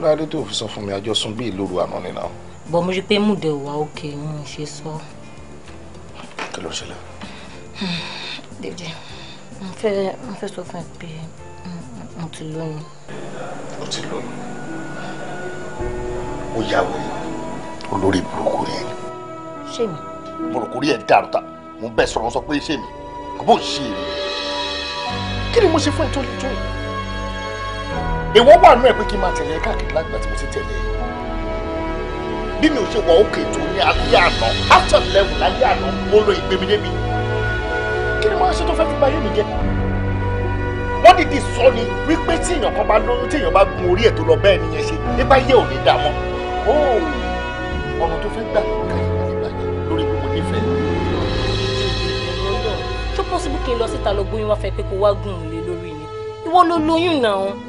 kí ló dé tó fi sọ fún mi àjọ sùn bí ìlóru àná nínà. bọ̀ mo rí i pé múdẹ wà òkè mo ṣe sọ. kí ló ṣẹlẹ̀. dèjì mo fẹ́ mo fẹ́ sọ fún ẹ pé mo ti lóyún. o ti lóyún o yà wò yìí olórí burúkú yẹn. ṣé mi. burúkú rí ẹ dàrú ta mo bẹ sọ̀rọ̀ sọ pé ṣé mi àbò ṣe é kí ni mo ṣe fún ẹ tó lè tó yìí èwo wà nú ẹ pé kí n máa tẹ̀lé ẹ káàkiri lágbà tí mo ti tẹ̀lé ẹ bí mi ò ṣe wọ òkè tó ní alẹ́ àná after eleven lálẹ́ àná mo lo ìgbémi débi kí ni màá ṣe tó fẹ́ fi báyé mi jẹ wọ́n dìde sọ ni wípé tí èèyàn kan bá lóyún tí èèyàn bá gun orí ẹ̀ tó lọ bẹ́ẹ̀ nìyẹn ṣe nípa iye ò ní dà mọ́ ọ̀nà tó fẹ́ gbà káyọ̀ nígbà yẹn lórí gbogbo nífẹ̀ẹ́. ṣé possible kí n lọ síta lọ gbóyún wá fẹ́ pé kó wá gùn lé lórí ni ìwọ ló lóyún náà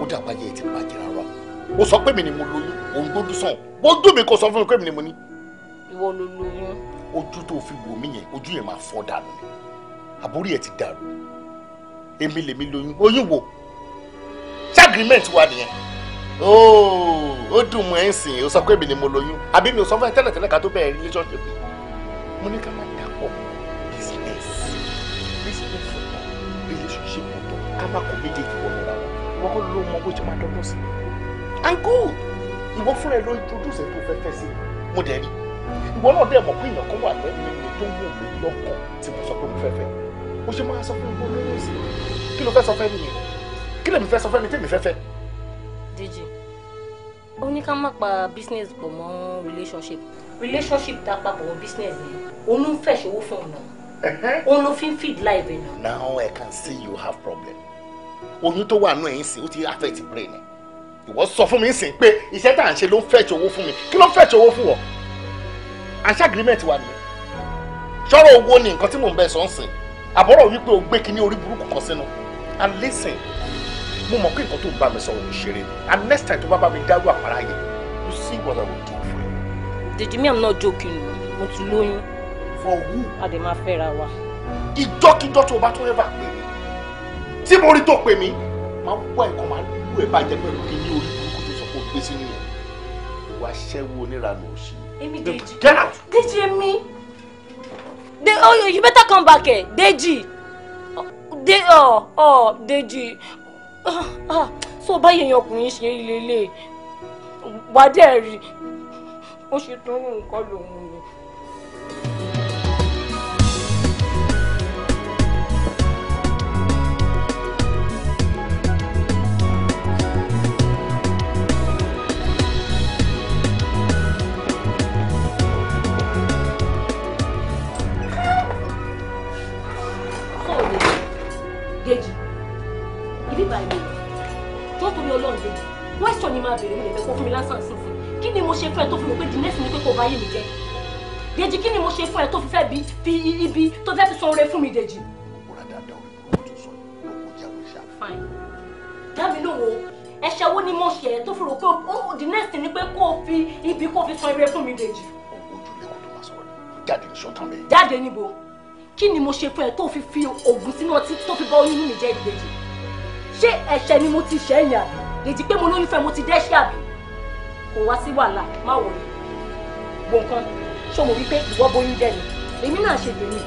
ó dàgbà yẹ ẹ ti bàjẹ́ rárá o sọ pé mi ni mo lóyún òun gbójú sàn bójú mi kò sọ fún mi pé mi ni mo ní. ìwọ ló lóyún. ojú tó fi wò mí yẹn ojú yẹn máa fọ́ dànù ni àbúrò yẹn ti dàrú èmi lèmi lóyún oyún wo ṣé agreement wa nìyẹn ó dùn mọ́ ẹ̀ ń sìn ó sọ pé èmi ni mo lóyún àbí mi ò sọ fún ẹ tẹ́lẹ̀ tẹ́lẹ̀ ká tó bẹ̀rẹ̀ relationship mo ní ká má dàpọ̀ business business relationship ọ̀tọ̀ ká má kó méjèèjì wọ̀nà ìwọ kọ́ ló mọ bó ṣe máa dọ́gbọ́n sí i ìwọ fúnra ẹ ló introduce ẹ tó fẹ́ fẹ́ sí mo dẹ̀ rí ìwọ náà dẹ̀ mọ̀ pé èèyàn kan wà lẹ́nu mi tó wù mí lọ́kàn tí mo sọ pé mo fẹ́ fẹ́ mo ṣe máa sọ fún ìwọ lóyún sí i kí ló fẹ́ sọ fẹ́ nìyẹn kí lèmi fẹ́ sọ fẹ́ mi tèmi fẹ́ fẹ́. díje ó ní ká má pa business pọ̀ mọ́ relationship relationship tá a papọ̀ mọ́ business yẹn òun ń fẹ̀ṣowó fún ọ̀nà òun ló fi ń feed life ẹ̀ náà. now I can see you have problem oyún tó wà nù ẹ̀yìn sìn ó ti affect brain ìwọ sọ fún mi ń sìn pé iṣẹ́ tá à ń ṣe ló ń fetch owó fún mi kí ló ń fetch owó fún wọ àṣà agreement wà nìyẹn ṣọ́rọ̀ owó ni nǹkan tí mò ń bẹ̀ sọ ń sìn àbọ̀rọ̀ wípé o gbé kinní orí burúkú kan sínú and listen mo mọ̀ pé nǹkan tó ń bá mi sọ̀rọ̀ ní ṣeré and next time tó bá bá mi dárú àpárá yẹn you see what I will do for you. dèjì mi i'm not joking mo ti lóyún. for who. a dè máa fẹ́ra wa. ìjọ́kíjọ́ tó o bá tún ẹ bá pè é tí mo rí tó pè mí máa wá ẹ̀kọ́ máa lù ẹ̀ bàjẹ́ pẹ̀lú kí ní orí burúkú tó sọ pé o gbé sínú yẹn ìwà aṣẹ́wó oníranú òṣì. èmi Dèjì Dèjì èmi de oh you better come back here. Deji, de oh oh Deji. ah, ah. so báyìí èèyàn ọkùnrin ṣe lélẹ̀ wàá dẹ̀ rí ó ṣe tó ń nǹkan lòun bí báyìí mi tó torí ọlọ́run dé question ni máa bèrè mi lè fẹ́ fún mi lásán sí fún kí ni mo ṣe fún ẹ tó fi mọ̀ pé the next ni pé kò bá yé mi jẹ́ Dèjì kí ni mo ṣe fún ẹ tó fi fẹ́ fi ibi tó fẹ́ fi sọ oore fún mi Dèjì. ọ̀rọ̀ dáadáa fine dá mi lóhùn o ẹ̀ṣẹ̀ wo ni mo ṣe ẹ tó fi rò pé the next ni pé kó fi ibi kó fi sọ oore fún mi Dèjì. ojúlẹ̀kùn tó máa sọ̀rọ̀ jáde ní sọ́tàn bẹ́ẹ̀. jáde níbo kí ni mo ṣe fún ẹ tó fi fi oògùn sínú ọtí tó fi bá oyún mi jẹ́ Dèjì ṣé ẹ̀ṣẹ̀ ni mo ti ṣẹ̀ ẹ̀yìn àbí dèjì pé mo lóyún fẹ́ mo ti dẹ́ṣẹ̀ àbí kò wá sí wàhálà má wọ̀ yìí gbogbo nǹkan ṣó mo wípé ìwọ bóyún jẹ́ ni èmi náà ṣe tèmi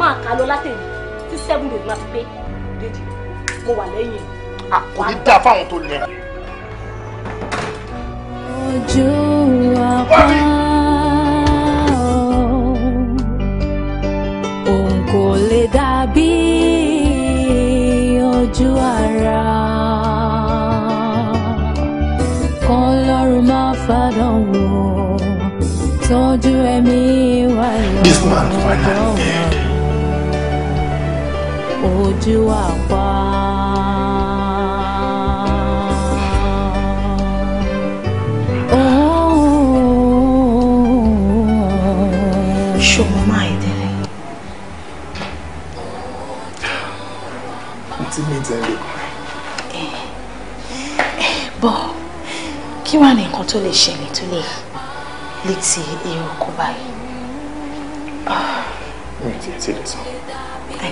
máa kà á lọ látẹ̀yìn tí seven days máa fi pé dèjì mo wà lẹ́yìn ah, kò ní dáa fáwọn tó lẹ. ojú àpá. nǹkan tó lè ṣẹlẹ̀ tó lè létí irú ọkọ báyìí. mi ah. ò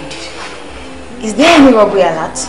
is there any robbery alert?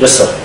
Yes, sir.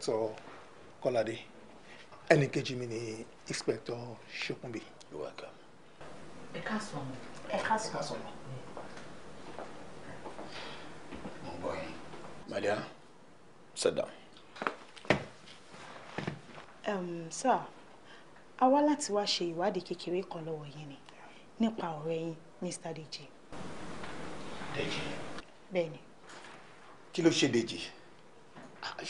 inspector Kọ́ládé ẹnì kejì mi ni inspector Ṣókùnbí. ẹ ká sọ ọmọ ẹ ká sọ ọmọ. mo sit down. Um, sir a wá láti wá ṣe ìwádìí kékeré kan lọ́wọ́ yín ni nípa ọ̀rẹ́ yín Mr. Deji. Deji. bẹ́ẹ̀ ni. kí ló ṣe Deji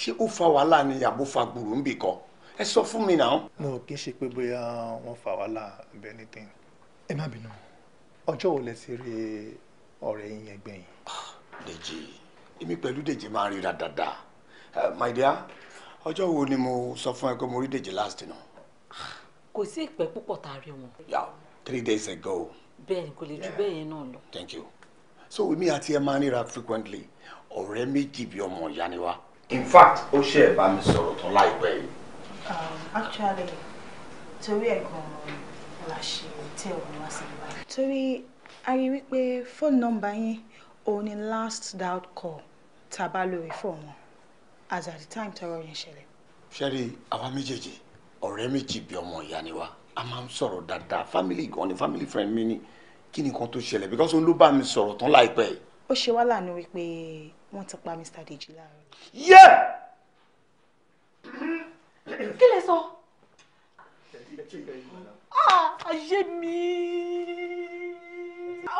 ṣé ó fa wàhálà ni àbó fa gbòòrò ń bì kọ ẹ sọ fún mi náà. no kì í ṣe pé bóyá wọ́n fa wàhálà àbí anything ẹ má bínú ọjọ́ wo lẹ ti rí ọ̀rẹ́ yín yẹn gbẹ̀yìn. dèjì èmi pẹ̀lú dèjì máa ń ríra dáadáa eh, my dear ọjọ́ wo ni mo sọ fún ẹ pé mo rí dèjì last nù. kò sí ìpẹ́ púpọ̀ tá a rí wọn. yà three days ago. bẹ́ẹ̀ni kò lè ju bẹ́ẹ̀ yẹn náà lọ. thank you so èmi àti ẹ máa ń ríra frequently ọ̀rẹ́ méjì bíi ọmọ ìyá ni wa in fact ó ṣe ẹ̀ bá mi sọ̀rọ̀ tán láìpẹ́ yìí. Um, actually torí ẹ̀gbọ́n la ṣe tẹ̀ wọ́n wá sí ibà. torí a rí wípé fóònù nọ́mbà yín òun ni last doubt call tá a bá lórí fóònù wọn as at the time tọrọ yẹn ṣẹlẹ̀. ṣẹ́rí àwa méjèèjì ọ̀rẹ́ méjì bí ọmọ ìyá ni wa a máa ń sọ̀rọ̀ dáadáa family gan ni family friend mi ni kí ni nǹkan tó ṣẹlẹ̀ because òun ló bá mi sọ̀rọ̀ tán láìpẹ́ yìí. ó ṣe wá láàánú wípé wọ́n ti pa Mr. Deji láàárọ̀ yẹ. kí lẹ sọ. Ah, ayé mi.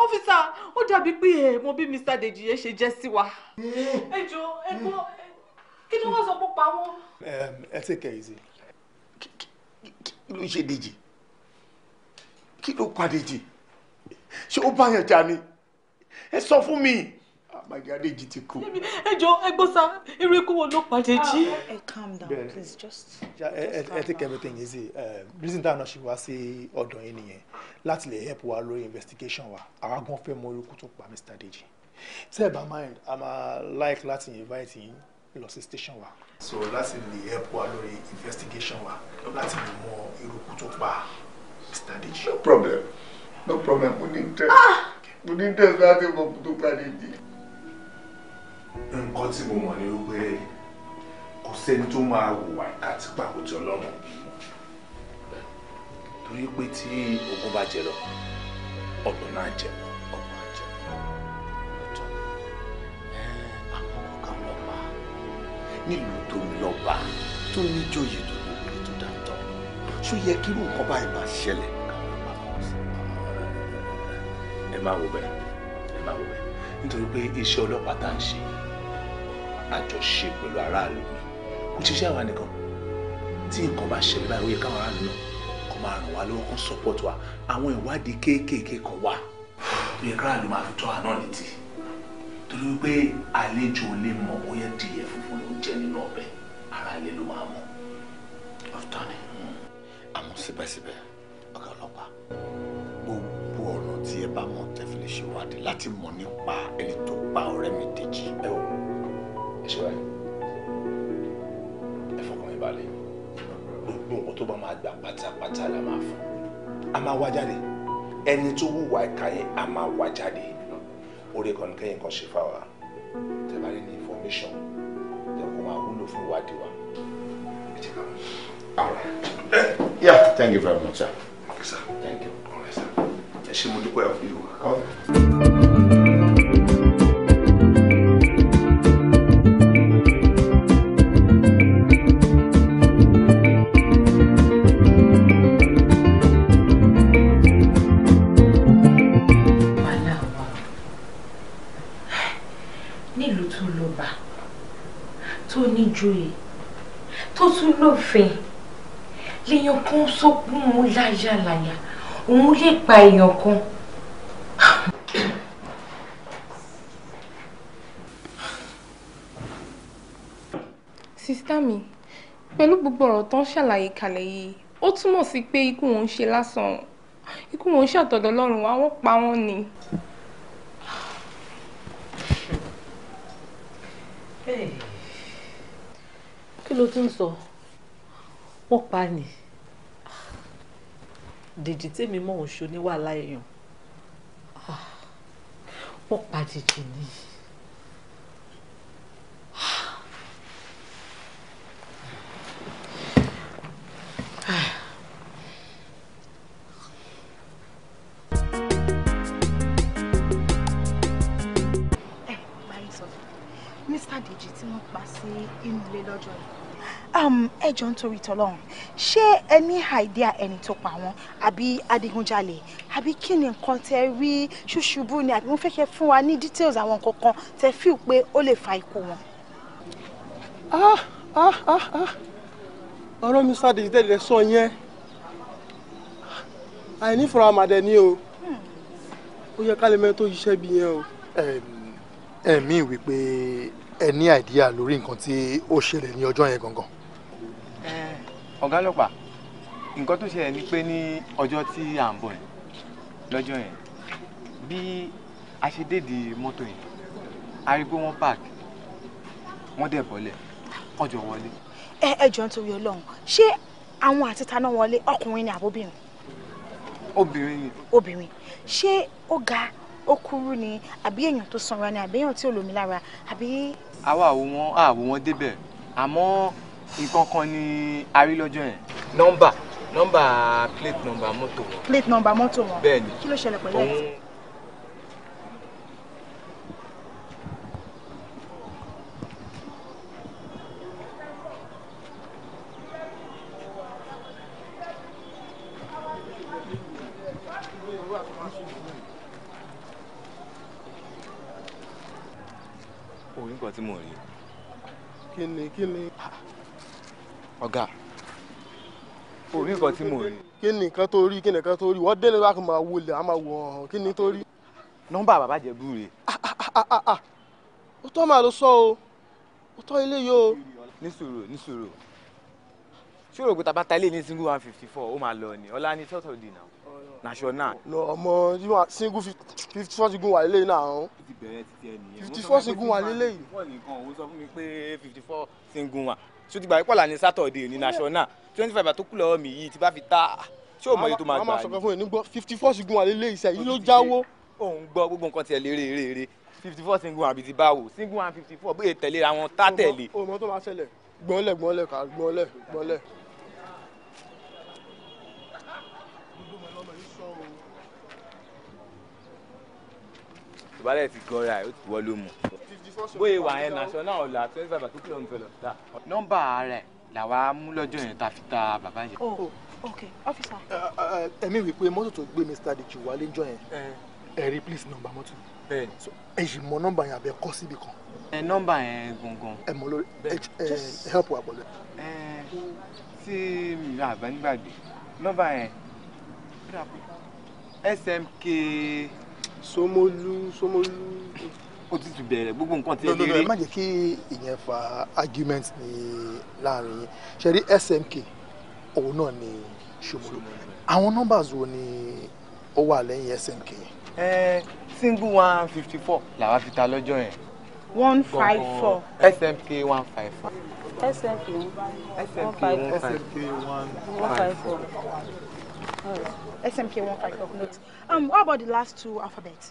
ọ́fíìsà ó dàbí pé eh, ẹ mọ bí Mr. Deji yẹn ṣe jẹ́ sí wa. ẹ jọ ẹ gbọ́ kí ni wọ́n sọ pé pa wọ́n. ẹ ṣe kẹ̀yìí kí ló ń ṣe Deji kí ló pa Deji ṣé ó bá yàn jà ni ẹ sọ fún mi àgbàjá ah, dèjì ti kú. ẹ jọ ẹ gbọ́ sá irú ikú wo ló pàdé jí. Ah, eh, eh, calm down please just. ẹ eh, take everything easy reason táwọn náà ṣe wá sí ọ̀dọ̀ yín nìyẹn láti lè help wa lórí investigation wa àwa gan fẹ́ mọ orúkú tó pa Mr. Deji tẹ́ ẹ bá mind a like láti invite yín lọ sí station wa. so láti lè help wa lórí investigation wa láti lè mọ irúkú tó pa Mr. Deji. no problem no problem We ní tẹ mo ní tẹ ah! láti mọ orúkú tó pa Deji nǹkan tí mo mọ̀ ni wípé kò sẹ́ni tó máa hùwà ìka tí pàkójọ lọ́rùn torí pé tí ogun bá jẹ lọ ọ̀nà náà jẹ lọ ọ̀nà àjẹ lọ́tọ̀ àwọn ọ̀gá ọlọ́ba nílùú tó ń lọ́ba tó níjòyè tó lóore tó dáńtọ́ ṣó yẹ kí irú nǹkan báyìí máa ṣẹlẹ̀ káwọn bá wọn sí. ẹ má wo bẹ́ẹ̀ ẹ má wo bẹ́ẹ̀ nítorí pé iṣẹ́ ọlọ́pàá tá à ń ṣe yìí àjọṣe pẹ̀lú aráàlú mi kò ṣiṣẹ́ àwa nìkan tí nǹkan bá ṣẹlẹ̀ báyìí ó yẹ káwọn aráàlú náà kó máa ràn wá lọ́wọ́ kán support wa àwọn ìwádìí kéékèèké kan wà ó yẹ káàlú máa fi tọ́ àná létí torí wípé àlejò ò lè mọ̀ bóyá díẹ̀ funfun ló ń jẹ nínú ọbẹ̀ ara ló máa mọ̀. ọ̀tọ̀ ni hmm. àmọ́ síbẹ̀síbẹ̀ ọ̀gá ọlọ́pàá gbogbo ọ̀nà tí ẹ bá mọ̀ tẹ́fìlì ṣèwádìí láti mọ̀ nípa ẹni tó pa ọ̀rẹ́ mi Dèjì ẹ ṣíwájú ẹ fọkàn yín balẹ̀ gbogbo nǹkan tó bá máa gbà pátápátá la máa fún a máa wá jáde ẹni tó wùwà ìka yẹn a máa wá jáde orí kan kẹ́yìn kan ṣe fáwa tẹ bá rí ní information tẹ kó máa wúlò fún ìwádìí wa. All right. Yeah, thank you very much, sir. Okay, sir. Thank you. All right, sir. Ẹ ṣé mo dúpẹ́ ọ̀fíìwò. òfin lèèyàn kan sókún òun láyà láyà òun lè pa èèyàn kan. sísítà mi pẹ̀lú gbogbo ọ̀rọ̀ tó ń ṣàlàyé kalẹ̀ yìí ó túmọ̀ sí pé ikú wọn ń ṣe lásán ikú wọn ń ṣàtọ̀dọ̀ lọ́rùn wa wọ́n pa wọ́n ni. kí ló tún sọ wọ́n pa ni dèjì tèmi mọ̀ ọ́n ṣo ní wàhálà èèyàn wọ́n pa dèjì ni. Mr. Deji tí wọ́n pa sí inú ilé lọ́jọ́ yìí Um, ẹ jọ ń torí tọlọ́run ṣé ẹ ní àìdíà ẹni tó pa wọ́n àbí adigunjalè àbí kí ni nǹkan tẹ rí ṣùṣubú ni àbí wọ́n fẹ́ kẹ́ fún wa ní details àwọn nǹkan kan tẹ fíìl pé ó lè fa ikú wọn. Ah, ah, ah, ọ̀rọ̀ mi sáde ìtẹ́lẹ̀ sọ yẹn àìnífọ̀rọ̀ àmàdẹ ni o ó yẹ ká lè mẹ́tò iṣẹ́ bí yẹn o. ẹ̀mí wípé ẹ ní àìdíà lórí nǹkan tí ó ṣẹlẹ̀ ní ọjọ́ yẹn gangan. Eh. ọ̀gá ọlọ́pàá nǹkan tó ṣẹlẹ̀ ni pé ní ọjọ́ tí à ń bọ̀ yẹn lọ́jọ́ yẹn bí a ṣe déèdì mọ́tò yẹn a rí pé wọ́n park wọ́n dẹ̀ bọ́lẹ̀ ọjọ́ wọlé. ẹ ẹ jọ nítorí Ọlọ́run ṣé àwọn àti taná wọlé ọkùnrin ni àbóbìnrin. obìnrin ni. obìnrin ṣé ó ga ó kúrú ni àbí èèyàn tó sanra ni àbí èèyàn tí ò lómi lára àbí. àwa àwo wọn àwo wọn débẹ̀ àmọ́ nǹkan kan ni a rí lọ́jọ́ yẹn nọ́mbà nọ́mbà plate nọ́mbà mọ́tò wọn. plate nọ́mbà mọ́tò wọn. bẹ́ẹ̀ni kí ló ṣẹlẹ̀ pẹ̀lú ẹ̀. kí ni kí ni ọ̀gá orí nǹkan tí mò ń rí. kí ni nǹkan tó rí kí ni nǹkan tó rí wọ́n délé wá kó máa wọlé a máa wọ ọ̀hún kí ni tó rí. nọ́mbà bàbá jẹ̀bú rè. ó tọ́ màá ló sọ o ó tọ́ ilé yìí o. nísòro nísòro ṣòro kò tàbá ta ilé ní single one fifty four ó máa lọ ni ọlá ní sọ́tọ̀dì náà national. ọmọ single fifty four sigun wà lélẹ́yìn náà. fifty four sigun wà lélẹ́yìn. wọ́n nìkan òun sọ fún mi pé fifty four single one tí o ti gbà wípé ọ̀la ni sátọ̀dẹ̀ ní national twenty five àtòkù lọ́wọ́ mi yìí ti bá fi tá ṣé o mọ èyí tó máa gbà ni. màmá sọ̀rọ̀ fún ẹ̀ nígbọ́ fifty four sigun àlélẹ́ iṣẹ́ yìí ló jáwó. òun gbọ́ gbogbo nǹkan tiẹ̀ lérè rèrè fifty four single àbí ti báwo single one fifty four bóyá tẹ̀lé ra wọn tá tẹ̀lé. òun tó máa ṣẹlẹ̀ gbọ́nlẹ̀ gbọ́nlẹ̀ ká gbọ́nlẹ̀ gbọ́nlẹ̀. ìbálẹ̀ ti gọ́ra ẹ̀ ó ti wọ́ ló mú bóyá wà yẹn national ọ̀la twenty five àti kìlọ̀ nfẹ̀lọ̀ ta. nọ́mbà rẹ̀ làwa mú lọ́jọ́ yẹn ta fi ta bàbá yẹn. oh ok officer. ẹ̀mí wípé mọ́tò tó gbé Mr. Adichie wálé jọ yẹn ẹ rí please nọ́mbà mọ́tò bẹ́ẹ̀ ẹ yìí mọ nọ́mbà yẹn àbẹ kọ síbi kan. ẹ nọ́mbà yẹn gangan. ẹ mọ lórí ẹ ẹ help wa pẹ̀lú. ẹ tí mi ra àbá nígbàgbé nọ́mbà yẹn smk. Somolu Somolu ó ti tún bẹ̀rẹ̀ gbogbo nǹkan tí ẹ rí. ẹ má jẹ́ kí ìyẹn fa argument ní láàrin yín ṣe rí smk òun náà ni ṣòmòlò àwọn numbers wo ni ó wà lẹ́yìn smk yẹn. ẹ single one fifty four làwa fi ta lọ́jọ́ yẹn. one five four. smk one five four. smk one five four. smk one five four. smk one five four note. um what about the last two alphabets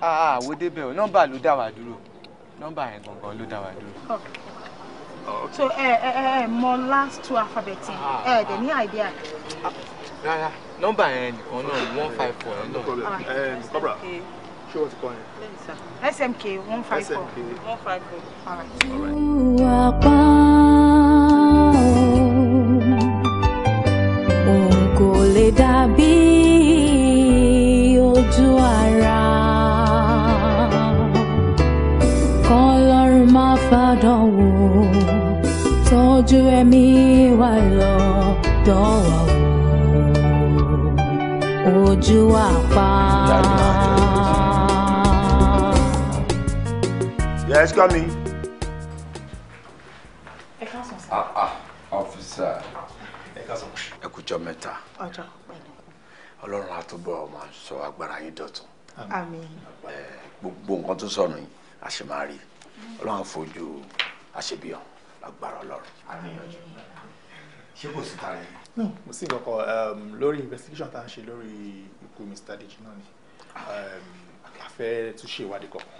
àwo ah, ah, débẹ̀ o nọ́mbà ló dá wa dúró nọ́mbà yẹn gangan ló dá wa dúró. so eh, eh, eh, mọ last two alphabet ah, ẹ ẹ dẹ ní idea. yeah. nọ́mbà yẹn nìkan náà one five four yẹn náà. Um, ṣé o ti kọ yẹn. smk one five four. smk one five four. ìwà pa òun kò lè fàdánwò tọ́jú ẹ̀mí wa lọ dánwò wa pa. Yes, come in. Ẹ káàsán sá. Ah ah, ọ́fíìsà. Ẹ káàsán. Ẹ kújọ́ mẹ́ta. Ọjọ́ pẹ̀lú. Ọlọ́run á túbọ̀ máa sọ agbára yín dọ̀tun. Gbogbo nǹkan tó sọnù yìí, a ṣe máa rí i ọlọ́run fojú àṣebíyàn lágbára ọlọ́run. àníyànjú ṣé kò sí tara yìí. no mo sì kọ́kọ́ lórí investigation tá à ń ṣe lórí ikú Mr. Deji náà ni um, a fẹ́ tún ṣe ìwádìí kọ̀ọ̀kan.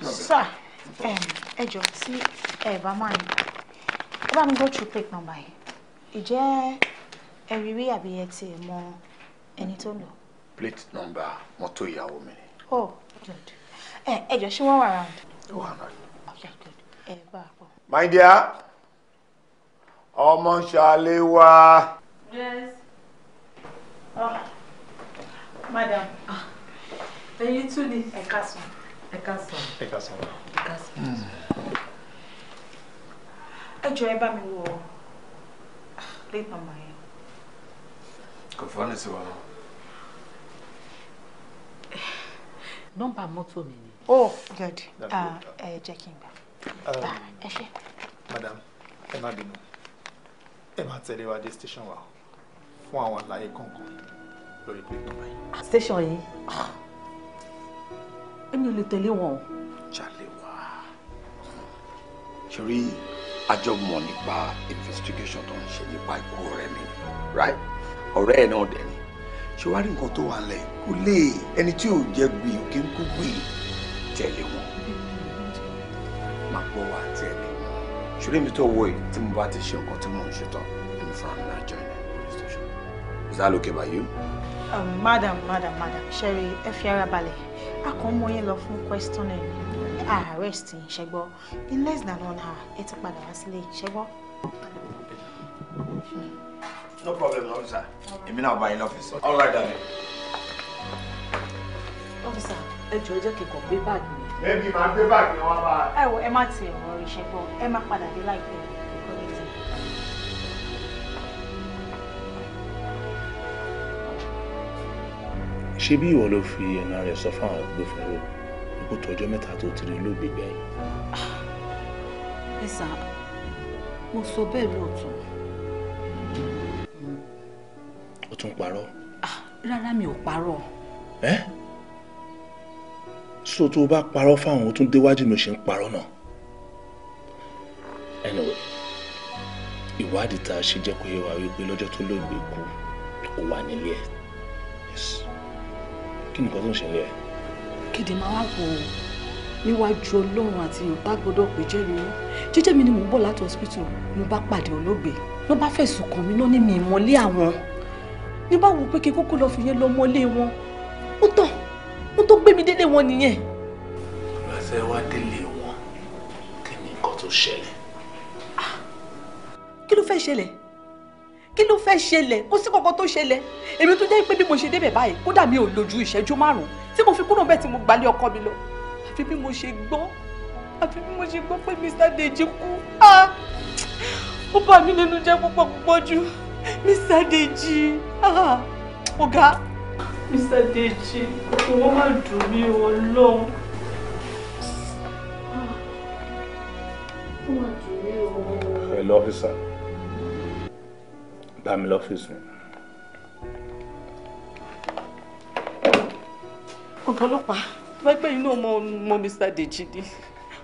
Um, sà um, ẹ jọ tí ẹ bá máa ń ẹ bá mi go through plate number yìí ìjẹ́ ẹ rí rí àbí ẹ ti mọ ẹni tó lò. plate number mọ́tò ìyàwó mi ni. oh good ẹ eh, ẹ jọ ṣé wọ́n wà round. ó wà round my dear ọmọ ṣàlẹ̀ wá. yes oh, madam Ah, ẹ̀yin tún ni ẹ̀ka sùn ẹ̀ka sùn ẹ̀ka sùn ẹ̀ka sùn ẹ jọ ẹ bá mi wọ late mama yẹn. kò fọ́nì sí wa. nọ́mbà mọ́tò mi ni. oh good ah, ẹ jẹ́ kí n gbà. Um, madam ẹ má bínú ẹ tẹ̀lé wa dé station wa fún àwọn àlàyé kọ̀ọ̀kan lórí pé tó báyìí. station yìí èmi ò lè tẹ̀lé wọn o. jalè wá sórí àjọmọ̀ nípa investigation tó ń ṣe nípa ikú ọ̀rẹ́ mi right ọ̀rẹ́ ẹ̀ náà dẹ̀ ni ṣé wàá rí nǹkan tó wà lẹ̀ kó lè ẹni tí ò jẹ́ gbìyànjú kí n kú gbìyànjú tẹ̀lé wọn máa gbọ́ wá àti ẹ̀mí ṣùgbọ́n èmi tó wọ yìí tí mo bá ti ṣe ọkọ tí mo ń ṣe tán èmi fúnra mi náà join police station is that okay by you. Um, madam madam madam sherry ẹ fi ara balẹ̀ a kàn mú yín lọ fún questioning arrest yín ṣẹgbọ́ in less than one hour ẹ ti padà wá sílé yín no problem officer èmi náà bá yín lọ́fíìsì. all right darling. officer ẹ jọ̀ọ́ jẹ́ kí n báàgì mi bẹ́ẹ̀ni máa gbé báàgì wọn bá. ẹ wo ẹ má ti ọ̀rọ̀ rẹ̀ ṣe gbọ́ ẹ má padà dé láìpẹ́ ṣé bí ìwọ ló fi ẹnu rẹ sọ fún àwọn agbófinró kó tó ọjọ́ mẹ́ta tó ti rí lóògbé gbẹ̀yìn. ẹ mo sọ bẹ́ẹ̀ lóòótọ́. o tún parọ́. Ah, rárá mi ò parọ́. ẹ́ eh? so tó o bá parọ́ fáwọn tó ń déwájú mi ṣe ń parọ́ náà. anyway ìwádìí tá a ṣe jẹ́ kó yé wa wípé lọ́jọ́ tó lóògbé kú ó wà nílé ẹ̀ kí nìkan tó ń ṣẹlẹ̀ ẹ̀. kéde máa wá wò ó níwájú ọlọ́run àti yorùbá gbọ́dọ̀ pé jẹ́rìí wọn jẹ́jẹ́ mi ni mò ń bọ̀ láti hospital mo bá pàdé olóògbé ló bá fẹ̀sùn kàn mí náà ní mi ìmọ̀lé àwọn ní báwo pé kí kókó lọ́ọ́ fi yẹn lọ́ọ́ mọ́lé wọn ó tán ohun tó gbé mi délé wọn nìyẹn. ìgbà tẹ wá délé wọn kí ni nǹkan tó ṣẹlẹ̀. Ah! kí ló fẹ́ ṣẹlẹ̀ kí ló fẹ́ ṣẹlẹ̀ kó sí kankan tó ṣẹlẹ̀ èmi tó jẹ́ pé bí mo ṣe débẹ̀ báyìí kódà mi ò lò ju ìṣẹ́jú márùn-ún tí mo fi kúrò bẹ́ẹ̀ tí mo gbalé ọkọ mi lọ àfi bí mo ṣe gbọ́ àfi bí mo ṣe gbọ́ pé Mr. Deji kú ah! ó bà mí nínú jẹ́ púpọ̀ púpọ̀ jù Mr. Deji ah! ọ̀gá. Ah. Mr. Deji, owó má dùn mí ọlọ́run. Pẹ̀lú ọ́fíìsà, bá mi lọ́fíìsì mi. Ọ̀gá ọlọ́pàá, tó bá pẹ́ yín náà mọ Mr. Deji ni,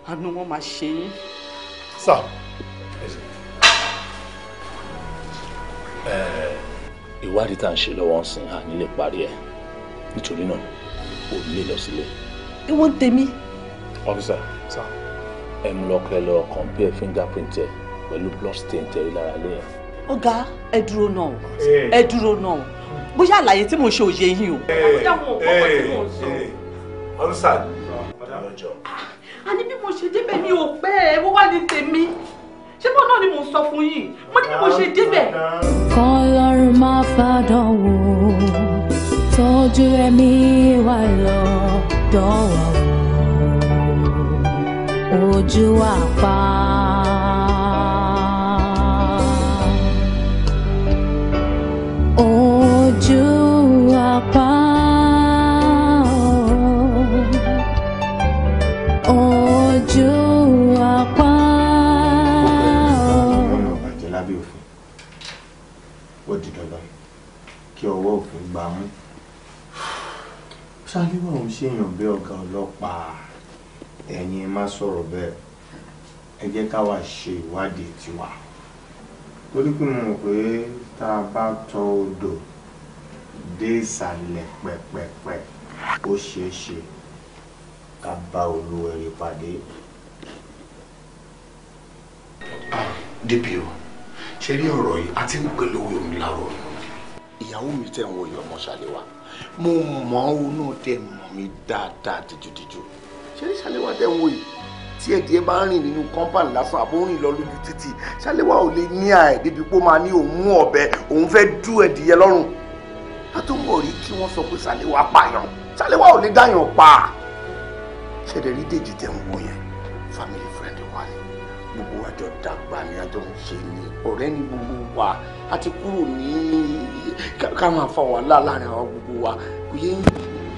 àánú wọn máa ṣe Sir, ẹ ìwádìí tá à ń ṣe lọ́wọ́ ń sìn hàn nílé parí ẹ̀ nítorí náà ò lè lọ sílé. ìwọ ń tèmi. ọ́fíìsà sá. ẹ mú lọ́kẹ́ lọ compare fingerprint ẹ pẹ̀lú blood stain tẹ̀rí lára ilé yẹn. ọ̀gá ẹ dúró náà eh. ẹ dúró náà bóyá àlàyé tí mo ṣe òye yín o. ọ́fíìsà. a ní bí mo ṣe débẹ̀ mi ò pẹ́ ẹ wọ́n wá ní tèmi ṣé bọ́ọ̀ náà ni mò ń sọ fún yìí mo ní bí mo ṣe débẹ̀. kan lọ́rùn máa fàdánwò tọ́jú ẹ̀mí wa lọ dọ́wà wò ojú àpá. ojú àpá. náà ò ṣèyàn bí ọ̀gá ọlọ́pàá ẹ̀yin má sọ̀rọ̀ bẹ́ẹ̀ ẹ jẹ́ ká wá ṣe ìwádìí tiwa torí pé mo mọ̀ pé tá a bá tọ odò dé ìsàlẹ̀ pẹ̀pẹ̀pẹ̀ ó ṣeé ṣe ká bá olúwẹ̀rí pàdé. débi o ṣe rí ọ̀rọ̀ yìí a ti ń pè lówó omi láàárọ̀ ìyàwó mi tẹ̀ ń wo ìyọ̀mọ̀ṣàlẹ̀ wa mo mọ̀ ọ́ náà tẹ̀ mi dáadáa dìjúdìjú ṣé ṣàlẹ́wà tẹ̀ ń wò yìí tí ẹ̀díẹ̀ bá ń rìn nínú compound lásán àbó ń rìn lọ lójú títì ṣàlẹ́wà ò lè ní àì débi pé ó máa ní òun mú ọ̀bẹ òun fẹ́ dú ẹ̀díẹ̀ lọ́rùn látọ̀mọ̀ rí kí wọ́n sọ pé ṣàlẹ́wà pààyàn ṣàlẹ́wà ò lè dáyàn pa ṣẹ̀dẹ̀ rí dèjì tẹ̀ ń wò yẹn family friend wa ni gbogbo àjọ dàgbà ni àjọ ń ṣe ni ọ̀rẹ́ ni gbogbo wa a ti kúrò ní ká máa fa wàhálà láàrin àwọn gbogbo wa kò yẹ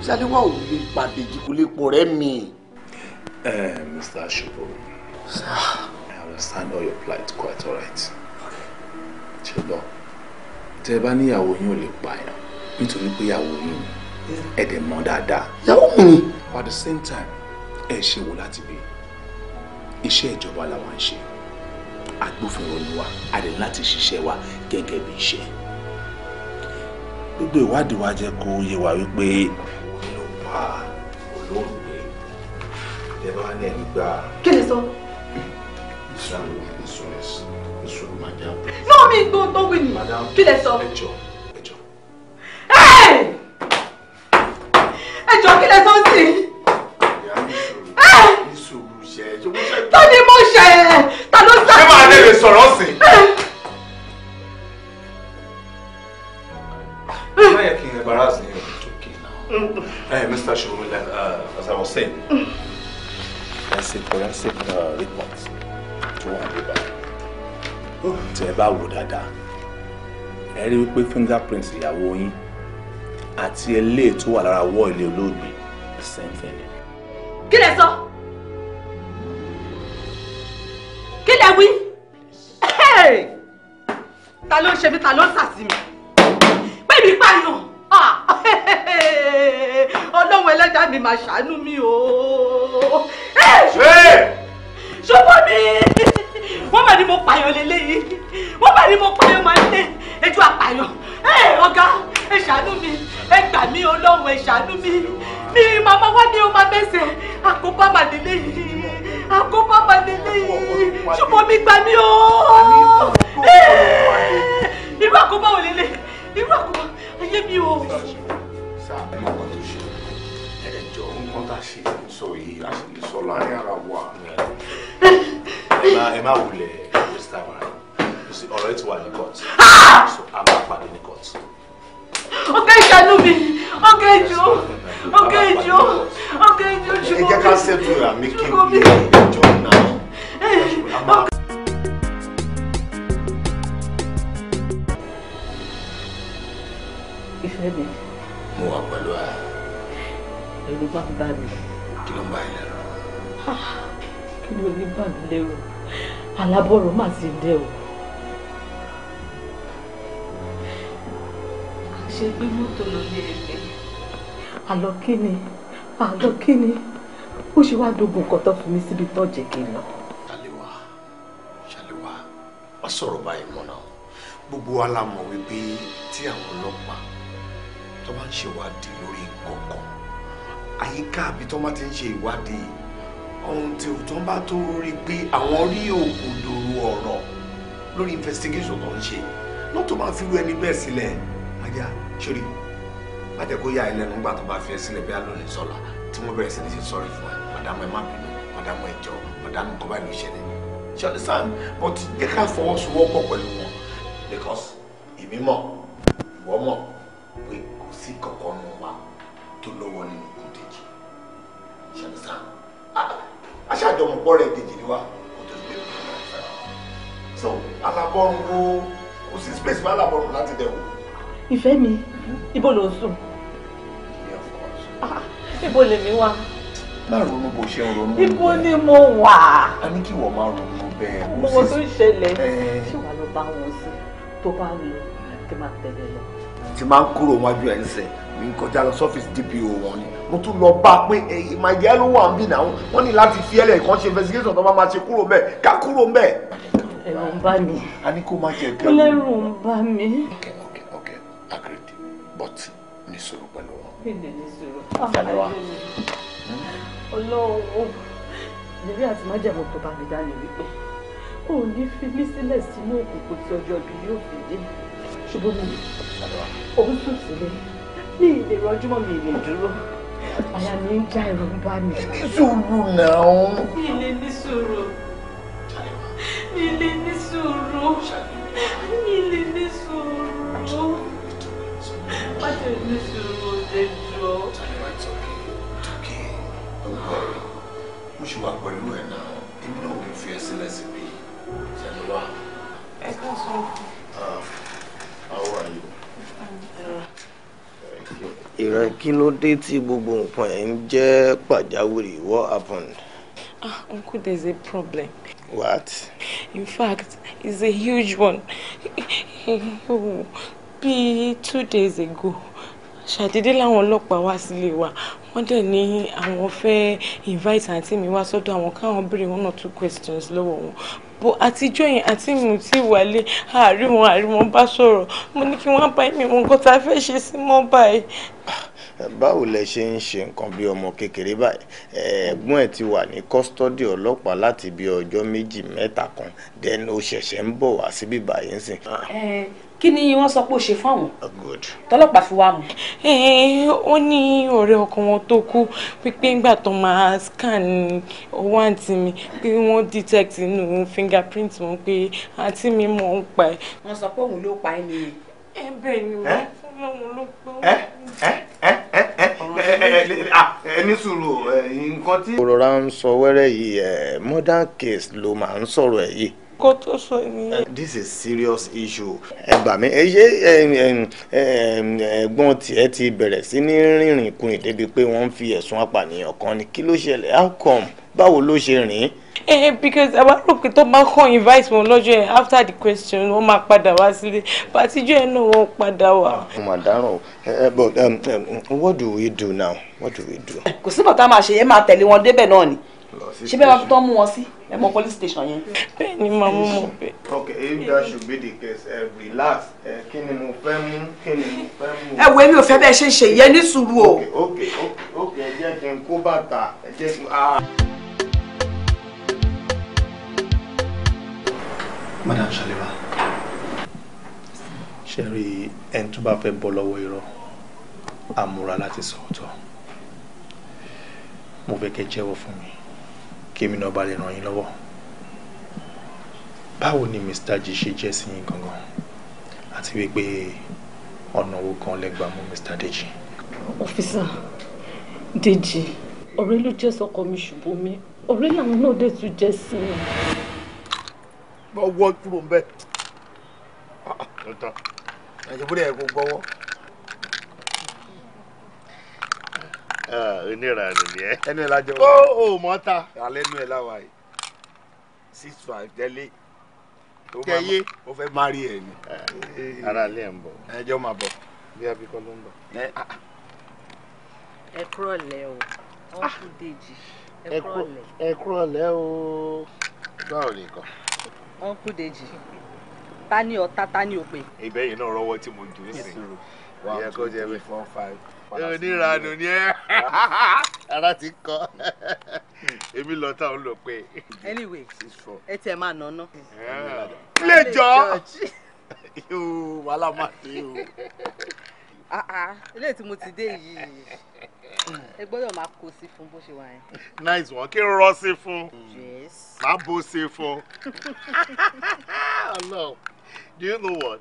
Ṣaléwà ò lè pàdé jù pọ̀ rẹ́ mi. ẹ eh, Mr. Ashobo I understand all your plight quite alright ṣùgbọ́n tẹ bá níyàwó yín ò lè pààyàn nítorí pé ìyàwó yín ẹ dẹ̀ mọ̀ dáadáa. ìyàwó mi ni. at the same time ẹ ṣe wò láti bí iṣẹ́ ìjọba làwọn ń ṣe agbófinró ni wa a lè láti ṣiṣẹ́ wa gẹ́gẹ́ bí iṣẹ́ gbogbo ìwádìí wa jẹ́ kó yé wa wípé ló pa olóògbé ẹ máa ní ẹni gbà. kí ni sọ. ìṣòro ìṣòro ìṣòro madam. náà mi gbọ́n tó wí ni kí lẹ sọ. ẹjọ ẹjọ. ẹjọ kí lẹ sọ sí. ìṣòro ìṣòro ṣe. tó ni mo ṣe ta ló sá. ṣé màá lè sọ̀rọ̀ sí i. Why can embarrass you? It's okay now. Mm. Hey, eh, Mr. Shumulan, uh, as I was saying, that's a forensic uh, report to one paper. Oh. Tí ẹ bá wò dáadáa, ẹ rí wípé fingerprint ìyàwó yín àti eléyìí tó our lára you ilé olóògbé same thing. Get lẹ sọ? Kí lẹ wí? Ta ló ń ṣe ìyá mi máa ṣàánú mi o. ṣùgbọ́n mi wọ́n mà ní mo pààyàn lélẹ́yìí wọ́n mà ní mo pààyàn máa ń lé ẹjọ́ àpààyàn ọ̀gá ẹ ṣàánú mi ẹ gbà mí ọlọ́run ẹ ṣàánú mi mi màmá wá ní o máa bẹ́sẹ̀ àkóbá mà lélẹ́yìí àkóbá mà lélẹ́yìí ṣùgbọ́n mi gbà mí o irú àkóbá ò lélẹ̀ irú àkóbá ayé mi o. sáà ẹ má kọ́ ṣe nǹkan tá a ṣe ń sọ yìí a sì lè sọ láàrin ara wa. ẹ má wulẹ̀ mr mara ọ̀rọ̀ ẹ ti wà ní court ah! so a máa pàdé ní court. ọ̀gá ìṣàánú mi ọ̀gá ìjọ ọ̀gá ìjọ ọ̀gá ìjọ ṣùgbọ́n. ẹ jẹ́ ká ṣètò àmì kí n bí ìjọ náà. ìfẹ́ mi. mo wà pẹ̀lú ẹ ló bá bá mi. kí ló ń bá yín lẹ́rù. kí ló ní bá mi lẹ́rù alábọ̀rọ̀ mà ti dẹ o. ṣe gbé mọ́tò lọ ní ẹ̀fẹ́. àlọ́ kí ni àlọ́ kí ni ó ṣe wáá dogun nǹkan tó fi mí síbi tó jẹ́ kí n lọ. ṣàlẹ́wà ṣàlẹ́wà wá sọ̀rọ̀ báyìí mọ́ náà gbogbo wa la mọ̀ wípé tí àwọn ọlọ́pàá tó bá ń ṣèwádìí lórí kọ̀ọ̀kan àyíká àbí tó máa ti ń ṣe ìwádìí ohun tí òótọ́ bá tó rí pé àwọn rí òkòdòrò ọ̀rọ̀ lórí investigation tó ń ṣe náà tó máa fi rú ẹni bẹ́ẹ̀ sílẹ̀ ajá ṣórí má jẹ́ kó yá ẹ lẹ́nu nígbà tó bá fi ẹ sílẹ̀ bí alóòní sọ̀la tí wọ́n bẹ̀rẹ̀ sí ní ṣe sọ́rí fún ẹ màdàmú ẹ má bínú màdàmú ẹ jọ màdàmú kọ́ báyìí ló ṣẹlẹ̀ ṣe understand but jẹ́ ká fọwọ́sowọ́pọ̀ pẹ̀lú wọn because èmi mọ̀ ìwọ mọ̀ pé kò sí kankan nù wa tó lówó nínú ṣe ní sáà aṣáàjọmọ̀pọ̀ ah, rẹ̀ dèjì ni wá kò tó gbé mi so alábọ́run wo kò sí space fún alábọ́run láti dẹ̀wò. ìfẹ́ mi ibo ló sùn. Ah, ibo lèmi wá. má ronú bó ṣe ń ronú. ibo ni mo wà. a ní kí wọ́n máa ronú bẹ́ẹ̀. owó tó ń ṣẹlẹ̀ eh. ṣé wàá lọ bá wọn sí tó bá lọ tí máa tẹ̀lé lọ. tí máa ń kúrò wájú ẹ̀ ń sẹ̀ mi ń kọjá lọ sọ́fíìsì DPO wọn ni mo tún lọ bá a pé màjẹ́ ló wà ń bì náà wọ́n ní láti fi ẹlẹ́ kan ṣe investigation tó bá máa ṣe kúrò mbẹ́ ká kúrò mbẹ́. ẹ̀rù ń bá mi. a ní kó má jẹ ẹ̀kẹ́ mi. ẹlẹ́rù ń bá mi. ok ok ok agreed but ní sọ̀rọ̀ pẹ̀lú wọn. kí ni ní sọ̀rọ̀. jáde wá. ọlọ́wọ́ hmm? bèbí àti májàmú tó bá mi dání wípé kò ní fi mí sílẹ̀ sínú òkùnkùn tí ọjọ́ bí yóò fi dé ṣùgbọ́n òun sùn sílẹ̀ mi ìlè rọjúmọ́ mi ìlè dúró àyà mi ń já ẹ̀rọ ń bá mi. ní sùúrù náà. mi ìlè ní sùúrù mi ìlè ní sùúrù mi ìlè ní sùúrù má ṣe ní sùúrù ọ̀dẹ̀jọ́. mo ṣe wà pẹ̀lú ẹ̀ náà èmi náà kò fi ẹ sílẹ̀ síbi ìṣẹ̀lẹ̀ wa. ẹ kàn sọ fún mi. ìrẹ kí ló dé tí gbogbo nǹkan ẹ̀ ń jẹ́ pàjáwìrì what happened. ah uncle there is a problem. what. in fact it's a huge one bí two days ago ṣàdédé làwọn ọlọ́pàá wá sílé wa wọ́n dẹ̀ ní àwọn fẹ́ invite àǹtí mi wá sọ́dọ̀ àwọn káwọn béèrè one or two questions lọ́wọ́ wọn bó àtijọ́ yẹn àti mú tí wálé àárí wọn àárí wọn bá sọ̀rọ̀ mo ní kí wọ́n bá mi mọ nǹkan tá a fẹ́ ṣe sí mọ́ báyìí. báwo lẹ ṣe ń ṣe nǹkan bí ọmọ kékeré báyìí ẹ̀gbọ́n ẹ̀ ti wà ní kọ́sítọ́dì ọlọ́pàá láti bí ọjọ́ méjì mẹ́ta kan then ó ṣẹ̀ṣẹ̀ ń bọ̀ wá síbí báyìí ń sìn kí ni wọ́n sọ pé ó ṣe fún àwọn. Oh, tọ́lọ́pàá fi wá mu. ó ní ọ̀rẹ́ ọkọ wọn tó kú pípé ńgbà tó máa scan owó àǹtí mi pé wọ́n detect inú fingerprint wọn pé àǹtí mi mọ̀ ń pa ẹ̀. wọ́n sọ pé òun ló pa ẹ́ nìyẹn. ẹ bẹ́ẹ̀ ni wọ́n fún òun ló pa ẹni ah, sùúrù nǹkan tí. òrora ń sọ wẹ́rẹ́ yìí modern case ló máa ń sọ̀rọ̀ ẹ̀ yìí nǹkan tó sọ nìyẹn. this is serious issue. ẹ gbà mí ẹ ṣe ẹ̀gbọ́n tiẹ̀ ti bẹ̀rẹ̀ sí ní rìnrìn kùnrin débi pé wọ́n ń fi ẹ̀sùn apànìyàn kan ni kí ló ṣẹlẹ̀ how come báwo ló ṣe rìn. Eh, eh because àwa rò pé tó máa kàn invite wọn lọ́jọ́ yẹn after the question wọ́n máa padà wá sílé pàtíjọ́ yẹn náà wọ́n padà wá. mo mà dáràn o eh, eh, but um, um, what do we do now what do we do. kò sí bàtà máa ṣe yẹn máa tẹ̀lé wọn débẹ̀ náà ni ṣé bẹ́ẹ̀ wá fi mú wọn sí ẹ mọ police station yẹn. bẹ́ẹ̀ni màá mú mọ bẹ́ẹ̀. okay if that should be the case ẹ eh, relax ẹ eh, kí ni mo fẹ́ mú kí ni mo fẹ́ mú. ẹ wo èmi ò fẹ́ bẹ́ẹ̀ ṣe ń ṣe yẹn ní sùúrù o. okay okay okay ẹ jẹ́ kí n kó bàtà ẹ jẹ́ kí n. Ah. madam Shaliva ṣe rí ẹni tó bá fẹ́ bọ́ lọ́wọ́ irọ́ àmúra láti sọ ọ̀tọ̀ mo fẹ́ kẹ́ jẹ́wọ́ fún mi kémi náà bá lè ràn yín lọ́wọ́ báwo ni Mr. G ṣe jẹ́ sí yín gangan àti wípé ọ̀nà wo kan lẹ gbà mú Mr. Deji. ọ̀fíìsà Deji ọ̀rẹ́ ló jẹ́ sọ́kọ mi ṣùgbọ́n mi ọ̀rẹ́ làwọn náà dé tún jẹ́ sí mi. ọwọ́ kúrò ń bẹ́ẹ̀ ẹ̀jẹ̀ bó dẹ̀ kó gbọ́wọ́. oníranù ah, ni ẹ. ẹnu ẹ lájọ wà. ó o mọ ta. alẹ́ nu ẹ láwa yìí six five tẹ́lẹ̀. kẹyé ó fẹ́ má rí ẹ ni. Ah, eh, ara ilé ẹ̀ ń bọ̀. ẹjọ́ máa bọ̀. bí abikọ ló ń bọ̀. ẹ ah, kúrọ̀ lẹ́ o wọ́n fún dèjì ẹ kúrọ̀ lẹ́. ẹ kúrọ̀ o báwo ni nǹkan. wọ́n kú dèjì ta ni ọ̀tá ta ìbẹ́yìn náà rọwọ́ tí mo jù ú sí. one two three four five oníranù ni ẹ ara ti kọ èmi lọ ò ń lọ pé. anyway ẹ tẹ máa nà ná. play eh. George wàhálà máa dé o. ilé ah, ah, tí mo ti dé yìí ẹ gbọ́dọ̀ máa kó sí fún bó ṣe wà yẹn. nice one kí n rọ sí fún máa bó sí fún. do you know what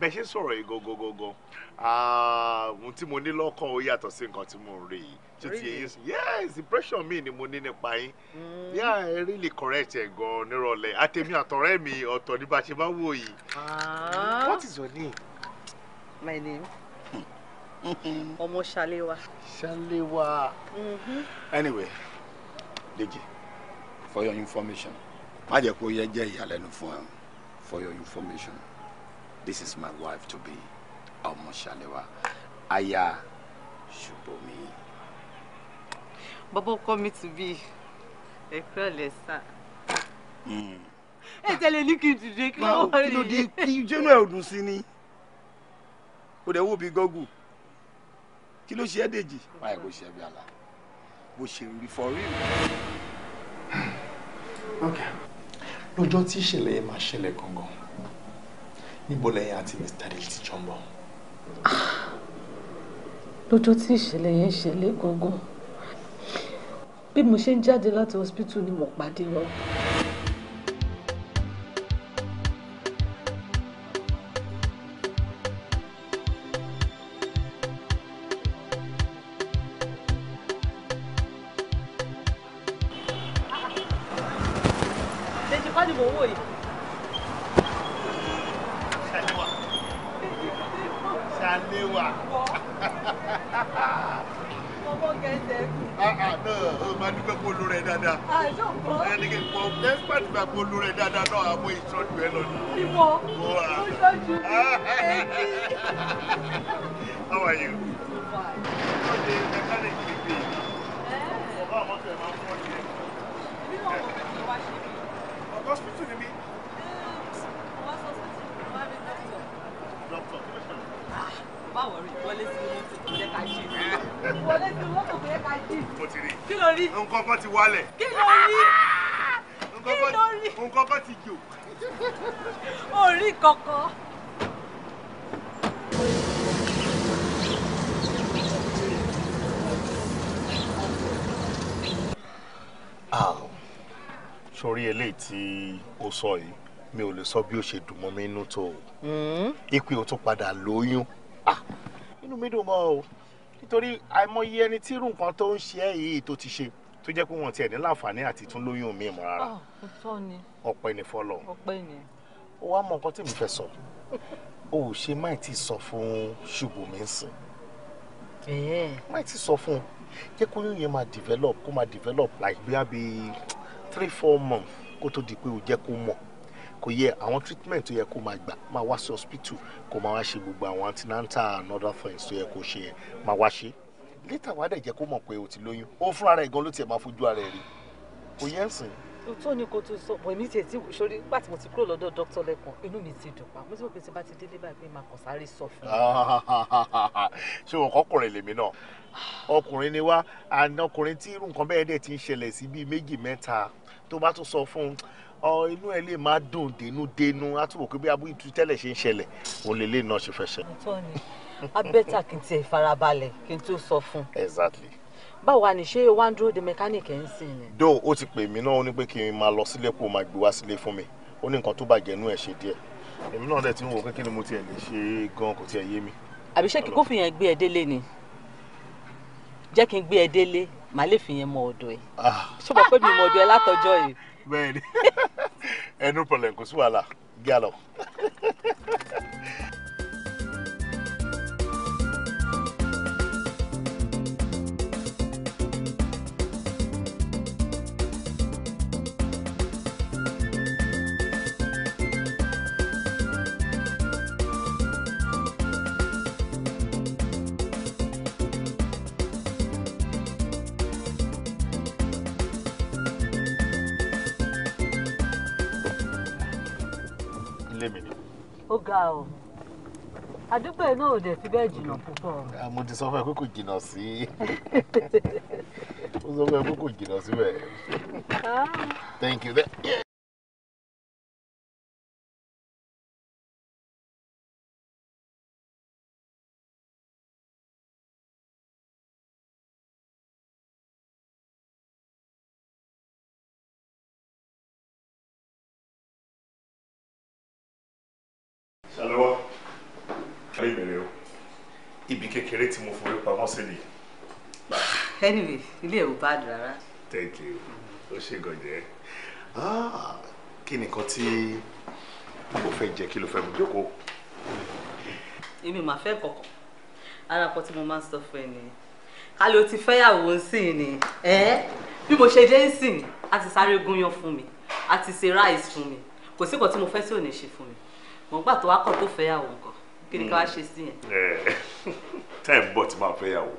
bẹ́ẹ̀ ṣe sọ̀rọ̀ yìí gangan gangan. Ah, ohun tí mo ní lọ́kàn ó yàtọ̀ sí nǹkan tí mo ń rí yìí tó sùn yes impression mi ni mo ní nípa yín mm. yeah really correct ẹ gan nírọ̀lẹ́ àtẹ̀mí àtọ̀rẹ́ mi ọ̀tọ̀ ní bá a ṣe máa wò yìí ah. what is your name. my name ọmọ ṣàléwà. ṣàléwà. Mm-hmm. anyway Deji for your information má jẹ́ kó yẹ jẹ́ ìyàlẹ́nu fún ẹ for your information this is my wife to be ọmọṣàlẹwà aya ṣùgbọ́mi. bàbá ọkọ mi ti bí ẹ̀kọ́ ọ̀lẹ́ sá. Hmm. ẹ tẹ́lẹ̀ ní kí n dìde kí wọ́n wọlé. kí ló dé kí jẹ́nu ẹ̀ ò dùn sí ni ó dẹ̀ wò bí gọ́gù kí ló ṣe é dèjì. báyìí kò ṣe é bí àlá bó ṣe rí for real. lọ́jọ́ tí ìṣẹ̀lẹ̀ yẹn máa ṣẹlẹ̀ gangan níbo lẹ́yìn àti mr dale ti jọ ń bọ̀ lọ́jọ́ tí ìṣẹ̀lẹ̀ yẹn ṣẹlẹ̀ gangan bí mo ṣe ń jáde láti hospital ni mo pàdé wọn. sọ yìí mi ò lè sọ bí ó ṣe dùn mọ́ mi inú tó o ipe o tún padà lóyún inú mi dùn mọ́ o nítorí àìmọye ẹni tí irú nǹkan tó ń ṣe ẹ́ yìí tó ti ṣe tó jẹ́ pé wọ́n tiẹ̀ ní láǹfààní àti tún lóyún mi mọ́ rárá ah, ọpẹ́ ni fọlọ́ ó wá mọ nǹkan tí mi fẹ́ sọ o ò ṣe má ti sọ fún Ṣùbọ́mi ń sìn má ti sọ fún jẹ́ kó yóò yẹn máa develop kó máa develop like bí i three four months kó tó di pé o jẹ́ kó mọ̀ kò yẹ àwọn treatment tó yẹ kó máa gbà máa wá sí hospital kó máa wá ṣe gbogbo àwọn antenatal and other things tó yẹ kó ṣe yẹn máa wá ṣe later wàá dẹ̀ jẹ́ kó mọ̀ pé o ti lóyún ó fúnra rẹ̀ gan ló tiẹ̀ máa fojú ara ẹ̀ rí kò yẹ ń sìn tó ní kó tó sọ bọ̀ èmi tiẹ̀ tí sori nígbà tí mo ti kúrò lọ́dọ̀ dókítà lẹ́kàn inú mi ti dùn pa mo ti mọ̀ pé tí bá ti délé báyìí pé màá kàn sáré sọ fún un. ṣé wọn kọkùnrin lèmi náà ọkùnrin ni wá àná ọkùnrin tí irú nǹkan bẹ́ẹ̀ dẹ̀ ti ń ṣẹlẹ̀ sí bíi méjì mẹ́ta tó bá tún sọ fún ọ inú ẹ lè má dùn dénúdénú á tún wò pé bí abúlé tu tẹ́lẹ̀ ṣe ń ṣẹlẹ̀ òun lè lè náà ṣe fẹ́ ṣe. abẹ́tà kì í tiẹ̀ farabalẹ̀ kí n tó sọ fún. exactly. báwo wà ní ṣé wá ń dúró mechanic ẹ̀ ń sìn ni. do ó ti pè mí náà ó ní pé kí n máa lọ sílé kó máa gbé wá sílé fún mi ó ní nǹkan tó bàjẹ́ inú ẹ̀ ṣe díẹ̀ èmi náà dẹ̀ ti ń wò pé kí ni mo tiẹ̀ lè ṣe gan kò tiẹ̀ yé mi. àbí ṣé kí yẹn gbé ẹ délé ni jẹ́ kí n gbé ẹ délé màá lè fi yẹn mọ ọ̀dọ̀ ẹ ah. ṣùgbọ́n pé mi mọ ọ̀dọ̀ ẹ látọjọ́ yìí. bẹ́ẹ̀ni ẹnu eh, pọlẹ kò sí wàhálà gí a lọ. ga o àdúgbò iná ò dẹ̀ síbẹ̀ jìnnà púpọ̀. Ah, mo ti sọ fún ẹ pé kò jìnnà sí i mo sọ fún ẹ pé kò jìnnà síbẹ̀. Ah. thank you. anyway ilé ò bá dùn rárá. thank you ó ṣe gànjẹ́ ah, kí nìkan tí mo fẹ́ jẹ kí ló fẹ́ mu jókòó. èmi máa fẹ́ kọ̀kọ̀ ara kan tí mo máa ń sọ fún ẹ nìyẹn kálí o ti fẹ́yàwó ń sìn ni bí mo ṣe dé ń sìn ni a ti sáré gúnyán fún mi a ti ṣe ráìsì fún mi kò sí nǹkan tí mo fẹ́ tí ò ṣe fún mi mọ̀ nígbà tó wá kọ̀ tó fẹ́yàwó nǹkan kí ni ká wá ṣe sí yẹn. táì bọ̀ tí máa fẹ́yàwó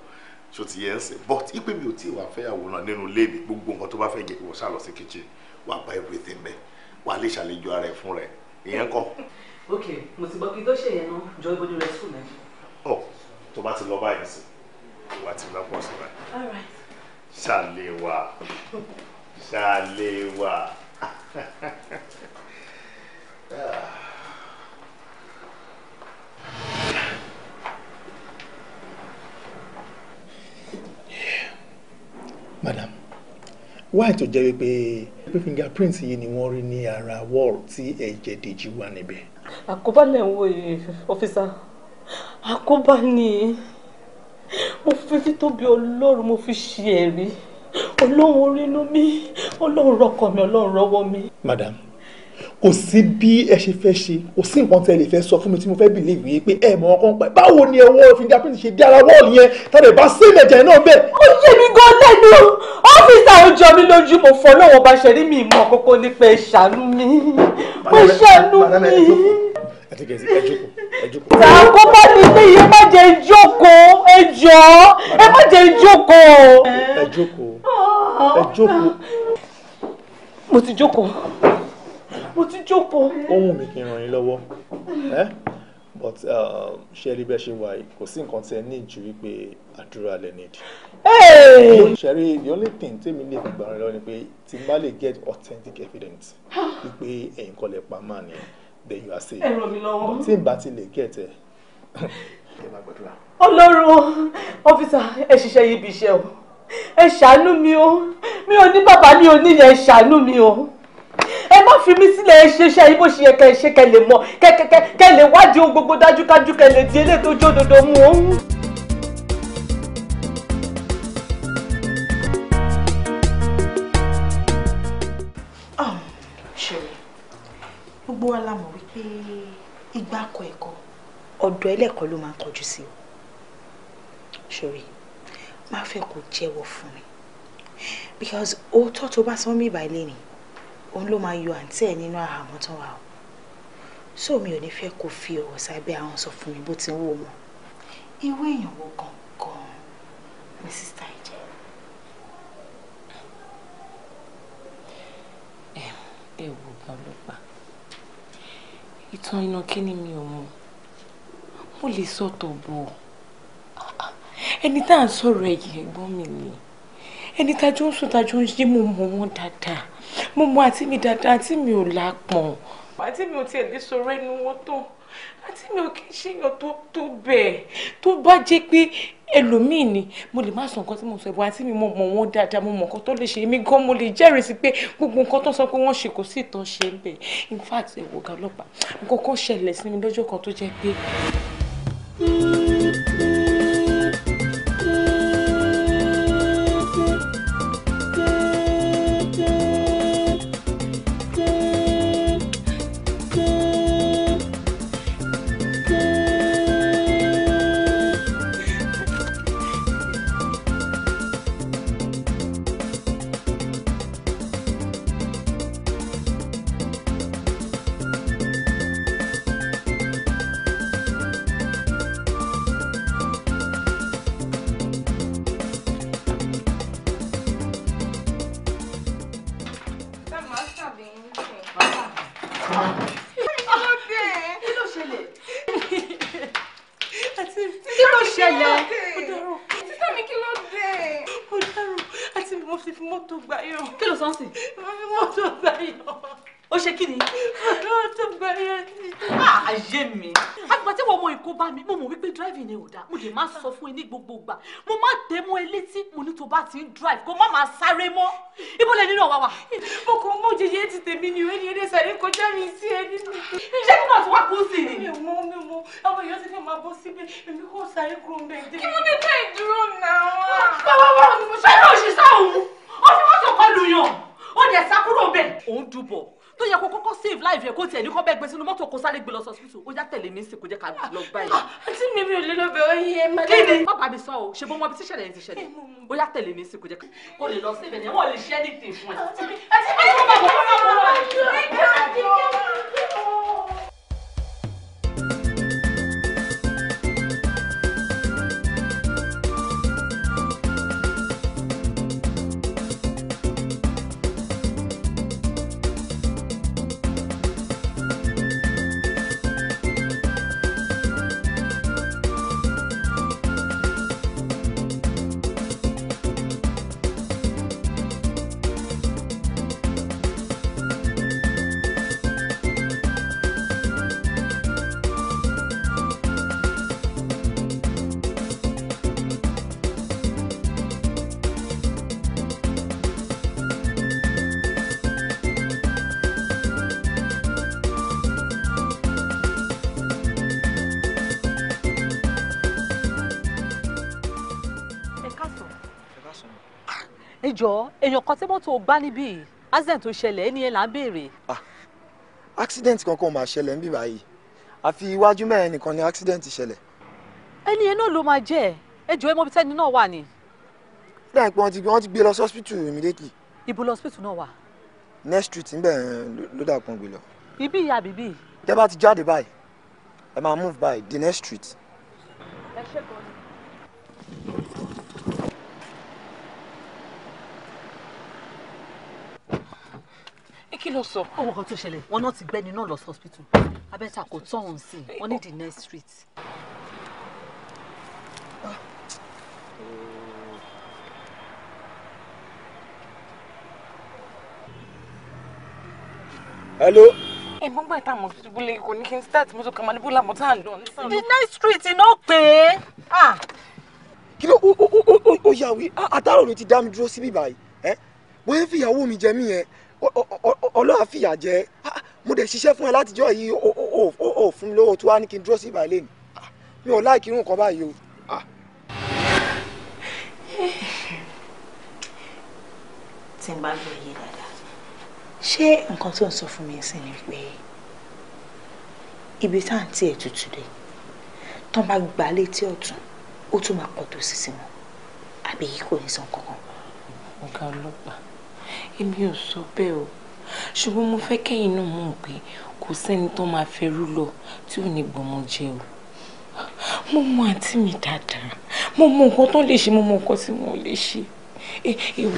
ṣó ti yẹ ń sìn but ipe mi ò tí ì wá fẹ́yàwó náà nínú ilé mi gbogbo nǹkan tó bá fẹ́ jẹ ìwọ ṣáà lọ sí kitchen wà á bá everything bẹ́ẹ̀ wà á lè ṣàlejò ara ẹ̀ fún rẹ̀ ìyẹn kọ́. ok mo ti gbọ́ kí tó ṣe yẹn náà jọ ibo ni rẹ sùn náà. ọ oh, tó bá ti lọ báyìí sí wà á ti lọ pọ̀ sí wa. ṣàlèwà ṣàlèwà. ah. madam why to jẹ́ wípé pé fingerprint yìí ni wọ́n rí ní ara wall tí ẹ̀jẹ̀ Dèjì wà níbẹ̀. àkóbá lẹ̀ ń wo ọ́fíìsà àkóbá ni mo fi títóbi ọlọ́run mo fi ṣe ẹ̀rí ọlọ́run orínú mi ọlọ́run rọkàn mi ọlọ́run rọwọ́ mi. madam kò sí bí ẹ ṣe fẹ́ ṣe kò sí nǹkan tẹ́ lè fẹ́ sọ fún mi tí mo fẹ́ believe yìí pé ẹ mọ̀ ọkàn pẹ́ báwo ni ẹwọ́ fingerprint ṣe dé ara wọ́ọ̀lù yẹn tàbí bá sí ìmẹ̀jẹ̀ náà bẹ́ẹ̀. ó yé mi gan lẹ́nu ọ́fíìsì àwọn jọ mi lójú mo fọ́ lọ́wọ́ bá ṣe rí mi ìmọ̀ kókó nípa ẹ ṣàánú mi mo ṣàánú mi. sàkó bá mi ní iye má jẹ ìjókòó ẹ jọ ẹ má jẹ ìjókòó. ẹ jókòó ẹ jókòó. mo ti jókòó mo ti jókòó. ohun mi kì í ràn yín lọ́wọ́ but um, ṣe rí bẹ́ẹ̀ ṣe wà yìí kò sí nǹkan tí ẹ ní ju wípé àdúrà lẹ nídìí. ṣe rí the only thing tèmi lè gbà rẹ lọ ni pé tí n bá lè get authentic evidence wípé ẹ̀yin kọ́ lè pa máa ní then you are safe. ẹ ràn mí lọ́wọ́. but tí n bá ti lè get ẹ ẹ máa gbàdúrà. ọlọ́run ọ́fíìsà ẹ ṣiṣẹ́ yìí bí iṣẹ́ o ẹ ṣàánú mi o mi ò ní bàbá mi ò ní yẹn ṣàánú mi o ẹ má fi mí sílẹ̀ ẹ ṣe iṣẹ́ yìí bó ṣe yẹ kẹ́ ẹ ṣe kẹ́ lè mọ̀ kẹ́ lè wádìí ohun gbogbo dájúkájú kẹ́ lè di eléyìí tó jó dodo mu òun. Ah, gbogbo wa la mọ̀ wípé igbá kọ ẹ̀kọ́ ọ̀dọ̀ ẹlẹ́kọ̀ọ́ ló máa ń kọjú sí o ṣòrí máa fẹ́ kó jẹ́wọ́ fún mi because òótọ́ tó bá sọ mí ìbàlẹ́ nìyí òun ló máa yọ àǹtí ẹ̀ nínú àhámọ́ tán wà o so mi ò ní fẹ́ kó fi ọ̀rọ̀ sábẹ́ àwọn sọ fún mi bó ti ń wò wọ́n irú èèyàn wo gangan ni sísá yìí jẹ́. ẹ wo bá ọlọ́pàá ìtàn iná kí ni mi ò mọ̀ mo lè sọ tòbò ẹni tá à ń sọ̀rọ̀ ẹ̀yìn ẹ̀gbọ́n mi ni ẹni tá a jọ ń sùn tá a jọ ń yí mo mọ̀ wọ́n dáadáa mo mọ àti mi dáadáa àti mi ò lápọn àti mi ò tiẹ̀ lè sọ̀rọ̀ ẹnu wọn tán àti mi ò kí ń ṣèyàn tó tó bẹ́ẹ̀ tó bá jẹ́ pé ẹlòmíì ni mo lè má sọ nǹkan tí mo sọ ẹ̀bùn àti mi mo mọ̀ wọ́n dáadáa mo mọ̀ nǹkan tó lè ṣe èmi gan mo lè jẹ́rìí sí pé gbogbo nǹkan tó sọ pé wọ́n ṣe kò sí ìtàn ṣe ń bẹ̀ in fact ẹ̀wọ̀n ọlọ́pàá nǹkan kan ṣẹlẹ̀ sí mi lọ́jọ́ kan tó jẹ́ pé. ti ń drive kó má máa sáré mọ́ ibo lè nínú ọ̀wá wa. mo kò mọ jẹjẹ ti tèmi ni ìwé ni èdè sáré kọjá mi sí ẹni mi. iṣẹ́ nígbà tí wàá kú sí ni. mi ò mọ mi ò mọ àwọn èèyàn ti fẹ́ máa bọ́ síbẹ̀ èmi kò sáré kúrò ń bẹ̀ dé. kí ló dé tẹ́ ìdúró náà. bàbá wa ò ní mo ṣe é lóòṣìṣẹ́ òun ó fi mọ́tò kọlù yàn ó dẹ̀ sá kúrò bẹ̀. òun dùbọ̀ tó yẹ kó kọ́kọ́ save life yẹ kó tiẹ̀ ní kọ́ bẹ́ẹ̀ gbé sínú mọ́tò kó sáré gbé lọ sọ sísù ó já tẹ̀lé mi sí kó jẹ́ ká lọ báyìí. àti mi mi ò lè lọ bẹ̀ yẹ má kí ni má bàbí sọ o ṣe bó wọn bí tíṣẹ̀lẹ̀ yẹn ti ṣẹlẹ̀ ó já tẹ̀lé mi sí jẹ́ ká. o lè lọ save yẹn wọ́n lè ṣẹ́ ní tè fún ẹ. èèyàn kan tí mọ́tò bá níbí accident tó ṣẹlẹ̀ ẹni yẹn là ń béèrè. Ah, accident kankan máa ṣẹlẹ̀ ń bí báyìí àfi iwájú mẹ́rin nìkan ni accident ṣẹlẹ̀. ẹni yẹn náà ló máa jẹ́ ẹ jọ ẹ mọ ibi tẹ́ni náà wà ni. lẹ́yìn pé wọ́n ti gbé lọ sí hospital immediately. ibo lọ hospital náà wà. next street ń bẹ̀ ló dà pọ́n gbé lọ. ibi ìyá bíbí. tẹ́ bá ti jáde báyìí ẹ máa move by the next street. kí ló sọ. ó mọ kan tó ṣẹlẹ̀ wọn náà ti gbẹ́ni náà lọ sí hospital abẹ́ta kò tán òun sí i wọ́n ní oh. the next street. hello. ìbọn gbà tá a mọ̀ sí ibùdó kò ní kí n start mọ́tò kan máa ní bùlà mọ́tò àǹdọ̀ ní sàn. the next street iná pè é. Ah. kí ló ó ó ó ó yàwé ah, àtàrò ló ti dá mi dúró síbí báyìí bóyá eh? fìyàwó mi jẹ mí yẹn ọlọ́run fìyà jẹ́ mo dẹ̀ ṣiṣẹ́ fún ẹ látijọ́ yìí ó fún mi lówó tó wá ní kí n dúró sí ìbàlẹ̀ mi ah, mi ò láì kírun kan báyìí o. Ah. tí n bá gbọ́ yé dáadáa ṣé nǹkan tó ń sọ fún mi sí ni pé ibi tá à ń tiẹ̀ tutù dé tán bá gbà létí ọ̀tún ó tún máa pọ̀ tó sí sí wọn àbí kò ní san kankan. ọ̀gá ọlọ́pàá èmi ò sọ bẹ́ẹ̀ o ṣùgbọ́n mo fẹ́ kẹ́yìn náà mọ̀ pé kò sẹ́ni tó máa fẹ́rú lọ tí ò ní gbọ́mọ jẹ o mo mọ àǹtí mi dáadáa mo mọ nǹkan tó lè ṣe mo mọ nǹkan tí wọn ò lè ṣe ewu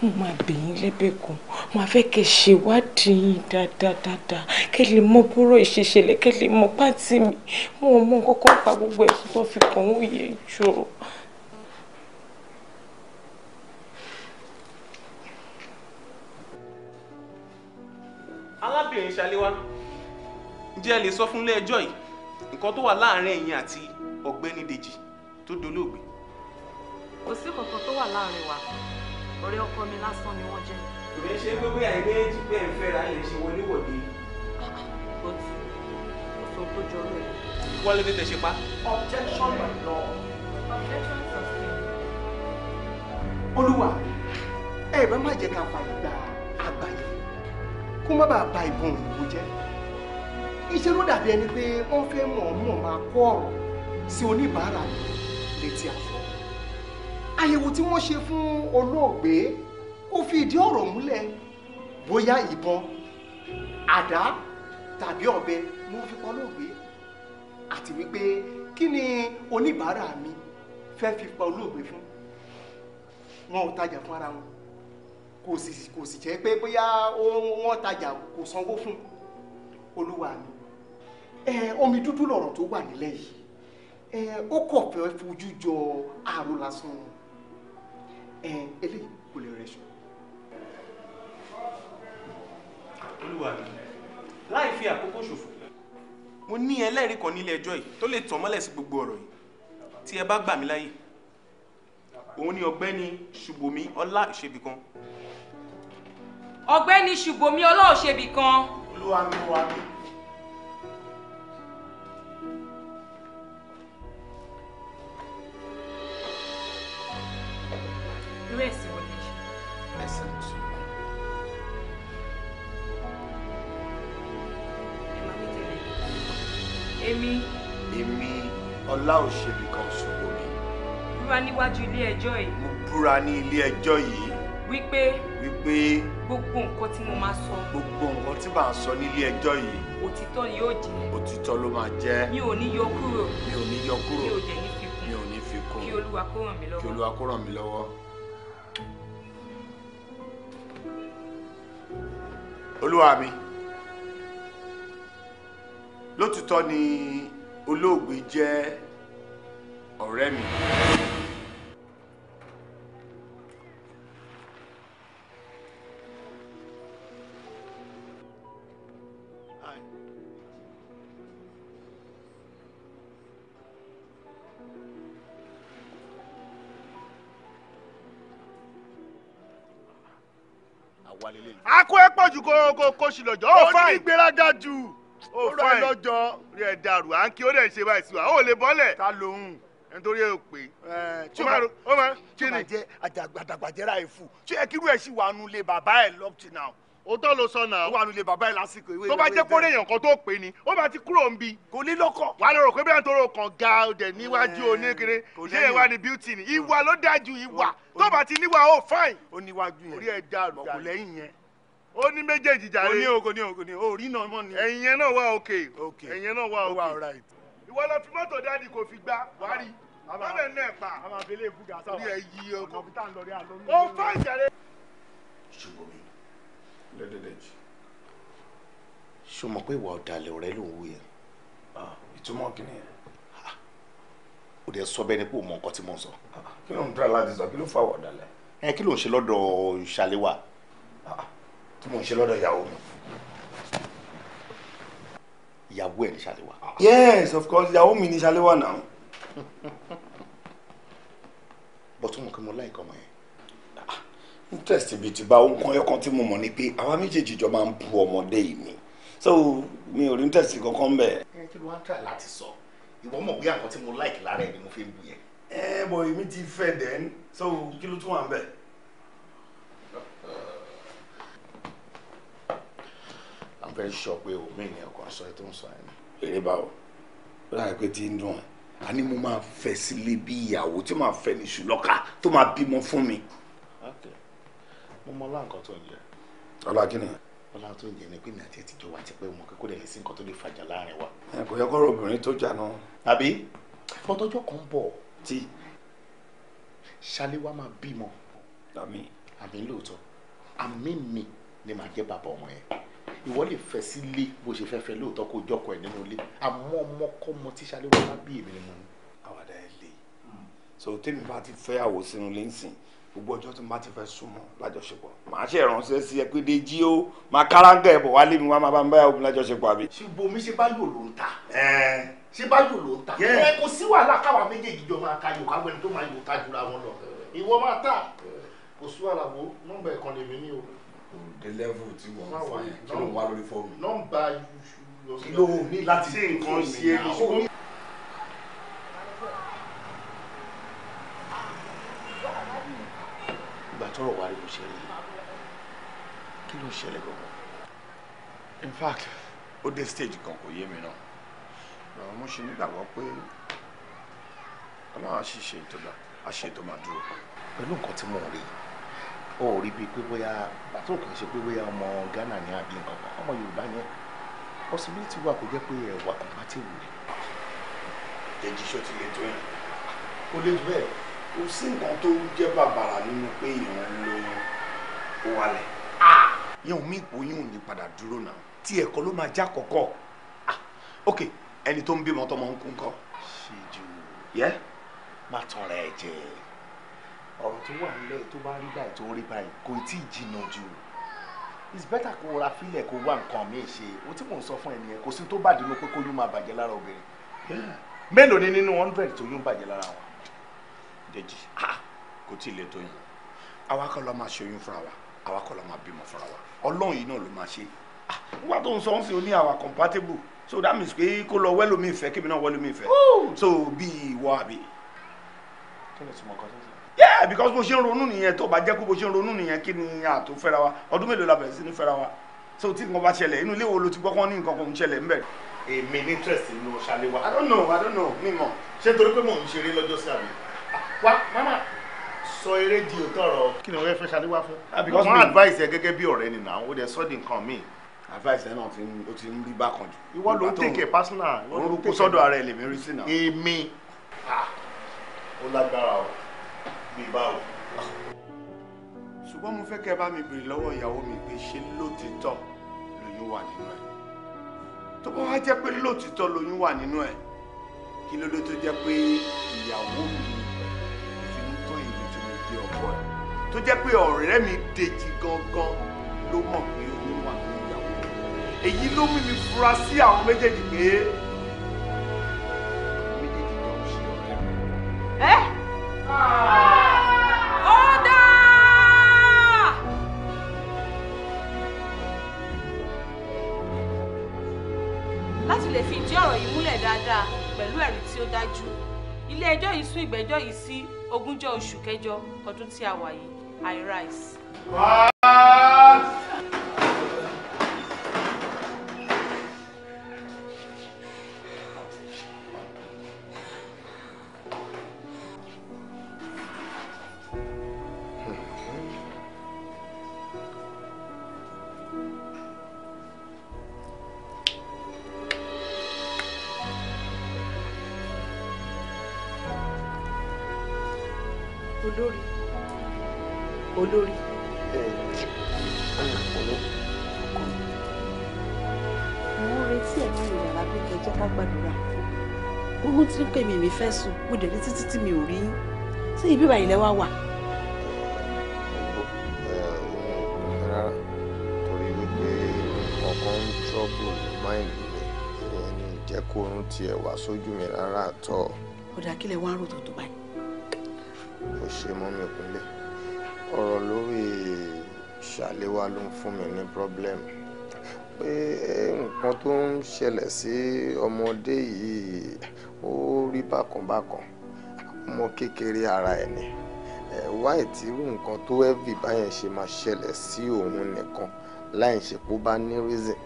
mo máa bẹ̀yìn lẹ́bẹ̀ẹ́ kan máa fẹ́ kẹ́ ṣe ìwádìí yín dáadáa dáadáa kẹ́ lè mọ búrọ̀ ìṣẹ̀ṣẹ̀lẹ̀ kẹ́ lè mọ pàǹtí mi mo mọ nǹkan kan pa gbogbo ẹ̀sùn tó fi kàn ń yẹ jù ọ́. alábìnrin ṣaléwá ǹjẹ́ ẹ lè sọ fún ilé-ẹjọ́ yìí nǹkan tó wà láàárín ẹ̀yin àti ọ̀gbẹ́ni dèjì tó dolóògbé. kò sí kankan tó wà láàárín wa ọ̀rẹ́ ọkọ mi lásán ni wọ́n jẹ́. kò ní ṣe gbogbo àyè méjì bẹ́ẹ̀ ń fẹ́ra lè ṣe wọléwọ̀de. ó ti ó sọ tó jọrọ ẹ. wọ́n lè tètè ṣe pa. objection by law. objection sustained. olúwa ẹ bá má jẹ́ ká fàyè gba àgbáyé kó má bàa ba ìbọn òyìnbó jẹ́ iṣẹ́ ló dàbí ẹni pé wọ́n fẹ́ mọ̀ mọ̀ máa kọ́ ọ̀rọ̀ sí oníbàárà létí àfọ́ àyẹ̀wò tí wọ́n ṣe fún olóògbé ó fi ìdí ọ̀rọ̀ múlẹ̀ bóyá ìbọn àdá tàbí ọ̀bẹ ni wọ́n fi pa olóògbé àti wípé kí ni oníbàárà mi fẹ́ fi pa olóògbé fún wọn ò tajà fún ara wọn kò sì kò sì jẹ́ pé bóyá wọ́n tajà kò sanwó fún olúwa mi ẹ omi dúdú lọ̀rọ̀ tó wà nílẹ̀ yìí ẹ ó kọ̀ fẹ́ fojú jọ àrò lásán ẹ eléyìí kò lè rẹṣọ. olúwa mi láì fi àkókò ṣòfò mo ní ẹlẹ́rìí kan nílé ẹjọ́ yìí tó lè tàn mọ́lẹ̀ sí gbogbo ọ̀rọ̀ yìí tí ẹ bá gbà mí láyè òun ni ọ̀gbẹ́ni ṣùgbọ́mi ọlá ìṣebìkan ọ̀gbẹ́ni ṣùgbọ́nmi ọlọ́ọ̀ṣẹ́bì kan. olúwa mi wà mí. Emi. Emi, wọlé ṣe. ẹ̀sìn mùsùlùmí. ẹ máa fi tẹ̀lé. èmi. èmi ọlá òṣèlú kan ṣùgbọ́n mi. búra níwájú ilé ẹjọ́ yìí. mo búra ní ilé ẹjọ́ yìí wípé wípé gbogbo nǹkan tí mo máa sọ gbogbo nǹkan tí màá sọ nílé ẹjọ́ yìí òtítọ́ ni yóò jẹ́ òtítọ́ ló máa jẹ́ mi ò ní yọ kúrò mi ò ní yọ kúrò mi ò jẹ́ ní fi kún mi ò ní fi kí olúwa kó ràn mí lọ́wọ́ kí olúwa kó ràn mí lọ́wọ́. olúwa mi lótìtọ́ ni olóògbé jẹ́ ọ̀rẹ́ mi. akó ẹ pọ̀ ju kó kó lọ́jọ́ oh, oh, ó fà yìí. onígbéraga ju ó fà lọ́jọ́. rí ẹ dàrú à ń kí ó dẹ̀ ṣe báyìí sí wa ó lè bọ́lẹ̀. ta lòun nítorí ẹ ò pé. tí o máa o máa kí àdàgbàjẹrà ẹ fù tí ẹ kírú ẹ sì wà nù lé bàbá ẹ lọ ti nà o tọ́ ló sọ náà. ó wà nílé bàbá ẹ̀ lásìkò ìwé ìwé. tó bá jẹ́ kórè èèyàn kan tó pè ní ó bá ti kúrò ń bi. kò ní lọ́kọ̀. wà á lọ pé bí wọ́n tó rò kàn ga ọdẹ níwájú oníkere ṣé ìwà ni beauty ni ìwà ló dájú ìwà tó bá ti níwà ó fine. ó yẹn orí ẹ̀ dàrú mọ̀kùlẹ́yìn yẹn ó ní méjèèjì jàre. kò ní ní o ní o náà mọ́ ni. ẹ̀yin náà wà okay ẹ̀yin yẹn náà wà okay ìwọ lọ fi mọ́tò dáàdì kò fi gbá wàá rí lọ́bẹ̀ náà pa orí ẹ yí ọkọ̀ ó fà jàre. ṣùgbọ́n mi lẹ́dẹ̀dẹ̀jì ṣó mọ̀ pé ìwà ọ̀dàlẹ̀ ọ̀rẹ́ ló ń wú yẹn. ìtumọ̀ kìíní yẹn. ó dẹ̀ sọ bẹ́ẹ̀ ni pé o mọ nǹkan tí mo sọ. kí ló ń dúró láti kí ló fà wọ̀ ọ̀dàlẹ̀. ẹ kí ló ń ṣe lọ́dọ̀ ìṣàlẹ̀ tí mò ń ṣe lọ́dọ̀ ìyàwó mi ìyàwó ẹ̀ ní ṣàlẹ́wà. yes of course ìyàwó mi ní ṣàlẹ́wà náà. bọ́tún mọ̀ kí mo láì kọ́ ọmọ yẹn interest bíi ti ba ohun kan yọkan tí mo mọ̀ ni pé àwa méjèèjì jọ máa ń bu ọmọdé yìí ni so mi ò rí interest kankan bẹ́ẹ̀. ẹ kí ló wá ń tà láti sọ ìwọ mọ̀ bí àwọn mo like lára ẹ̀ ni mo fi ń bu yẹn. ẹ eh, bọ̀ èmi ti fẹ́ dẹ́n so kí ló tún wà ń bẹ̀. fẹ́ sọ pé omi ni ọkọ̀ aṣọ ẹ tó ń sọ ẹ ní. eré báwo ó dàgbé pé tí ń dùn ẹ a ní mo máa fẹ́ sílé bí ìyàwó tí màá fẹ́ ní ṣùlọ́ka tó máa bímọ fún mi. mo mọ ọlá nǹkan tó ń jẹ. ọlá kí ni. ọlá tó ń jẹ ni pé mi àti ẹtìjọ wa ti pẹ́ mọ kókó dẹ̀ lè sí nǹkan tó lè fàjà láàrin wa. ẹ kò yẹ kó obìnrin tó jà àbí fọtọjọ kan bọ̀ tí ṣáléwá máa bímọ. àmín. àmín lóòótọ́ àmín mi ni màá jẹ́ bàbá ọmọ yẹn ìwọ lè fẹ́ sí ilé bó ṣe fẹ́fẹ́ lóòótọ́ kó jọkọ ẹ̀ nínú ilé àmọ́ ọmọkọ́mọ tí ṣálẹ́ wọn bá bí èmi ni mo ní. àwàdà ẹ lè so tèmi bá ti fẹ́ àwò sínú ilé nsìn gbogbo ọjọ́ tó má ti fẹ́ súnmọ́ lájọṣepọ̀ màá ṣe ránṣẹ́ sí ẹ pé déjì ó máa káràǹgà ẹ̀bọ̀ wálé mi wá máa bá ń báyà omi lájọṣepọ̀ àbí. ṣùgbọ́n omi ṣe bá yò ló ń ta ṣe bá yò ló ń ta kò sí wàhálà káwa méjèèjì jọ máa ka yò káwọn tó máa yò ta jura lọ ìwọ máa ta kò sí wàhálà wo nọ́mbà ẹ̀kan lèmi ní o the level tí wọ́n ń fa yẹn kí ló ń wá lórí fóònù. nọ́mbà kí ló ní láti ṣe nǹkan sí ẹ ní. ìgbà tọrọ wà rí mo ṣe rí kí ló ń ṣẹlẹ̀ gbọ̀ngàn. in fact ó dé stage kan kò yé mi náà lọ́wọ́ mo ṣe nígbàgbọ́ pé ọlọ́run á ṣe ṣe ìtọ́jà á ṣe ètò máa dúró pẹ̀lú nǹkan tí mò ń rí yìí o ò rí bíi pé bóyá bàtò kì í ṣe pé bóyá ọmọ Ghana ni àbí nǹkan kan ọmọ Yorùbá ni ẹ possibility wà kó jẹ́ pé ẹ wà compatible. jẹjí iṣẹ́ ti lè tó yẹn kó lè bẹ́ẹ̀ kò sí nǹkan tó jẹ́ bàbàrà nínú pé ìran ń lóyún ó wálẹ̀. Ah! yẹn ò mí yín ò ní padà dúró náà tí ẹ̀kọ́ ló máa já kọ̀kọ́ ah! ok ẹni tó ń bímọ tọmọ ń kú ńkọ́. ṣíjú má tọrọ ẹ jẹ ọ̀rọ̀ tó wà nílẹ̀ tó bá rí báyìí tó rí báyìí kò tí ì jìnnà jù it's better kó ra filẹ̀ kó wá nǹkan míì ṣe o tí mò ń sọ fún ẹ nìyẹn kò sí tó bá dínú pé kó yún máa bàjẹ́ lára obìnrin mélòó ni nínú hundred tó yún bàjẹ́ lára wọn. Dèjì kò tí ì lè tó yìí àwa kọ́ la máa ṣoyún fúnra wa àwa kọ́ la máa bímọ fúnra wa ọlọ́run yìí náà ló máa ṣe ah! nígbà tó ń sọ ń sè ó ní àwa compatible so that means pé kó lọ wẹ́lómi ìfẹ́ kébì náà wẹ́lómi ìfẹ́ so bí ìwọ àbí. kí ni ìtumọ̀ kan tó ń yeah because bó ṣe ń ronú nìyẹn tó bá jẹ́ kó bó ṣe ń ronú nìyẹn kí ni àtò fẹ́ra wa ọdún mélòó la bẹ̀rẹ̀ sí ní fẹ́ra wa so tí nǹkan bá ṣẹlẹ̀ inú ilé wo ló ti gbọ́ kán ní nǹkan kan ń ṣẹlẹ̀ ńbẹ̀. èmi ní interest nínú ṣàlẹ̀ wa. i don't know i don't know mi mọ̀. ṣé torí pé mò ń ṣeré lọ́jọ́ sí àbí. wa mama sọ eré di òótọ́ ọ̀rọ̀. kí ni o fẹ́ ṣàlẹ̀ wa fún. Ah, mo máa advice ẹ gẹ́gẹ́ bí ọ̀rẹ́ nìyà ó dẹ sọ́ di nǹkan míì advice ẹ náà ti ń ó ti ń rí bákan jù. ìwọ ló ń tèké personal. òun ló kó sọ́dọ̀ ara ẹ lèmi rí sí náà. èmi ah, ó lágbára o bí báwo. ṣùgbọ́n mo fẹ́ kẹ́ bá mi bèrè lọ́wọ́ ìyàwó mi pé ṣé lótìtọ́ lóyún wà nínú ẹ̀ tó bá wá jẹ́ pé lótìtọ́ lóyún wà nínú ẹ̀ kí ló dé tó jẹ́ pé ìyàwó mi fi ń tọ́ ìwé tí mo di ọkọ ẹ̀ tó jẹ́ pé ọ̀rẹ́ mi dèjì gangan ló mọ̀ pé oyún wà nínú ìyàwó mi èyí ló mú mi fura sí àwọn méjèèjì pé. sún ìgbẹ́jọ́ yìí sí ogúnjọ́ oṣù kẹjọ ọdún tí a wà yìí i rise. olórí. mo ń retí ẹ̀ máa rìn yàrá pé kẹjẹ ká gbàdúrà gbogbo tí ń pè mí mi fẹ́ sùn mo dẹ̀ ní títí tí mi ò rí yín sí ibi ìbàyìí lẹ́wà wà. jẹ́ kó oorun tiẹ̀ wá sójú mi rárá tọ́. ọ̀dà kílẹ̀ wá ń rò tó t ṣàléwá ló ń fún mi ní pírọ́blẹ́mù pé eh, nǹkan tó ń ṣẹlẹ̀ sí ọmọdé yìí ó rí bákànbákan ọmọ kékeré ara ẹ̀ ni eh, wáì tí irú nǹkan tó ẹ́fì báyẹn ṣe máa ṣẹlẹ̀ sí òun nìkan láì ṣe pó bá ní reason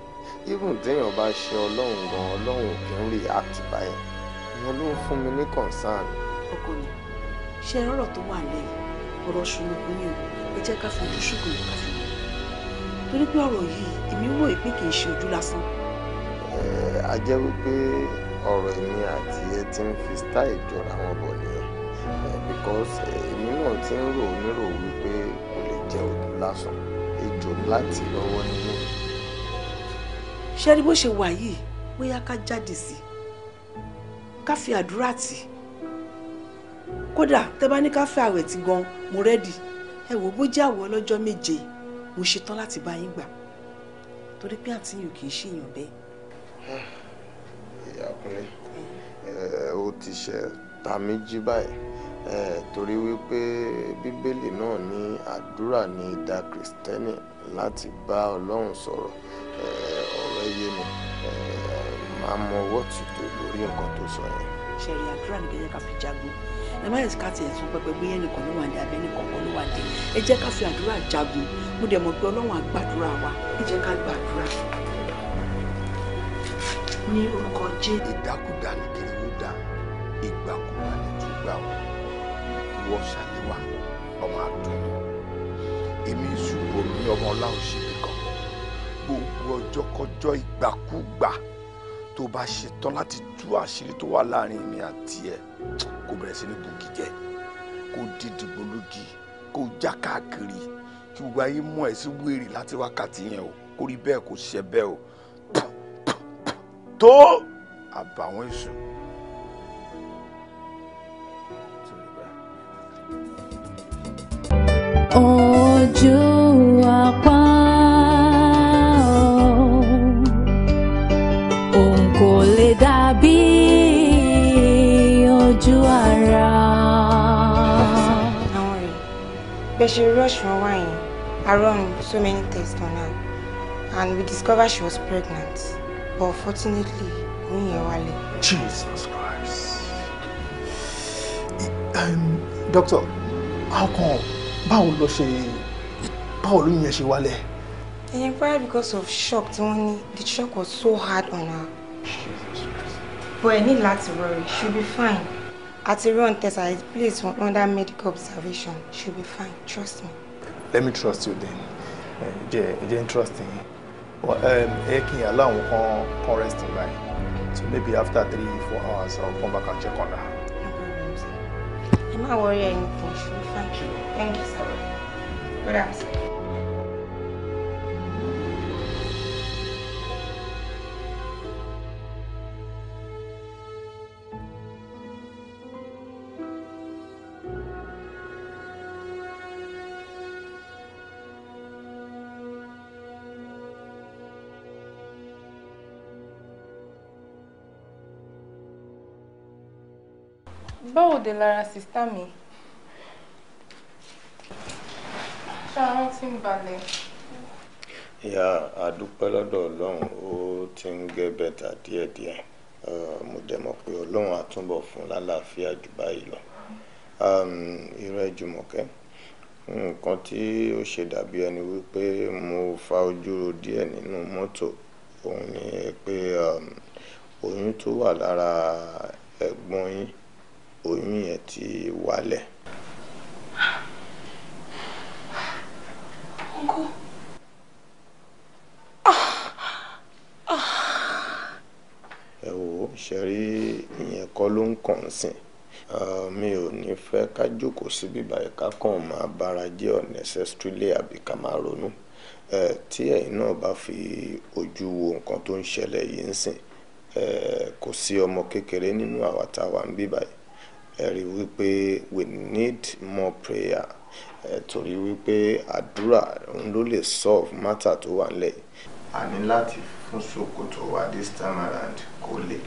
even téèyàn bá ṣe ọlọ́run gan ọlọ́run ò kí ń react báyẹn ìyẹn ló ń fún mi ní concern. ọkọ mi ṣe rọrọ tó wà lẹ́yìn ọ̀rọ̀ ṣùgbọ́n mi ò ẹ jẹ́ ká fojú ṣùgbọ́n ká torí pé ọ̀rọ̀ yìí èmi wò pé kì í ṣe ojú lásán. a jẹ́ wípé ọ̀rọ̀ èmi àti ẹ ti ń fi style jọra wọn bọ̀ nìyẹn because èmi náà ti ń rò nírò wípé kò lè jẹ́ ojú lásán ejò láti lọ́wọ́ nínú. ṣé rí bó ṣe wà yìí bóyá ká jáde sí ká fi àdúrà tì kódà tẹ bá ní ká fi àwẹ̀ tì gan mo rẹ́dì ẹ wò bó jẹ́ àwọ̀ ọlọ́jọ́ méje yìí mo ṣetán láti bá yín gbà torí pé àǹtí yìí kì í ṣèyàn bẹ́ẹ̀. ìyá ọkùnrin ó ti ṣe ta méjì báyìí torí wípé bíbélì náà ní àdúrà ní ìdá kìrìsìtẹ́nì láti bá ọlọ́run sọ̀rọ̀ ọ̀rọ̀ ẹyẹ mi máa mọ ọwọ́ tuntun lórí nǹkan tó sọ yẹn. ṣẹ̀rí àdúrà ní gẹ́gẹ́ ká fi jagun ẹ má yẹ ká tiẹ̀ tún pẹpẹ gbé ẹnìkan ló wà ní abẹ́ ẹnìkan kan ló wà ní ẹ jẹ́ ká fi àdúrà jagun mo dẹ̀ mọ̀ pé ọlọ́run á gbàdúrà wa ẹ jẹ́ ká gbàdúrà ní orúkọ jẹ́. ìdákùdá ni kìrìwó dá ìgbàkúgbà ni túgbà ó wọ ṣàlẹwà ọmọ àtúntò èmi ìṣòro ní ọmọ ọláòṣèlú kan gbogbo ọjọ́kọjọ́ ìgbàkúgbà tó bá ṣetán láti tú àṣírí tó wà láàrin èmi àti ẹ kò bẹ̀rẹ̀ sí ní bùkì jẹ kó dídìgbò lójì kó já kí gbogbo ayé mọ̀ ẹ́ sí wèrè láti wákàtí yẹn o kó rí bẹ́ẹ̀ kó ṣe bẹ́ẹ̀ o tó àbàwọ́n èṣù. ojú apá òun kò lè dàbí ojú ara. bẹ́ẹ̀ ṣe rush wọn wá had run so many tests on her and we discovered she was pregnant. But fortunately, knew. Jesus Christ. Um, doctor, how come? Báwo ló she? báwo ló yẹn ṣe wálẹ̀? Ẹ̀yẹn probably because of shock tí the shock was so hard on her. Jesus Christ. But ẹ ní láti worry, she'll be fine. At the run test I a place under medical observation, she'll be fine, trust me let me trust you then jẹ́ eh, jẹ́ interest yín um, ẹ kí n yà láwọn kan kan rest in line so maybe after three four hours I'll come back and check on her. ẹ má worry anything ṣùgbọ́n thank you thank you sir. Good báwo de lára sista mi ṣáà ti ń balẹ̀. ìyá àdúpẹ́ lọ́dọ̀ ọlọ́run ó ti ń gẹ́ bẹ́tà díẹ̀díẹ̀ mo dẹ̀ mọ̀ pé ọlọ́run á túbọ̀ fún lálàáfíà jù báyìí lọ ìrẹ́ jùmọ̀kẹ́ nǹkan tí ó ṣe dàbí ẹni wípé mo fa ojú díẹ̀ nínú mọ́tò òun ni pé oyún tó wà lára ẹ̀gbọ́n yín oyún yẹn ti wálẹ̀. Uncle. ẹ wò ó ṣẹ̀rí ìyẹn kọ́ ló ń kàn sìn mi ò ní fẹ́ ká jókòó síbí báyìí ká kàn máa bára jẹ́ unnecessarily àbí ká máa ronú tí ẹ̀yin náà bá fi ojú wo nǹkan tó ń ṣẹlẹ̀ yìí ń sìn kò sí ọmọ kékeré nínú àwa tá ń bí báyìí ẹ̀rí wípé we need more prayer ẹ̀ torí wípé àdúrà òun ló lè solve matter tó wà nílẹ̀. a ní láti fún ṣòkòtò wa this time around kó lè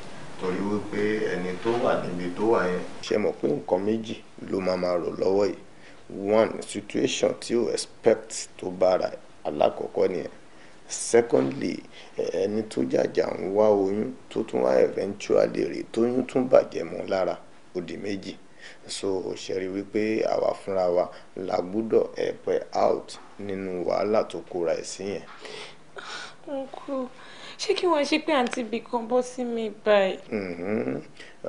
torí wípé ẹni tó wà níbi tó wà yẹn. ṣe mọ̀ pé nǹkan méjì ló máa máa rò lọ́wọ́ yìí one situation tí o expect tó bára alákọ̀ọ́kọ́ nìyẹn secondly ẹni tó jàjà ń wá oyún tó tún wá eventually rè tóyún tún bàjẹ́ mọ́ lára ó di méjì so ṣẹ̀rí wípé àwa fúnra wa la gbúdọ̀ ẹ̀pẹ̀ out nínú wàhálà tó kóra ẹ̀ sí yẹn. uncle ṣé kí wọ́n ṣe pé àǹtí bí kan bọ́ sí mi báyìí. Mm-hmm.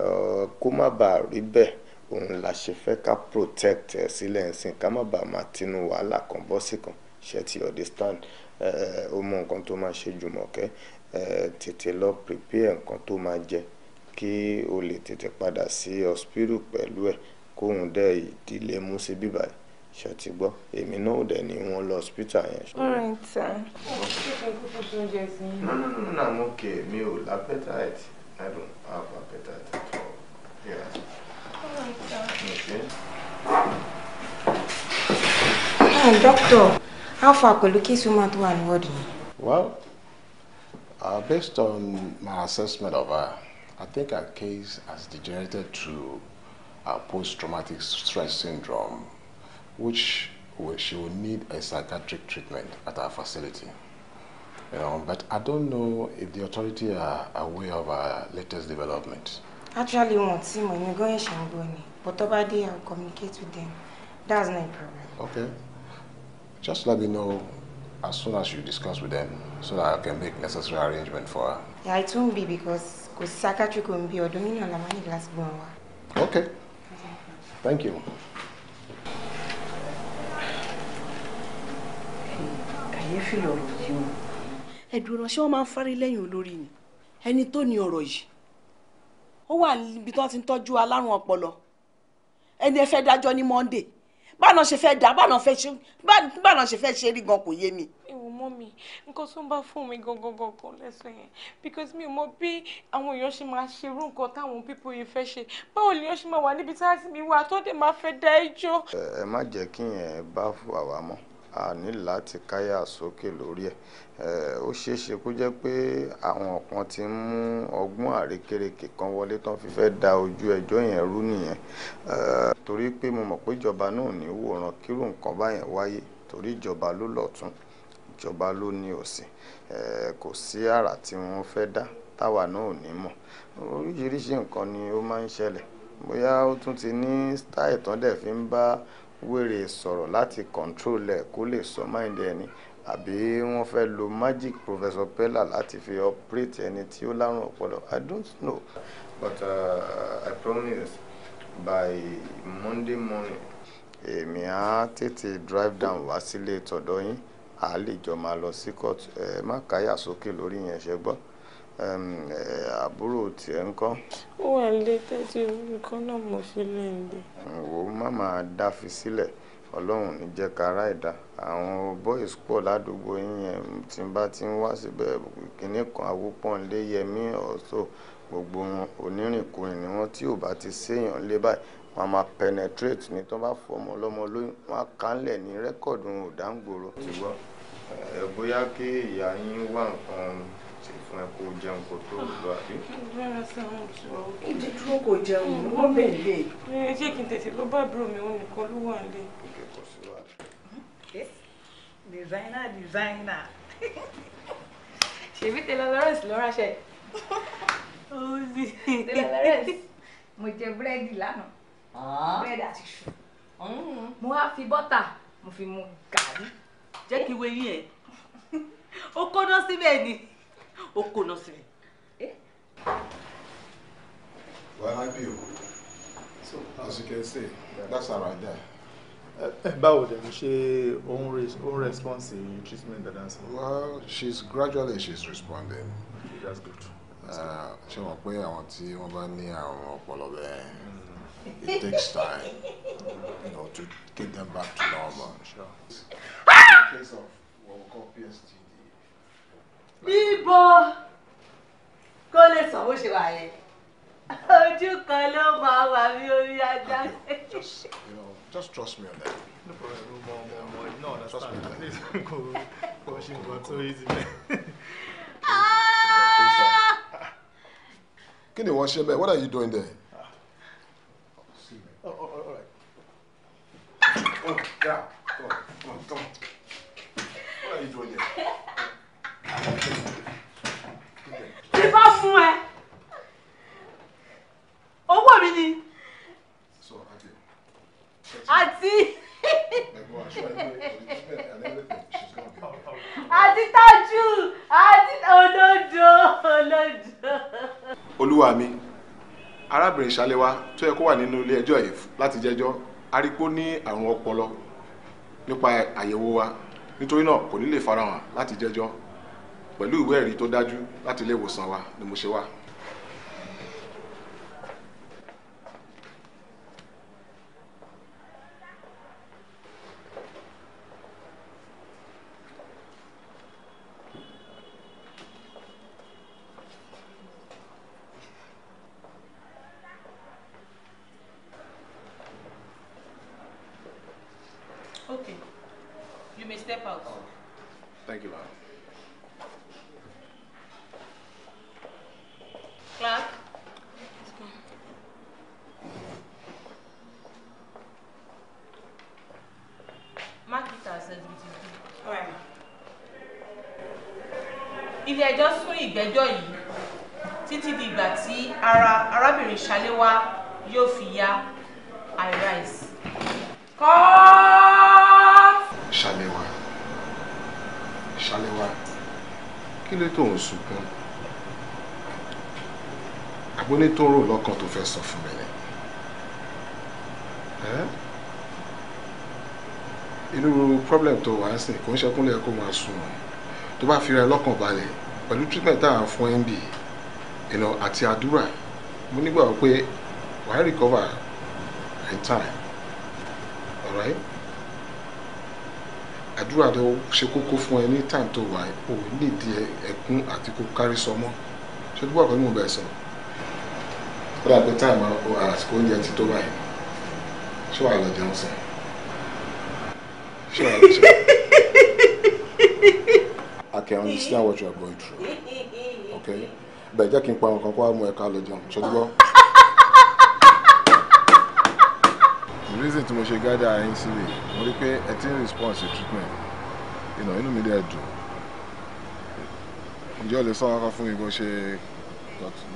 Uh, kó má bàa rí bẹ́ẹ̀ òun la ṣe fẹ́ ká protect ẹ̀ sílẹ̀ ń sìn ká má bàa máa tinú wàhálà kan bọ́ sí kan ṣe ti understand uh, ó mọ nǹkan tó máa ṣe Jùmọ̀kẹ́ uh, tètè lọ prepare nǹkan tó máa jẹ kí o lè tètè padà sí ọsibítù pẹ̀lú ẹ̀ kóun dẹ̀ ìdílé mú sí bíbáyìí ṣe ti gbọ́ èmi náà dẹ̀ ni wọ́n lọ hospital yẹn. alright sir. no no no no i'm okay mi ò appetite i don't have appetite at all. Yeah. alright sir. okay. ah doctor pẹ̀lú kí suma tó wà ní wọ́ọ̀dù yẹn. well uh, based on my assessment of her. Uh, I think her case has degenerated to a post-traumatic stress syndrome, which she will need a psychiatric treatment at our facility. You know, but I don't know if the authority are aware of our latest development. Actually, see when you go going Shangoni, but over there I'll communicate with them. That's no problem. Okay. Just let me know as soon as you discuss with them so that I can make necessary arrangement for her. Yeah, it won't be because kò sí psychiatric home bíi ọ̀dọ̀ yín náà la ní láti gbọ́n wa. okay thank you. kàyéfì lọ̀rọ̀ yìí o. ẹ̀dùn ìránṣẹ́ wọn máa ń fárí lẹ́yìn olórí ni ẹni tó ní ọ̀rọ̀ yìí ó wà níbi tí wọ́n ti ń tọ́jú alárùn ọpọlọ ẹni ẹ fẹ́ dájọ́ ní Monday báwọn ṣe fẹ́ dá báwọn ṣe fẹ́ ṣe rí gan kò yé mi mummy nǹkan tó ń bá mi gangan gangan lẹ́sẹ̀ yẹn because mi ò mọ bí àwọn èèyàn ṣe máa ṣe irú nǹkan táwọn people yìí fẹ́ ṣe báwo lèèyàn ṣe máa wà níbi tí àti mi wà tó dé máa fẹ́ dá ẹjọ́. ẹ má jẹ́ kí yẹn bá fún àwa mọ́ a ní láti káyà sókè lórí ẹ ó ṣeé ṣe kó jẹ́ pé àwọn kan ti ń mú ọgbọ́n àrékérekè kan wọlé tán fi fẹ́ da ojú ẹjọ́ yẹn rú nìyẹn torí pé mo mọ̀ pé ìjọba náà ò ní wòran kírú nǹkan báyẹn wáyé torí ìjọba ló lọ́tún ìjọba ló ní òsìn kò sí àrà tí wọ́n fẹ́ dá táwa náà ò ní mọ̀ oríṣiríṣi nǹkan ni ó máa ń ṣẹlẹ̀ bóyá ó tún ti ní style tán dẹ̀ fi ń bá wèrè sọ̀rọ̀ láti control ẹ̀ kó lè sọ mind ẹni àbí wọ́n fẹ́ lo magic professor pella láti fi operate ẹni tí ó lárùn ọpọlọ i don't know but uh, i promise by monday morning èmi á tètè drive down wá sílé tọ̀dọ̀ yín a lè jọ máa lọ sí court ẹ má káyà sókè lórí yẹn ṣe gbọ́ àbúrò tiẹ̀ ń kọ́. ó wà lé tẹ́tí nǹkan náà mo fi lè lè. wò ó má máa dáfi sílẹ̀ ọlọ́run ní jẹ́ ká ara ìdá àwọn boys pọ̀ ládùúgbò yín tí n bá ti ń wá síbẹ̀ kínní kan awúpọ̀nlé yẹmí ọ̀ṣọ́ gbogbo wọn onírìnkùnrin ni wọ́n tí ò bá ti séèyàn lé báyìí wọ́n máa penetrate ní tó bá fọ ọmọ lóyún wọ́n á ní rẹ́kọ̀dù òdàǹgbòrò. ti wá ẹ bóyá kí ìyá yín wá nǹkan ṣe fún ẹ kó jẹun kó tó lọ àbí. ìdí dúró kò jẹun mm. ló mèlè. ẹ jẹ́ kí n tètè lọ bá àbúrò mi òun nìkan ló wà nílé. òkè kò sí wàhálà. designer designer ṣèbí tẹ lọlọrẹsì ló ránṣẹ́. ó sì tẹ lọlọrẹsì mo jẹ búrẹ́dì lánàá. Ah. búrẹ́dì àti iṣu mm. mo wá fi bọ́tà mo fi mu gàrí. jẹ́ kí wọ́n yín ẹ̀ ó kóná síbẹ̀ ni ó kóná síbẹ̀. wàá hábì o as you can see that's our idea. Báwo dẹ̀ ni ṣe own re own response in treatment that answer? Well, she's gradually she's responding. Okay, that's good. Ah, ṣé wọ́n pé àwọn tí wọ́n bá ní àrùn ọpọlọ bẹ́ẹ̀ hmm. It takes time, you know, to get them back to normal. Sure. Ah! In case of what we call PSTD. Bíbọ̀ kó lè sàn bó ṣe wà yẹn. Ojú kan ló máa wà bí orí ajá. Just, you know, just trust me on that. No problem, mo mo mo no understand. At least kò kò ṣe nǹkan tó easy bẹ́ẹ̀. Ah! Kí ni wọ́n ṣe bẹ́ẹ̀? What are you doing there? Yeah, come, come, come. What are you doing here? Tí bá fún ẹ, owó mi ni. So, Auntie. Auntie. Àti tájú àti olódo olódo. Olúwa mi, arábìnrin Ṣaléwá tó yẹ kó wà nínú ilé ẹjọ́ yìí láti jẹ́jọ́, a ní àrùn ọpọlọ nípa àyẹ̀wò wa nítorí náà kò ní lè farahàn láti jẹ́jọ́ pẹ̀lú ìwé ẹ̀rí tó dájú láti ilé ìwòsàn wa ni mo ṣe wá. sìn kò ń ṣẹkúnlẹ̀ kó máa sùn tó bá fira lọ́kàn balẹ̀ pẹ̀lú treatment tá à ń fún mb ìnà àti àdúrà mo nígbàgbọ́ pé wàá recover in time alright àdúrà tó ṣe kókó fún ẹ ní time tó wà ó nídìí ẹkún àti kó kárí sọmọ ṣé tó bá pẹ̀lú mo bẹ̀ sọ ó dàgbé time àsìkò oúnjẹ ti tó báyìí ṣé wàá lọ jẹun sàn ṣé wàá lọ jẹun. I can understand what you are going through. Okay? Bẹ̀ẹ̀ jẹ́ kí n pa nǹkan kó wá mú ẹ̀ka lọ jẹun. Ṣé dúró? The reason tí mo ṣe gádà yín sílẹ̀, mo rí pé ẹ ti ń response to treatment. Inú mi dẹ̀ dùn. Ǹjẹ́ o lè sọ wọn kan fún mi bó ṣe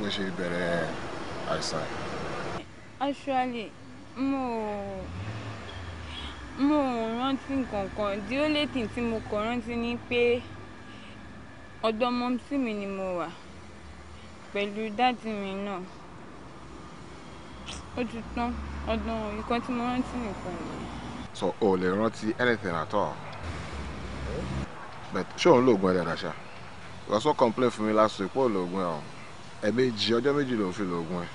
bó ṣe bẹ̀rẹ̀ àìsàn? Actually, mo mo rántí nǹkan kan. The only thing tí mo kàn rántí ni pé ọ̀dọ̀ mọ́mísì mi ni mo wà pẹ̀lú dádì mi náà ó ti tán ọdún nǹkan tí mo rántí nìkan nìyẹn. so o lè rántí anything at all but ṣé òun lóògùn ẹ dáadáa ṣá lọ́sọ̀ complain fún mi last week pé òògùn ẹ ọ̀hún ẹ̀ẹ̀mejì ọjọ́ méjì ló ń fi lóògùn ẹ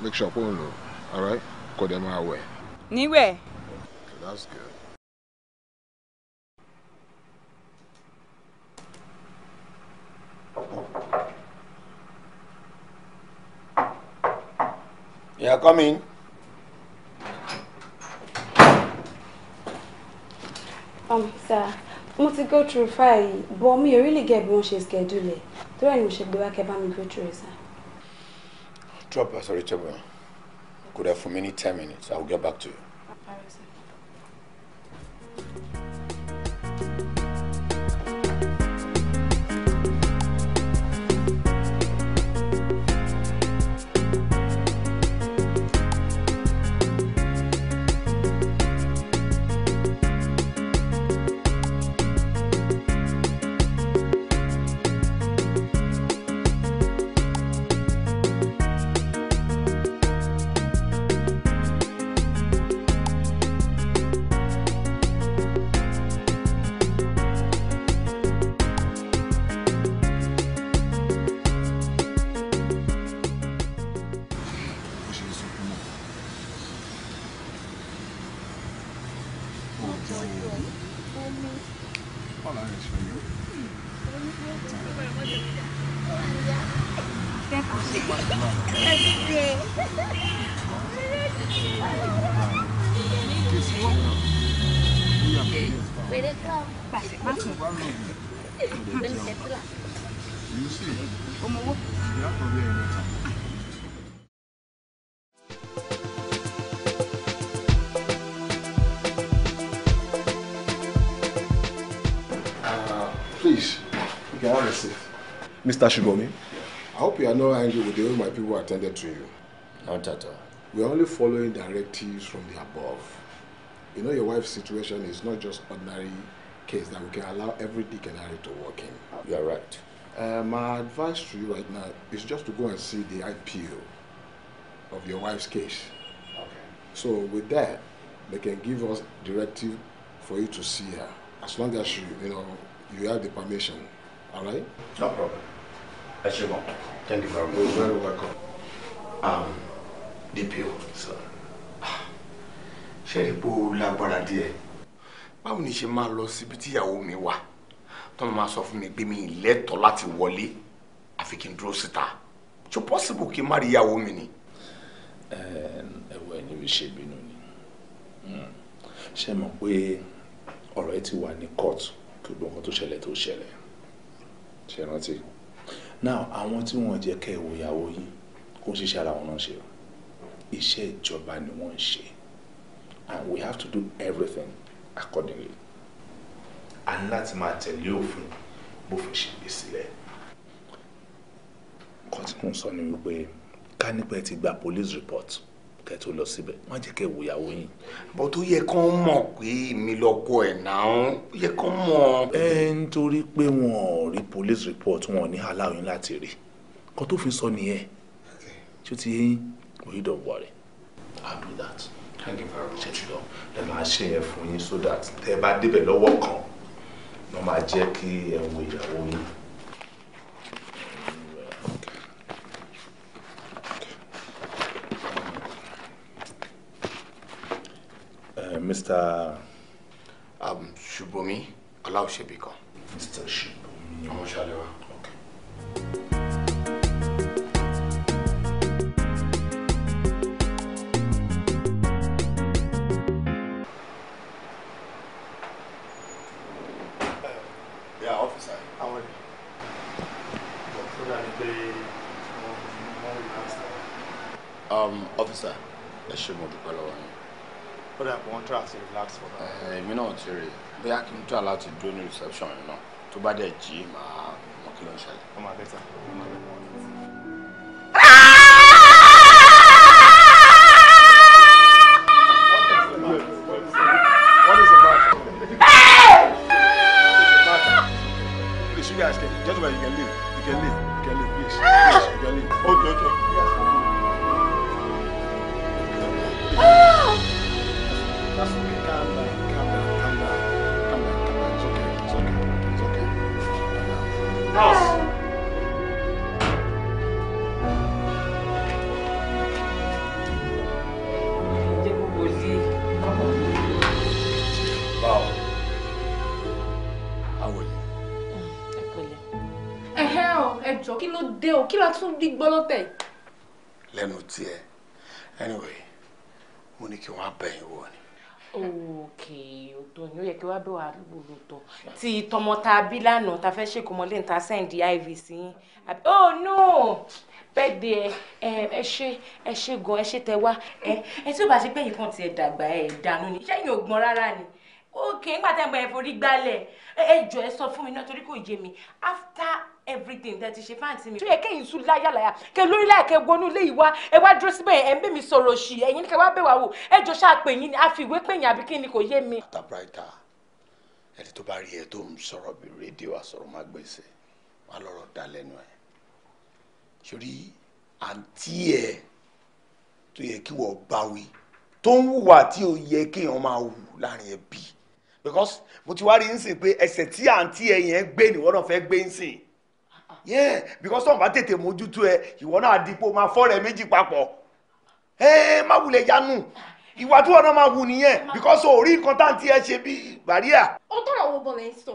make sure pé òun lò alright kò dẹ̀ máa wẹ̀. níwẹ̀. okay that's good. You are coming. Um, sir, mo ti go through fire, but me, ò really get bí wọ́n schedule ẹ̀ torí ẹ̀ ni mo ṣe gbé wá kẹ́ bá mi go through ẹ̀ sir. Trouble, uh, sorry, trouble. Uh, could have for many ten minutes. I will get back to you. Mr. Shibomi. I hope you are not angry with the way my people attended to you. Not at all. We are only following directives from the above. You know, your wife's situation is not just ordinary case that we can allow every dick to work in. You are right. Uh, my advice to you right now is just to go and see the IPO of your wife's case. Okay. So with that, they can give us directive for you to see her as long as you, you know, you have the permission. All right? No problem. ẹ ṣe gan. thank you very much. you very welcome. Um, DPO sir ṣe rí pé ó lágbára díẹ̀ báwo ni ṣe máa lọ síbi tíyàwó mi wà tó máa sọ fún mi pé mi lẹ́tọ̀ọ́ láti wọlé àfi kí n dúró síta ṣe possible kí n má rí ìyàwó mi ni. ẹ̀wọ̀ ẹ̀ níbi ṣe bínú ni hmm. ṣe mọ̀ pé ọ̀rọ̀ ẹ ti wà ní court kí gbogbo nǹkan tó ṣẹlẹ̀ tó ṣẹlẹ̀ ṣe rántí now àwọn tí wọ́n jẹ́ kẹ́ ìwò ìyàwó yín kò ń ṣiṣẹ́ ara wọn náà ṣe o iṣẹ́ ìjọba ni wọ́n ń ṣe and we have to do everything accordingly And ní láti máa tẹ̀lé òfin bófin ṣe gbé sílẹ̀ nǹkan tí mo sọ ni wípé ká nípa ẹ ti gba police report kẹ́ tó lọ síbẹ̀ má jẹ́ kẹ́ wo ìyàwó yín. bọ́ tó yẹ kán mọ̀ pé mi lọ́kọ ẹ̀ náà yẹ kán mọ̀. ẹ nítorí pé wọn ò rí police report wọn ò ní aláwìn láti rí kan tó fi sọ nìyẹn tí ó ti yẹ yín kò yí dọ̀bọ̀ rẹ̀ I'll do that. thank you very much. ṣe jùlọ ẹ máa ṣe yẹn fún yín so that tẹ bá débẹ̀ lọ́wọ́ kan ló máa jẹ́ kí ẹ wo ìyàwó yín. Mr. Um, Ṣùbọ́mi Ọláòṣèbíkan. Mr. Ṣùbọ́mi Ọmọṣàlẹ́wà. Okay. Uh, yeah, officer. How are you? So that they um, officer, ẹ ṣé mo the color. yín ó dà pé wọ́n try to relax for that. Eh, èmi náà ti rí bóyá kí n try láti dúró ní reception yẹn náà tó bá dẹ̀ jí màá mọ kí ló ń ṣẹlẹ̀. ó máa bẹ́tà ó máa bẹ́tà. What is the matter? you guys can, just where you can leave. You can leave. tún rí gbọ́ lọ́tẹ̀. lẹ́nu tiẹ̀ anyway mo ní kí wọ́n á bẹ̀ yín wọ ni. òkè òtò ni ó yẹ kí wọ́n á bẹ̀ wá lóbò lóòótọ́ ti tọmọ ta bí lánàá ta fẹ́ ṣèkómọlé níta sẹ́ǹdì iv sí yín oh no bẹ́ẹ̀dẹ̀ ẹ ẹ ṣe ẹ ṣe gan ẹ ṣe tẹ wá ẹ ẹ tí ó bá ṣe pé nǹkan tiẹ̀ dàgbà ẹ̀ dànù ni iṣẹ́ yìí ò gbọ́n rárá ni òkè ńgbà tẹ́ ń bọ̀ ẹ̀ forí gbálẹ̀ ẹ jọ ẹ sọ fún mi náà torí kò yé mi after everything tẹ́ ti ṣe fáǹtì mi. tó yẹ kẹ́yìn tún láyàláyà kẹ lórí láìkẹ́ wọnú ilé ìwá ẹ wá dúró síbẹ̀ ẹ̀ ń bẹ̀ mí sọ̀rọ̀ òṣì ẹ̀yin ní kẹ́ wá bẹ̀ wá wò ẹ jọ ṣáà ni a fi ìwé pè yín àbí kí ni kò yé mi. àtàbráìtà ẹni tó bá rí ẹ tó ń sọ̀rọ̀ bí rédíò àsọ̀rọ̀ má gbèsè wà lọ́rọ̀ dá lẹ́nu ẹ̀ sórí àǹtí ẹ tó yẹ kí wọ́n báwí tó ń wùwà tí ó yẹ kéèyàn máa wù láàrin ẹbí because mo ti wá rí ń sìn pé ẹsẹ̀ tí àǹtí ẹ yẹn gbé nìwọ́n náà fẹ́ gbé ń yeah because tọ́wọ́n bá tètè mójútó ẹ ìwọ náà dípò máa fọ́ọ̀rẹ́ méjì papọ̀ ẹ má wulẹ̀ yanu ìwà tí wọn náà máa wù nìyẹn because orí nǹkan tá à ń tiẹ̀ ṣe bí bàríà. ó tọrọ owó bọ́ọ̀lù ẹ̀ ń sọ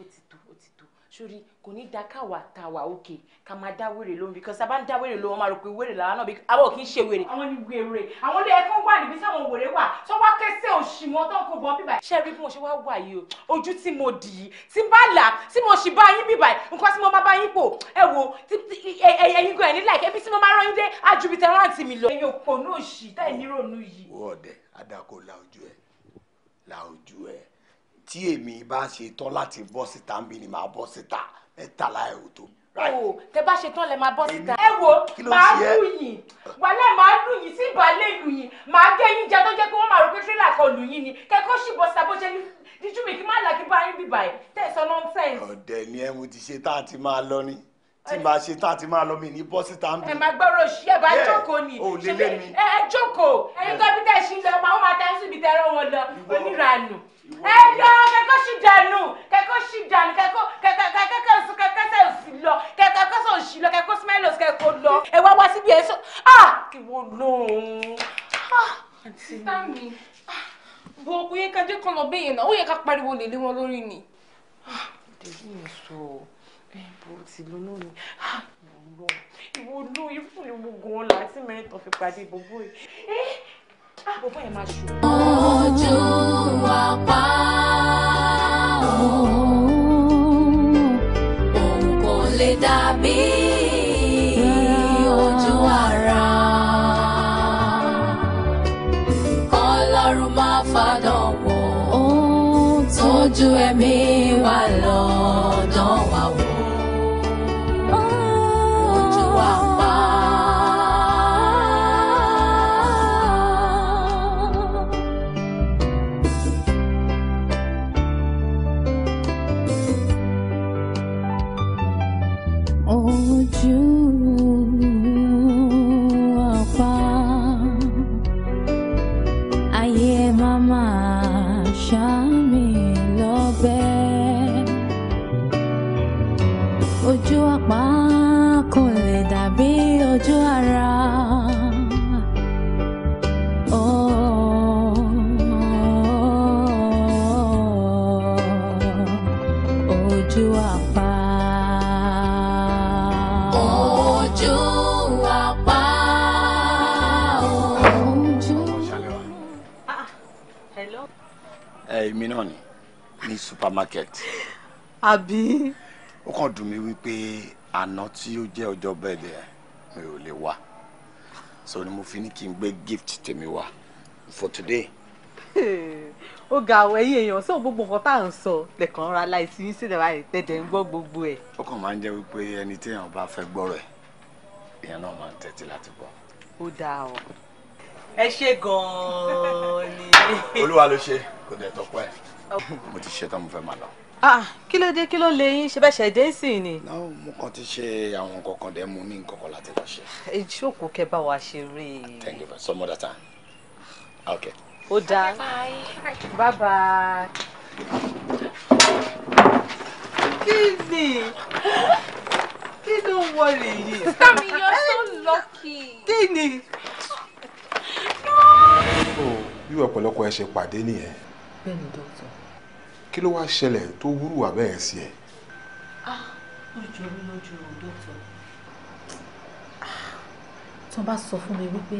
òtítọ́ òtítọ́ sórí kò ní da káwa tàwa òkè ká máa dá wèrè lóhun bí kọ́sá bá ń dá wèrè lóhun máa rò pé wèrè làwọn náà bí àwọn kì í ṣe wèrè. àwọn ni wèrè àwọn ilé ẹ̀kọ́ wà níbi táwọn wèrè wà tó wá kẹsẹ̀ òṣì wọn tó ń kó bọ́ bíbà. ṣé rí mo ṣe wá wà yìí o ojú tí mo dì í tí bá là tí mo sì bá yín bíbà nǹkan tí mo bá bá yín pò ẹ wo ẹyin gan ẹni láìpẹ́ bí tí mo máa rán yín dé ajú bíi tẹ́rántì mi lọ. ẹyin òpó náà ṣì táì níròónú yìí. wọ́ọ̀dẹ̀ adako la ojú ẹ̀ la ojú ẹ̀ tí èmi bá ṣe tán láti bọ́ síta ń ni màá bọ́ síta ẹ tàlà ẹ ò tó. o oh, tẹ bá ṣe tán lẹ máa bọ́ síta. ẹ wo màá lù yín wàlẹ́ màá lù yín sí ìbàlẹ̀ lù yín màá gé yín jẹ tó jẹ́ kí wọ́n máa rò pé tírélà kan lù yín ni kẹ́kọ́ ṣìbọn sàbójẹ́ díjú mi kí má là kí bá yín bíbà ẹ̀ tẹ̀ sọ nọ́ńsẹ̀nsì. ọ̀dẹ̀ ni ẹ mo ti ṣe tá a ti máa lọ ni tí màá ṣe tá a ti máa lọ mi ní bọ́sì tá n bí. ẹ máa gbọ́rọ̀ sí ẹ bá jókòó ni ṣe ẹ jókòó ẹyin tó bí tẹ̀ ṣí lọ máa ń máa tẹ́ sí ibi tẹ́ rán wọn lọ onírànù ẹ lọ kẹkọ dànù kẹkọ sí dànù kẹkọ kẹkọ kẹkọ lọ kẹkọ kẹkọ sọ lọ kẹkọ smilos kẹkọ lọ ẹ wá wá síbi ẹ ah kí wọn lọ òun ah sísá mi bọ ó lọ bẹyẹn náà ó ká pariwo lè lé wọn lórí ni. dèjì mi sọ bó ti lọ náà ni ìwọ ló ìfúnni gbogbo wọn làásì mẹ́rin tó fi pàdé gbogbo yìí. Ah, bọ́bọ́ yẹn máa ṣù. ojú wa pa òun kò lè dàbí ojú ara kọ́lọ́run máa fàdánwò tójú ẹ̀mí wa lọ. supermarket. àbí. ó kàn dùn mí wípé àná tí ó jẹ́ ọjọ́ bẹ́ẹ̀dẹ̀ mi ò lè wá so ni mo fi ní kí n gbé gift tèmi wá for today. ó ga àwọn ẹ̀yin èèyàn sọ gbogbo nǹkan tá à ń sọ lẹ́kàn ra láìsí yín sílẹ̀ báyìí tẹ̀tẹ̀ ń gbọ́ gbogbo ẹ̀. ó kàn máa ń jẹ́ wípé ẹni téèyàn bá fẹ́ gbọ́rọ̀ ẹ̀ ìyẹn náà máa ń tẹ́tí láti gbọ́. ó dáa o ẹ ṣe gan-an ni. olúwa ló ṣe kò dẹ̀ tọ́pọ̀ ẹ̀ mo ti ṣe tán mo fẹ́ máa lọ. Ah, kí ló dé kí ló lè yín ṣe bẹ́ẹ̀ ṣe dé sí ni. mo kàn ti ṣe àwọn nǹkan kan dẹ́ mo ní nǹkan kan láti lọ ṣe. ìjókòó kẹ wa ṣe rí i. Ah, thank you for some other time. Ah, okay. ó dáa bye bye. kí ni kí ló ń wọlé yìí. sami you are so lucky. kí ni. Oh, bí ọ̀pọ̀lọpọ̀ ẹ ṣe pàdé nìyẹn bẹ́ẹ̀ni dókítà. kí ló wá ṣẹlẹ̀ tó wúrùwà bẹ́ẹ̀ sí ẹ. ah ó jọ mí lójú o dókítà. tí wọ́n bá sọ fún mi wípé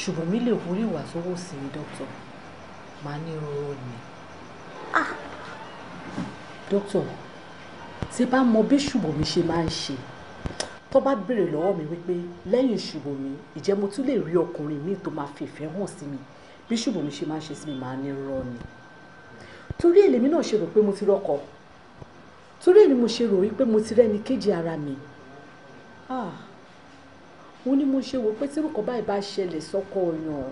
ṣùgbọ́n mi lè wúrí ìwà tó wò sí mi dókítà màá ní rọrọ ni. ah dókítà tí bá mọ bí ṣùgbọ́n mi ṣe máa ń ṣe tó bá béèrè lọ́wọ́ mi wípé lẹ́yìn ṣùgbọ́n mi ìjẹ́ mo tún lè rí ọkùnrin míì tó máa fìfẹ́ hàn sí mi bíṣùbù mi ṣe máa ń ṣe sí mi máa ní rọ ni torí èlèmi náà ṣe rò pé mo ti rọkọ torí èlèmi mo ṣe rò wípé mo ti rẹ́ni kejì ara mi ah! mo ní mo ṣe wò pé tí báyìí bá ṣẹlẹ̀ sọ́kọ ọ̀yàn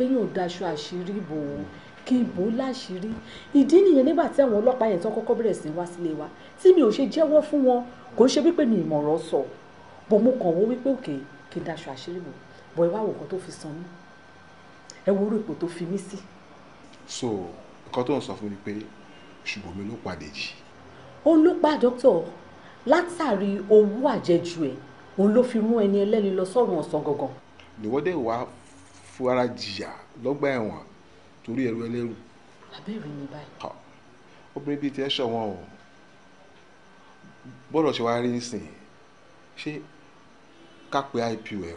kéèyàn daṣọ àṣírí bò kí n bò ìdí nìyẹn nígbà tí àwọn ọlọ́pàá yẹn tán kọ́kọ́ bẹ̀rẹ̀ sí wá sílé wa tí mi ò ṣe jẹ́wọ́ fún wọn kò ṣe wípé mi ìmọ̀ràn sọ bọ̀ mo kàn wọ́n wípé òkè kí n daṣọ àṣírí bò bọ̀ ẹ wá wò kan tó fi san mí ẹ wo orú ipò tó fi mí sí. so nǹkan tó ń sọ fún mi pé ṣùgbọ́n mi ló pàdé jì. ó ló pa dókítà látàrí owó àjẹjù ẹ̀ òun ló fi mú ẹni ẹlẹ́ni lọ sọ́run ọ̀sán gangan. nìwọ́dẹ̀ wá fúra jìyà lọ́gbà ẹ̀wọ̀n torí ẹrú ẹlẹ́rù. abẹ́rẹ́ ni báyìí. obìnrin bíi tiẹ̀ ṣọ̀wọ́n o bọ́dọ̀ ṣe wá rí nsìn ṣé ká pe ipo ẹ̀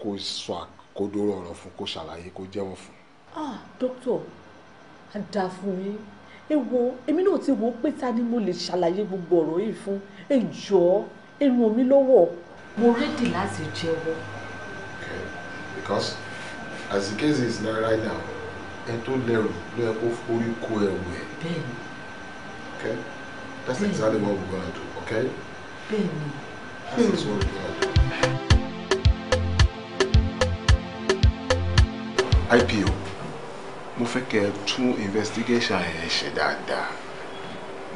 kò sọ àk kó dúró ọ̀rọ̀ fún kó ṣàlàyé kó jẹ́wọ́ fún. ah dókítà a dáa fún yín ẹ wo èmi náà ti wò ó pé ta ni mo lè ṣàlàyé gbogbo ọ̀rọ̀ yìí fún ẹ jọ̀ọ́ ẹ ràn mí lọ́wọ́. mo rédì láti jẹ́wọ́. because as the case is now right now ẹ tó lẹ́rù ló yẹ kó forí kó ẹrù ẹ. bẹ́ẹ̀ni. okay that's exactly what we're gonna do okay. bẹ́ẹ̀ni. that's what we're gonna do. IPO mo fẹ́ kẹ́ ẹ tún investigation yẹn ṣe dáadáa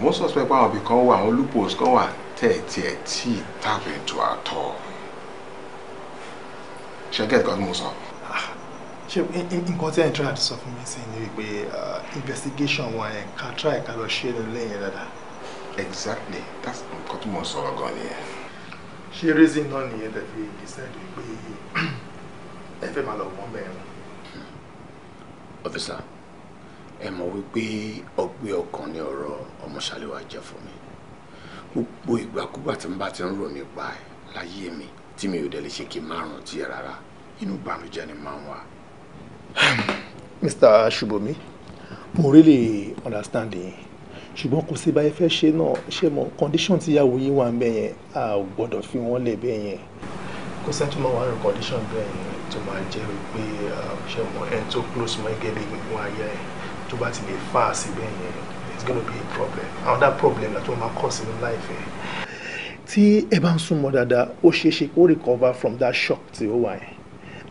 mo suspect pé àwọn ibì kan wà àwọn loopholes kan wà tẹ̀ẹ̀tì ẹ̀ tí tap into at all ṣe gẹ́gẹ́ kan tí mo sọ. Ah, ṣe nǹkan tí ẹ̀ ń try to sọ fún mi sí ni wípé ah, investigation wọn yẹn ká try ká lọ ṣe é lẹ́yìn dáadáa. exactly that's nǹkan tí mo ń sọ̀rọ̀ gan nìyẹn. ṣé reason náà nìyẹn tẹ̀ decide pé ẹ fẹ́ máa lọ wọ́n bẹ́ẹ̀ ọ̀fíìsà ẹ mọ̀ wípé ọgbẹ́ ọkàn ni ọ̀rọ̀ ọmọṣàlẹ́wà jẹ́ fún mi gbogbo ìgbàkúgbà tí n bá ti ń rò nípa ẹ̀ láyé mi tí mi ò dẹ̀ lè ṣe kí n má rántí ẹ̀ rárá inú ìbànújẹ́ ni máa ń wà. Mr. Ṣubomi mo really understand yín ṣùgbọ́n kò sí báyìí fẹ́ ṣe náà ṣe mọ condition tíyàwó yín wà ń bẹ̀ a ò gbọ́dọ̀ fi wọ́n lẹ̀ bẹ́ẹ̀ kò sẹ́ni tó máa wà condition bẹ́ẹ̀ yẹn tó máa jẹ́ pé um, ṣe mọ ẹni tó close mọ́ gẹ́gẹ́ bí gbogbo ayé ẹ̀ tó bá ti lè fà á síbẹ̀ yẹn it's gonna be a problem and that problem na tó máa kọ́ sínú láìfẹ́. tí ẹ bá ń súnmọ́ dáadáa ó ṣeé ṣe kó recover from that shock tí ó wà yẹn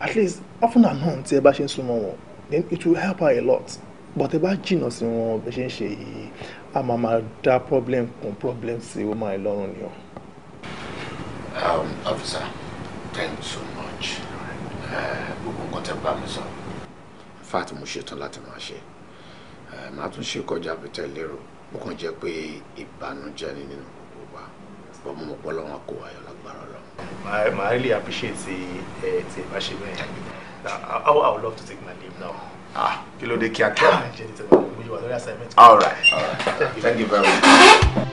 at least often and on tí ẹ bá ṣe ń súnmọ́ wọn then it will help her a lot but ẹ bá jìnnà sí wọn bí ṣe ń ṣe yìí a máa máa dá problem kún problem sí ó máa lọ́rùn ni o. Um, officer thank so much uh, gbogbo nǹkan tẹ́ bá mi sọ in fact mo ṣetán láti máa ṣe uh, màá tún ṣe kọjá bí tẹ́ mo kàn jẹ́ pé ìbànújẹ́ ni nínú gbogbo wa bọ́ mo mọ̀ pé ọlọ́run kò wáyọ̀ lágbára ọlọ́run. I really appreciate ti ẹ ti ẹ bá ṣe bẹ́ẹ̀ I would love to take my leave now. Ah, kí ló dé kíákíá. Ah, all right, all right. Thank you very much.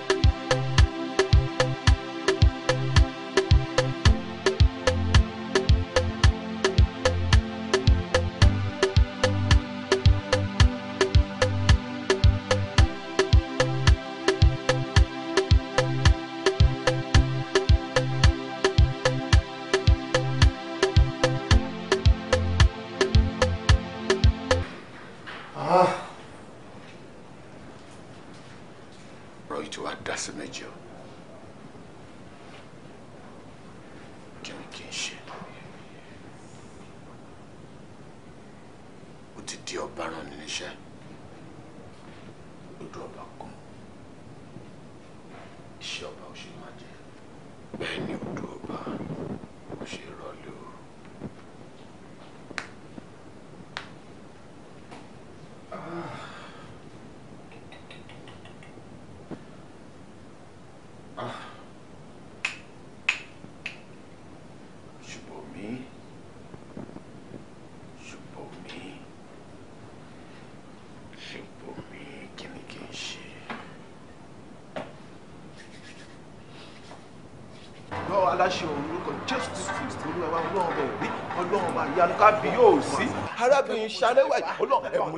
tàbí yóò sí arábìnrin ṣàlẹ́wà ọlọ́run ẹ̀mú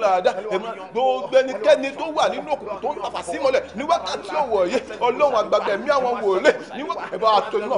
lára yá gbogbo ẹnikẹ́ni tó wà nínú òkùnkùn tó ń tàfà sí mọ́lẹ̀ ní wákàtí òwò yìí ọlọ́run àgbàgbà ẹ̀mí àwọn wòlé ní wákàtí ẹ̀bá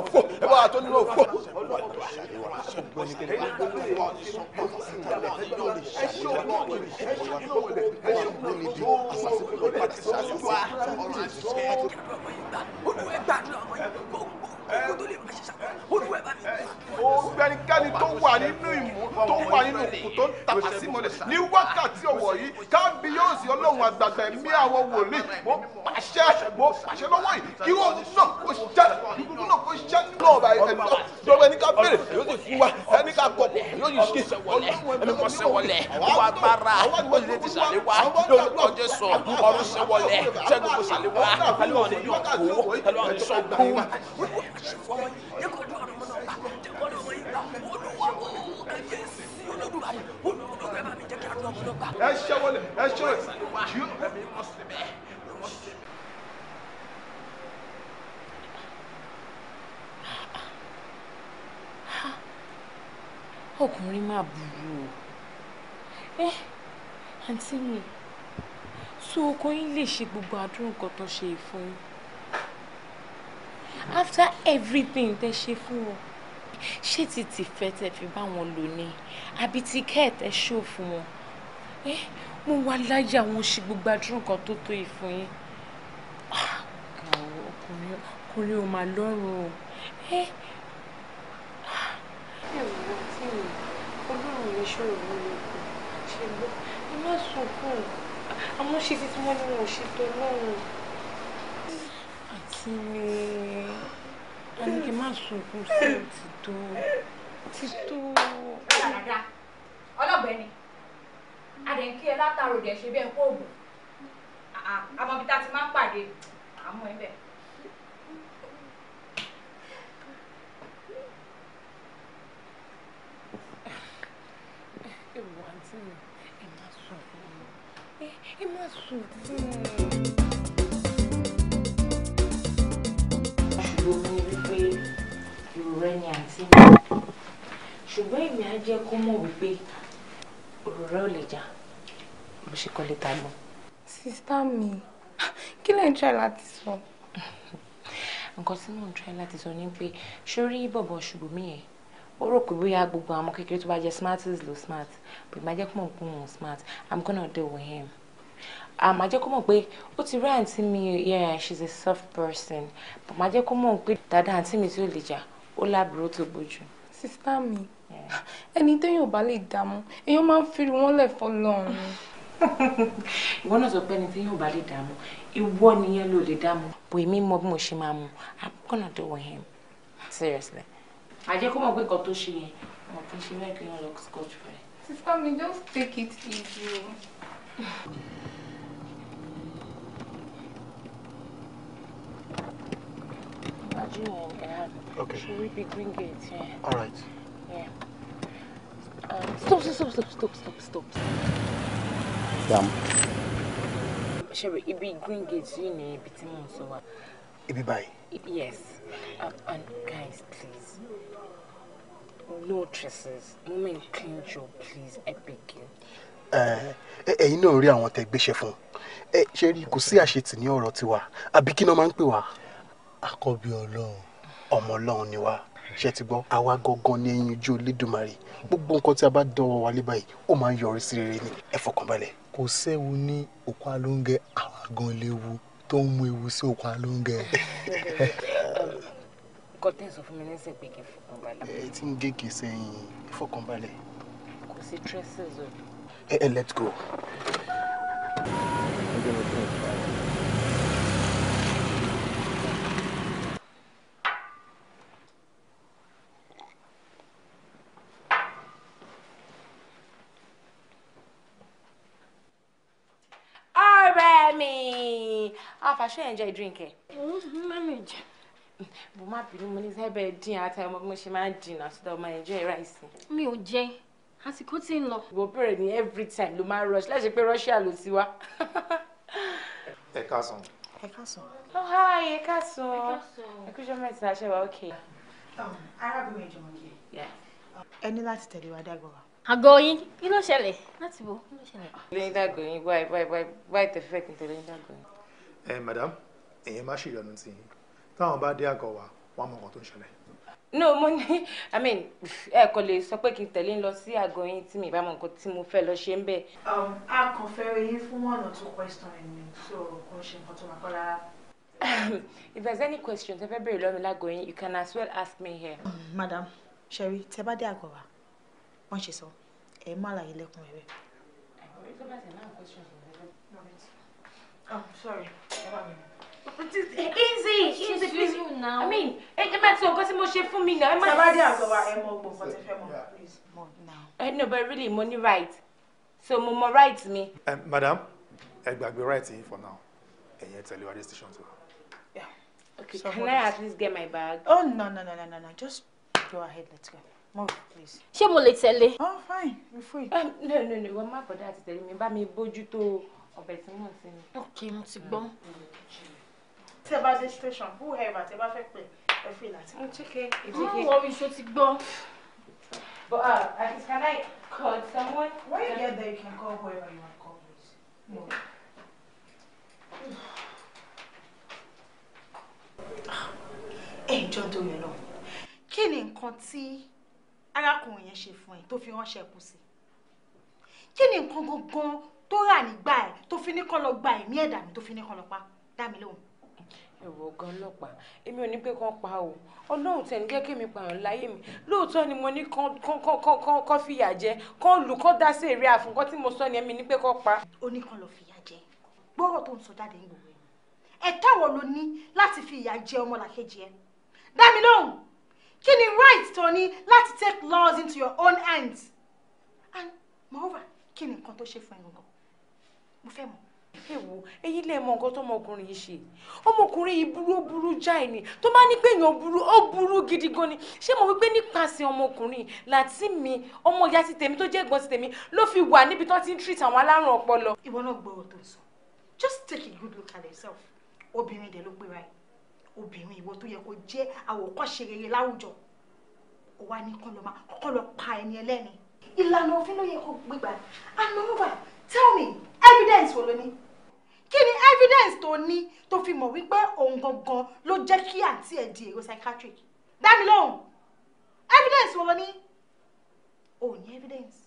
àwọn wòlíì mo pàṣẹ mo pàṣẹ lọ́wọ́ yìí kí wọ́n náà kó ṣiṣẹ́ dúdú náà kó ṣiṣẹ́ nínú ọ̀bà ẹ̀ náà dọ́gba ẹni ká béèrè yóò sì fún wa ẹni ká kọ̀ yóò yìí ṣe ẹni kò ṣe wọlé gbára olùdíje ti ṣẹ́wó lẹ̀ ẹ ṣẹ́wó lẹ̀ jù ẹ̀mí mùsùlùmí mùsùlùmí. ọkùnrin máa burú o ẹ àǹtí mi so ọkọ yín lè ṣe gbogbo àdúrà nǹkan tó ṣe fún yín after everything tẹ ṣe fún wọn ṣé ti tìfẹ́ tẹ fi bá wọn lò ní àbí ti kẹ́ ẹ̀ tẹ ṣó fún wọn Eh, mo wà láyé àwọn oṣù gbogbo àdúrà nǹkan tó tó yìí fún yín ah, ọkùnrin ọkùnrin ò máa lọ́rùn o eh, ah. ẹ ẹ̀rù láti mi olóòrùn mi ṣòro ló lè kú ṣe gbọ́ ẹ má sunkún àwọn ṣe tí wọ́n ní wọn ò ṣe tó lọ́rùn àti a ní kí n má sunkún sí ti tó ti tó. ọlọ́gbẹ́ni adẹ̀ǹkí ẹ látàrò dẹ̀ ṣe bẹ́ẹ̀ kó oògùn àmọ́bi tá a ti máa ń pàdé àmọ́ ẹ bẹ́ẹ̀. ewu àǹtí mi ẹ má sùn fún mi ẹ má sùn fún mi. gbogbo wípé Yorùbá ni àǹtí mi ṣùgbọ́n èmi á jẹ́ kó mọ̀ wípé òrùrẹ́ ò lè jà mo ṣe kọ́ létà gbọ́. sista mi kí lè ń try láti sọ. nǹkan tí mò ń try láti sọ ni pé sórí bọ̀bọ̀ ṣubú mi yẹn ó rò pé bóyá gbogbo àwọn kékeré tó bá jẹ smarties ló smart but má jẹ́ kó mọ̀ pé smart i'm gonna deal with him àmà jẹ́ kó mọ̀ pé ó ti rí àǹtí mi yeah she's a soft person but má jẹ́ kó mọ̀ pé dáadáa àǹtí mi tí ò lè jà ó lábúrò tó bójú. sista mi ẹni téèyàn bá lè dààmú èèyàn máa ń fi wọn lẹ̀ fọlọ́run. ìwọ náà sọ pé ẹni téèyàn bá lè dààmú ìwọ nìyẹn ló lè dààmú. bò èmi mọ bí mo ṣe máa mu i'm gonna do with him seriously. àjẹ kó mọ̀ pé nǹkan tó ṣe yẹn mo fi ṣe bẹ́ẹ̀ kí wọ́n lọ scotch fẹ́. sister mi just take it easy o. Um, okay. Should we be green gate? Yeah. All right. Yeah. Stop, stop, stop, stop, stop, stop. Damn. Sherry, ibi Green Gates yìí ni ibi tí mò ń sọ wa. Ibi Yes. Um, and guys, please. No tresses. clean your please, I beg you. Eh, eh, ẹ̀yin náà rí àwọn tẹ́ gbéṣẹ́ fún. Ẹ eh, ṣe rí kò sí àṣetì ní ọ̀rọ̀ tiwa. Àbí kí ni wọ́n máa ń pè wá? Akọ́bí Ọlọ́run. Ọmọ Ọlọ́run ni wá ṣe ti gbọ́ àwa gangan ni ẹyin ojú Olódùmarè gbogbo nǹkan tí a bá dọwọ́ wa lé báyìí ó máa ń yọrí sí rere ni ẹ fọkànbalẹ̀. kò séwu ní òkú alóńgẹ àwọn agan léwu tó ń mú ewu sí òkú alóńgẹ. nǹkan tẹ́ sọ fún mi lẹ́sẹ̀ pé kí n ẹ ti ń gègé sẹ́yìn ìfọkànbalẹ̀. kò sí tresses o. ẹ ẹ let's go. Papa, ṣé enjoy ń jẹ drink ẹ̀? Mm-hmm, mami jẹ. Bò má bínú mo ní sẹ́bẹ̀ dín ata ọmọ bí mo ṣe máa dín náà sọ́dọ̀ ọmọ enjoy rice. Mi ò jẹ, àsìkò tí ń lọ. Ìwọ bẹ̀rẹ̀ ní every time ló máa rush láti pé Russia ló ti wá. Ẹ káàsán. Ẹ káàsán. Oh hi, ẹ káàsán. Ẹ káàsán. Ẹ kúṣọ́ mẹ́ta ṣe wá okay. Um, arábìnrin Jọmọ̀kẹ́. Um, ẹ ní láti tẹ̀lé wa dágbọ́ wa. Àgọ́ yín kí ló ṣẹlẹ̀? Láti bo kí ló ṣẹlẹ̀? Lẹ́yìn dàgọ̀ yín wáyé wáyé wáyé tẹ̀fẹ́ kí n tẹ̀lé yín dàgọ̀ yín ẹ eh, madam èyàn má ṣèyọnu sí yín táwọn bá dé àgọ́ wa wọn mọ nǹkan tó ń ṣẹlẹ̀. no mo ní i mean ẹ kò lè sọ pé kí n tẹ̀lé ń lọ sí àgọ́ yín tí mi bá mọ nǹkan tí mo fẹ́ lọ ṣe ń bẹ̀. Um, a kàn fẹ́ rí yín fún one or two questions ẹ̀mí so kò ń ṣe nǹkan tó máa kọ́ rárá. Um, if there's any question tẹ́ fẹ́ béèrè lọ́mi lágọ̀ọ́ yín you can as well ask me here. Um, madam sherry tẹ́ bá dé àgọ́ wa wọ́n ṣe sọ ẹ̀ mú àlàyé lẹ́kùn rẹ̀. I'm um, sorry. Easy, easy, please. I mean, ẹ máa ti ọ̀gá tí mo ṣe fún mi náà. Ṣé bá dé àgọ́ wa really money right. So mo writes me. mi. Um, madam, ẹ gbàgbé right yín for now. tell you at the station too. Yeah. Okay, so can I at least get my bag? Oh, no, no, no, no, no, no. Just go ahead, let's go. Move, please. Ṣé mo tell tẹ̀lé? Oh, fine, you're free. Um, no, no, no, wọ́n má bọ̀dá is telling me, bá me bójú tó o ọbẹ̀ tí mò ń sin ni. ok mo ti gbọ́. tẹ bá dé station whoever tẹ bá fẹ́ pè ẹ fi láti. mo ti kẹ ìdíje. mo wọ iṣu ti gbọ́. but uh, can I call someone. when you get there you can call whoever you wan call please. No. ẹ jọ tó yẹ lọ kí ni nǹkan tí arákùnrin yẹn ṣe fún ẹ tó fi ránṣẹ́ kù sí kí ni nǹkan gangan tó rà nígbà ẹ̀ tó fi ní kán lọ gba ẹ̀mí ẹ̀dá mi tó fi ní kán lọ pa dá mi lóhùn. ẹ̀wọ̀ ọ̀gá ọlọ́pàá èmi ò ní pé kán pa o ọlọ́run tẹ̀ ní jẹ́ kémi pààyàn láyé mi lóòótọ́ ni mo ní kán fìyà jẹ kán lù kán dá sí èrè àfúnkọ́ tí mo sọ ni èmi ní pé kán pa. ó ní kán lọ fìyà jẹ gbọ́rọ̀ tó ń sọ jáde ń gbòòrò ẹ̀tọ́ wo ló ní láti fi ìyà jẹ ọmọlàkejì ẹ dá mi lóhùn kí ni right tó ní láti take laws into your own hands and moreover kí ni nǹkan tó ṣe fún ẹ gangan mo fẹ́ mọ̀ ẹ wo ẹ̀yin lẹ nǹkan tọmọkùnrin yìí ṣe ọmọkùnrin yìí burú burú jáì ni tó bá ní pé èèyàn burú ó burú gidi gan ni ṣé mo wípé nípasẹ̀ ọmọkùnrin láti mi ọmọ ìyá ti tèmi tó jẹ́ ẹ̀gbọ́n ti tèmi ló fi wà níbi tó ti ń treat àwọn alárùn ọpọlọ. ìwọ náà gbọ́ ọ̀rọ̀ tó sọ just take a good look at yourself obìnrin dẹ̀ ló gbéra ẹ̀ obìnrin ìwọ tó yẹ kó jẹ́ àwòkọ́ṣe rere láwùjọ ó wá ní kọ́ lọ pa ẹni ẹlẹ́ni ìlànà òfin ló yẹ kó gbégbá and tell me evidence wo ló ní kí ni evidence tó ní tó fi mọ̀ wípé òun gangan ló jẹ́ kí àǹtí ẹ̀ di èrò psychiatric dá mi lóhùn evidence wo ló ní ò ní evidence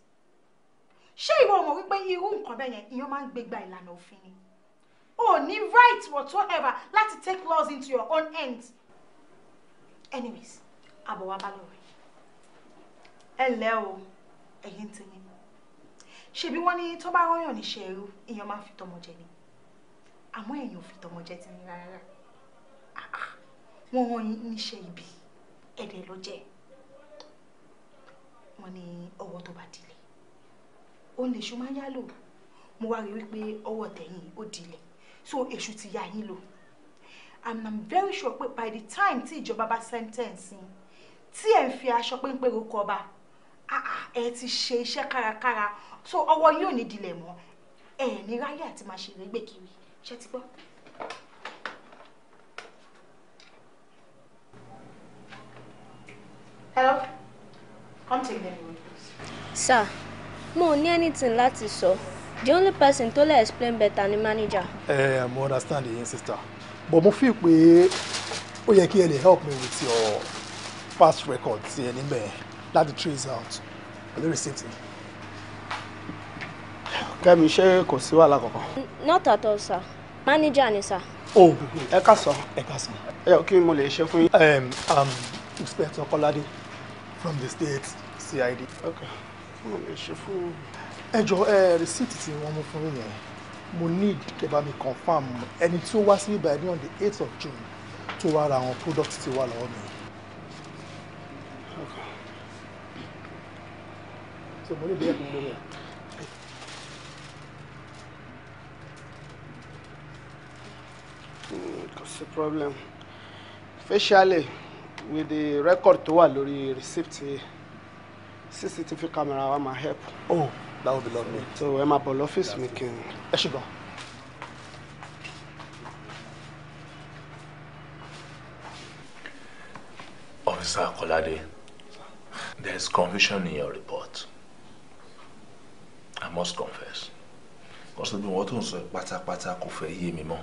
ṣé ìwọ mọ̀ wípé irú nǹkan bẹ́ẹ̀ yẹn ìyẹn máa ń gbégbá ìlànà òfin ni ò ní right whatsoever láti take laws into your own hands anyways àbọ̀wá bá lọ rẹ̀ ẹ ǹlẹ́ o ẹ̀yin tẹ̀yìn ṣebí wọ́n ní tó bá rọ́yàn níṣẹ́ ẹrú èèyàn máa ń fi tọmọ jẹ ni àmọ́ èèyàn ò fi tọmọ jẹ ti ní rárá wọ́n rán yín níṣẹ́ ibi ẹ̀dẹ̀ ló jẹ́ wọ́n ní ọwọ́ tó bá dilẹ̀ ó lè ṣó máa yá lò mo wá rí wípé ọwọ́ tẹ̀yìn ó dilẹ̀ so èṣù ti yá yín lò and i'm very sure pé by the time tí ìjọba bá sẹ́ńtẹ̀ǹsì tí ẹ̀ ń fi aṣọ péńpé roko ọba ẹ ti ṣe iṣẹ́ kárakára so ọwọ́ yóò ní dilẹ̀ mọ́ ẹ̀ ní ráyè àti máa ṣe ìrégbè kiri ṣé ti gbọ́. Hello, come take them away please. Sir, mo ní anything láti sọ. The only person tó lè explain better ni manager. Ẹ ẹ mo understand yín sister but mo feel pé ó yẹ kí ẹ lè help me with your past record ti ẹ níbẹ̀ láti trace out pẹ̀lú receipt kẹ́mi ṣé kò sí wàhálà kankan. not at all sir manager ni sir. o ẹ ká sọ ẹ ká sọ ẹ kí mo lè ṣe fún yín. um inspector Kọ́ládé from the state CID. okay mo lè ṣe fún. ẹ jọ ẹ rìsíìtì tí wọ́n mú fún mi yẹn mo need kẹ́ bá mi confam ẹni tí ó wá sí ibà ní on the eight of June tó wá ra àwọn product tí wà lọ́wọ́ mi. so mo ní ìbéèrè fún lórí ẹ̀. sí ni kò problem facially with the record to wà lórí receipt cctv camera wa máa help. oh that would be lovely. so ẹ máa bọ̀ lọ́fíìsì mi kí n. ẹ ṣùgbọ́n. Officer Kolade, there is confusion in your report. I must confess. Because the one tó ń sọ pátápátá kò fẹ́ yé mi mọ́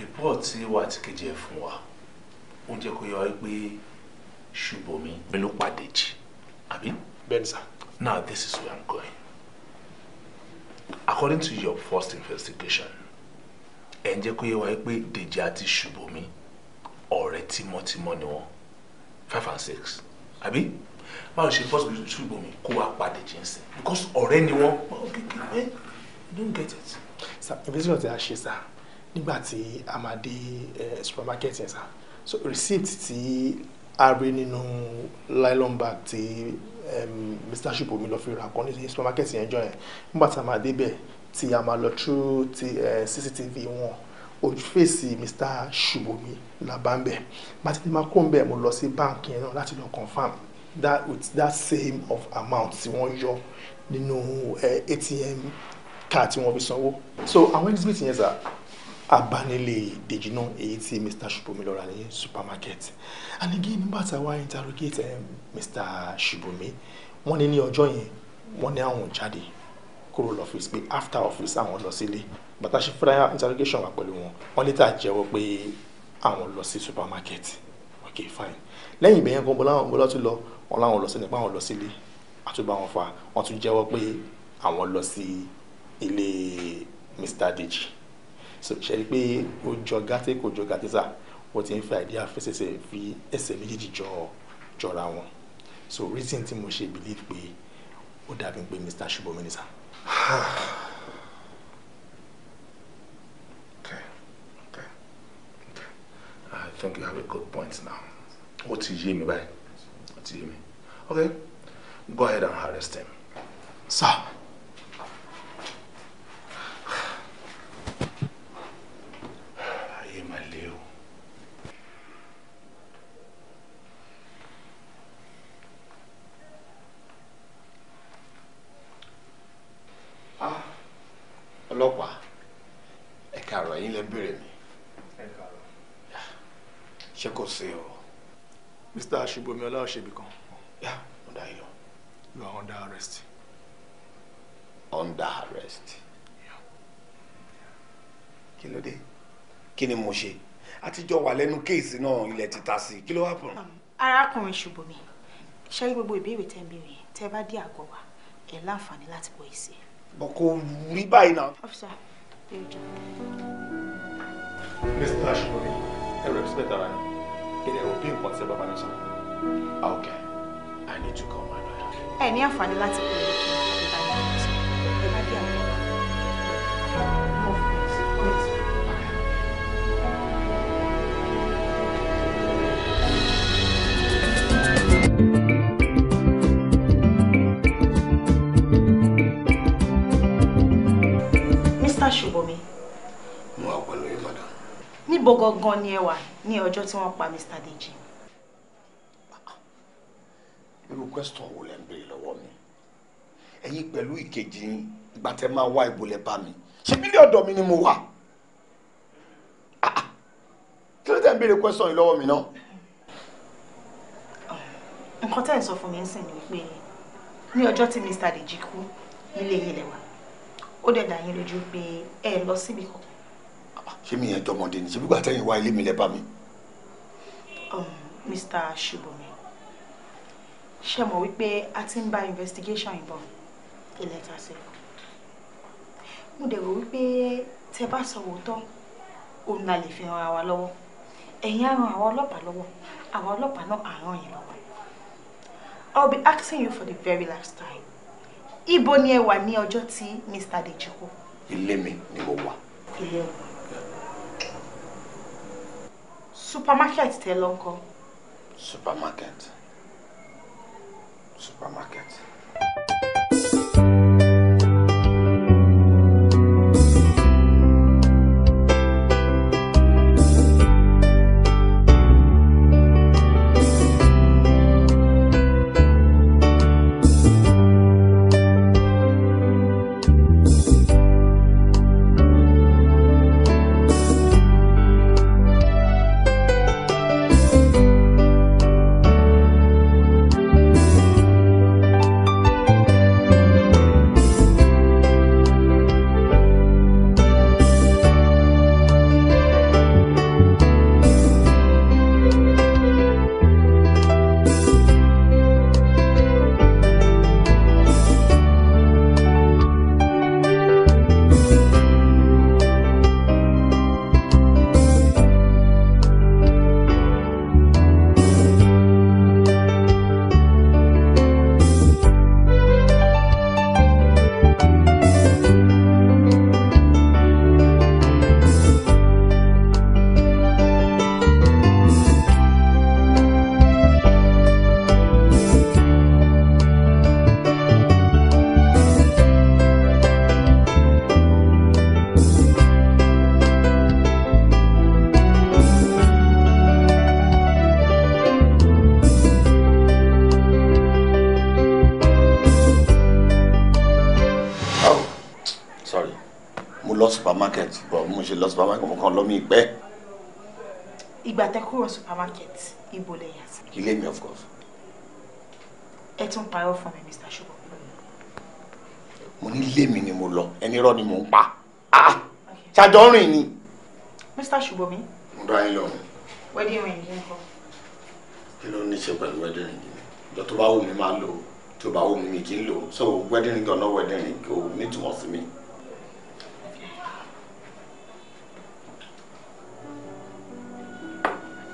rìpọ́ọ̀tì wà tí kejì ẹ̀ fún wa ó jẹ́ kó yọ wá pé ṣùbọ̀mí pinnu pàdé jì àbí. bẹ́ẹ̀ni now this is where i'm going according to your first investigation ẹ̀ ń jẹ́ kó yẹ wá pé dèjì àti ṣùbọ̀mí ọ̀rẹ́ tímọ́tímọ́ ni wọ́n five and six àbí báwo ṣe first grade ṣùgbọ́n mi kó wa padà jẹ́nsẹ̀ because ọ̀rẹ́ ni wọ́n. okay okay man you don't get it. sir investigation ti a ṣe sir nígbà tí a máa dé supermarket yẹn sá so receipt tí a rí nínú nylon bag tí Mr. Ṣùbọ́mi lọ fi ra kan ní supermarket yẹn jọ yẹn nígbà tí a máa débẹ̀ tí a máa lọ through ti CCTV wọn ojú fèsì Mr. Ṣùbọ́mi làbàǹbẹ̀ bàtí ní máa kó ń bẹ̀ mo lọ sí báǹkì yẹn náà láti lọ confam that with that same of amount tí wọ́n yọ nínú ATM card tí wọ́n fi sanwó so àwọn exhibit yẹn sá abánilé ìdèjì náà èyí tí mr ṣubomi lọ́ra ní supermarket and again nígbà tá a wá interrogate eh, mr ṣubomi wọ́n ní ní ọjọ́ yẹn wọ́n ní àwọn jáde kúrò lọ́fíìsì pé after office àwọn lọ sílé bàtà ṣe fúnra interrogation wà pẹ̀lú wọn wọ́n létà jẹ́wọ́ pé àwọn lọ sí supermarket ok fine lẹ́yìn ìgbẹ̀yẹn gan bọ́lá àwọn bọ́lá tún lọ wọn láwọn lọ sí nípa àwọn lọ sílé àtúbà wọn fà wọ́n tún jẹ́wọ́ pé àwọn lọ sí ilé mr deji ṣe rí pé ó jọ gàtẹ kò jọ gàtẹ sà ó ti ń fi àìdí àfẹsẹsẹ fi ẹsẹ̀ méjèèjì jọ jọra wọn so reason tí mo ṣe believe pé ó dàbí pé Mr. Ṣubomi ni okay okay okay I think you have a good point now ó ti yé mi báyìí ó ti yé mi okay go ahead and arrest him. sir. ọlọ́pàá ẹ káàárọ̀ ẹ̀yin lẹ béèrè mi ṣé kò sí o. mr Ṣubọ́mi Ọláṣebìkan. yà under yọ. you are under arrest. under arrest. kí ló dé kí ni mo ṣe àtijọ́ wà lẹ́nu kéèsì náà ilẹ̀ títa sí kí ló wà pọ̀. Um, arákùnrin Ṣubọ́mi ṣé gbogbo ìbéèrè tẹ́ ń béèrè tẹ́ bá dé àgọ́ wa ẹ̀ láǹfààní láti bọ́ èsì bọ̀ kò rí báyìí náà. ọ̀fíìsà mr ashimobi I respect that. yín kí a ẹ rò bí nǹkan ah, okay i need to call my brother. ẹ ní àǹfààní láti pè é. Ṣòbọ̀mí. mo wà pẹ̀lú yín madam. níbo gangan ni ẹ wà ní ọjọ́ tí wọ́n pa Mr. Deji. irú question wo lẹ ń béèrè lọ́wọ́ mi ẹ̀yin pẹ̀lú ìkejì ìgbà tẹ́ máa wá ìbòlẹ̀ bá mi ṣe bílẹ̀ ọ̀dọ̀ mi ni mo wà kí ló tẹ̀ ń béèrè question yìí lọ́wọ́ mi náà. nǹkan tẹ́ ẹ̀ sọ fún mi ń sìn ni pé ní ọjọ́ tí Mr. Deji kú nílé yìí wà ó dẹ̀ dà yín lójú pé ẹ lọ síbi kankan. ṣé mi yẹn jọmọdé ni ṣebí gbàtẹ́yìn wá ilé mi lẹ́ bá mi. Mr. Ṣubọmi ṣe mọ̀ wípé a ti ń bá investigation ìbọn ilẹ̀ ta sí mo dẹ̀ rò wípé tẹ bá sọ òótọ́ òun la lè fi ran àwa lọ́wọ́ ẹ̀yin á ran àwa ọlọ́pàá lọ́wọ́ àwa ọlọ́pàá náà á ràn yín lọ́wọ́ I'll be asking you for the very last time ibo ni ẹ wà ní ọjọ́ tí Mr. Deji kú. ilé mi ni mo wà. ilé o. supermarket tẹ lọ ńkọ́. supermarket supermarket. supermarket bọ̀ mo ṣe lọ supermarket mo kàn lọ mí pẹ́. ìgbà tẹ kúrò supermarket ibo lẹ yà ilé mi of course. ẹ tún parọ́ fún mi Mr. Sugar. mo ní ilé mi ni mo lọ ẹni rọ ni mò ń pa ah! ṣàjọ rìn ni. Mr. Subomi. mo dá yín lọ. wedding ring yín kọ. kí ló ní í ṣe pẹ̀lú wedding ring yìí ìjọ tó bá wù mí máa lò ó tó bá wù mí mi kì í lò ó so wedding ring gan wedding ring kò nítumọ̀ sí mi.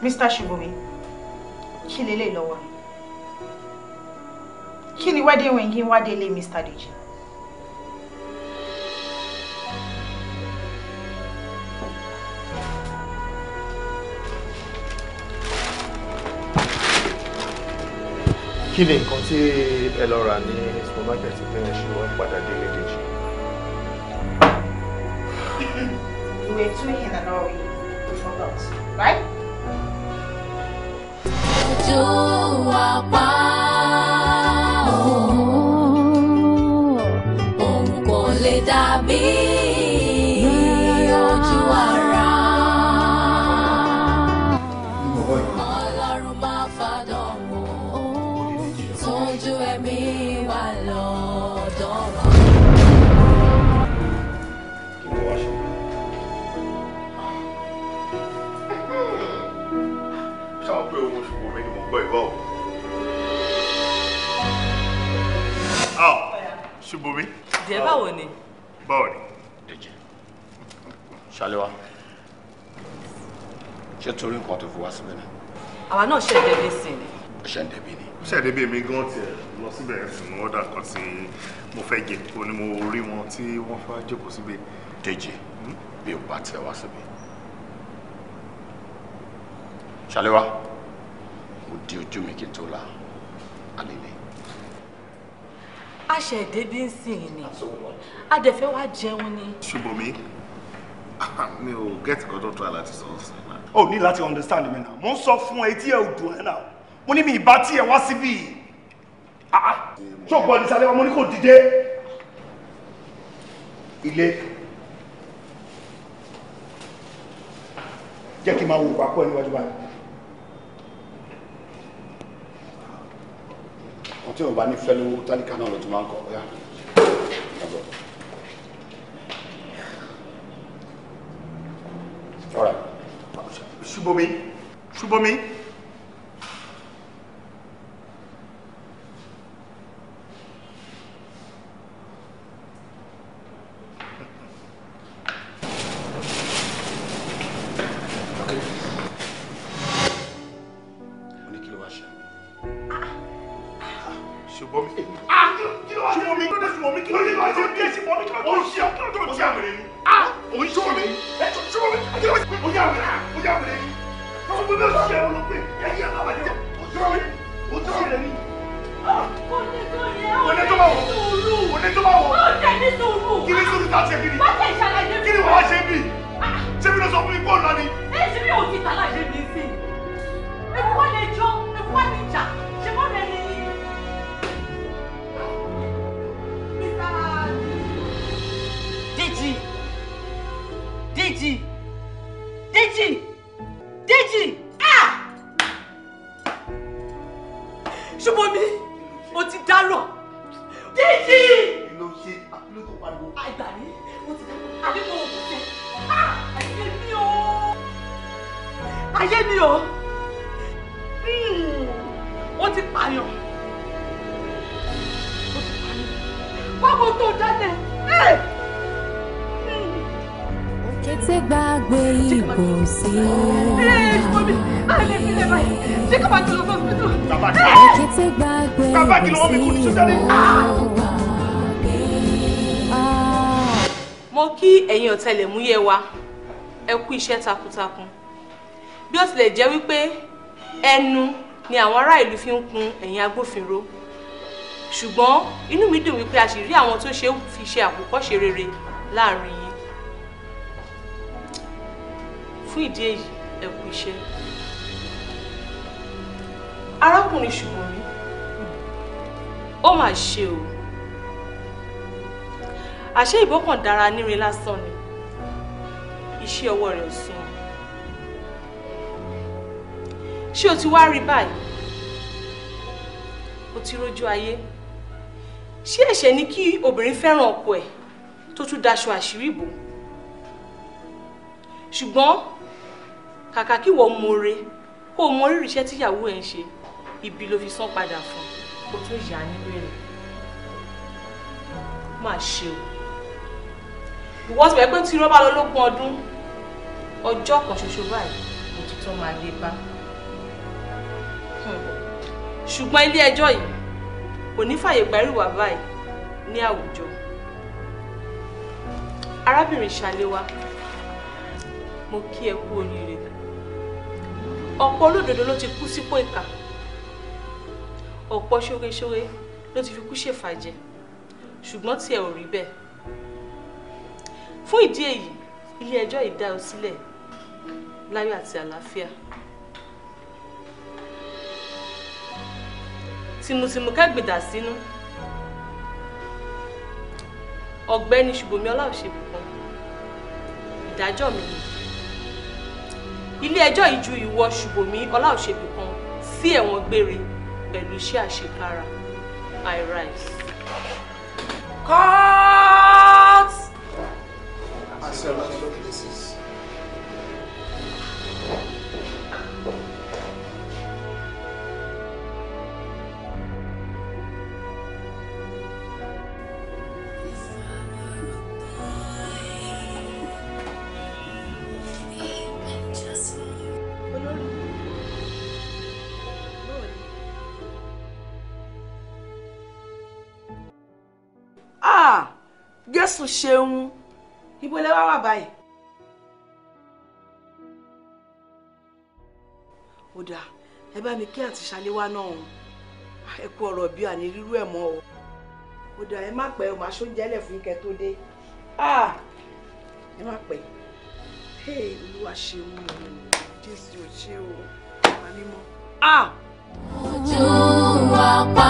Mr. Shibumi kí lélẹ̀ lọ́wọ́ kí ni wedding ring yín wá délé Mr. Deji. kí ni nǹkan tí ẹ lọ rà ní supermarket tẹ́ ẹ ṣe wọ́n padà délé Deji. You were too in and out, you forgot, right? do apa Dèjé báwo ni? Báwo ni? Dèjé. Ṣaléwá. Ṣé torí nǹkan tó fi wá síbẹ̀ náà? Àwa náà ṣe ìdẹ́bí sí ni. Ó ṣe ìdẹ́bí ni. Ó ṣe ìdẹ́bí mi gan tiẹ̀ lọ síbẹ̀ ẹ̀sìn ní ọ̀dà kan tí mo fẹ́ jẹ. O ní mo rí wọn tí wọ́n fẹ́ jókòó síbẹ̀. Dèjé bí o bá tiẹ̀ wá síbẹ̀. Ṣaléwá, mo di ojú mi kí n tó la àlele a ṣe ìdébí ń sìn ni a dẹ̀ fẹ́ wá jẹun ni. ṣùgbọ́n mi mi ò gẹ́tì kan tó tó aláti sọ ọ́sìn náà. o ní láti understand mi náà mo ń sọ fún ẹ tí ẹ ò dùn ẹ náà mo ní mi ìbá tí ẹ wá síbí yìí ah, ah. ṣọ́gbọ́n ní sálẹ́wọ́n mo ní kò dìde ilé jẹ́ kí n máa wò wá pọ̀ níwájú báyìí. nǹkan tí òun bá ní fẹ́ tálíkà náà ló ti máa ń kọ̀ ọ́yá. ṣùgbọ́n mi àti ẹbí ni. iṣẹ́ takuntakun bí ó tilẹ̀ jẹ́ wípé ẹnu ni àwọn ará ìlú fi ń kun ẹ̀yìn agbófinró ṣùgbọ́n inú mi dùn wípé a sì rí àwọn tó ṣe fi ṣe àkókọ́ṣe rere láàrin yín fún ìdí èyí ẹ kú iṣẹ́ arákùnrin ṣùgbọ́n mi ó mà ṣe o àṣé ìbọ́kàn dára nírin lásán ni iṣẹ́ ọwọ́ rẹ̀ ò sùn ṣé o ti wá rí báyìí o ti rójú ayé ṣé ẹ̀ṣẹ̀ ni kí obìnrin fẹ́ràn ọkọ ẹ̀ tó tún daṣọ àṣírí bò ṣùgbọ́n kàkà kí wọ́n more kó o mọ rírì iṣẹ́ tíyàwó ẹ̀ ń ṣe ibi ló fi san padà fún kó tó yà á nílé rẹ̀ má ṣe o ìwọ́sọ̀ ẹ pé tí irọ́ bá ọdún ọjọ́ kan ṣoṣo báyìí òtítọ́ máa dé bá hmm. ṣùgbọ́n ilé ẹjọ́ yìí kò ní fàyè gbárùwà báyìí ní àwùjọ arábìnrin ṣàléwá mo kí ẹ kú oríire ọ̀pọ̀ olódodo ló ti kú sípò ìkà ọ̀pọ̀ ṣógeṣóge ló ti fi kú ṣèfàjẹ ṣùgbọ́n tí ẹ ò rí bẹ́ẹ̀ fún ìdí èyí ilé ẹjọ́ yìí dá ọ sílẹ̀ láyọ̀ àti àlàáfíà tìmùtìmù kẹ́gbìdà sínú ọ̀gbẹ́ni ṣùgbọ́nmi ọláòṣèbùkún ìdájọ́ mi ilé ẹjọ́ yìí ju ìwọ ṣùgbọ́nmi ọláòṣèbùkún sí ẹ̀wọ̀n gbére pẹ̀lú iṣẹ́ àṣekára I rise. Cut! As well as your places. ah jésù ṣeun ibo lẹ wá wà báyìí. ó dáa ẹ bá mi kí àti ṣaléwá náà o ah, ẹ kú ọ̀rọ̀ bí àní rírú ẹ̀ mọ́ o ó dáa ẹ má pẹ́ o màá ṣóúnjẹ lẹ̀ fún ike tó dé ah ẹ má pẹ́ hey olúwa ṣeun jésù ò ṣe o màmí mọ́ ah. ojú wa pa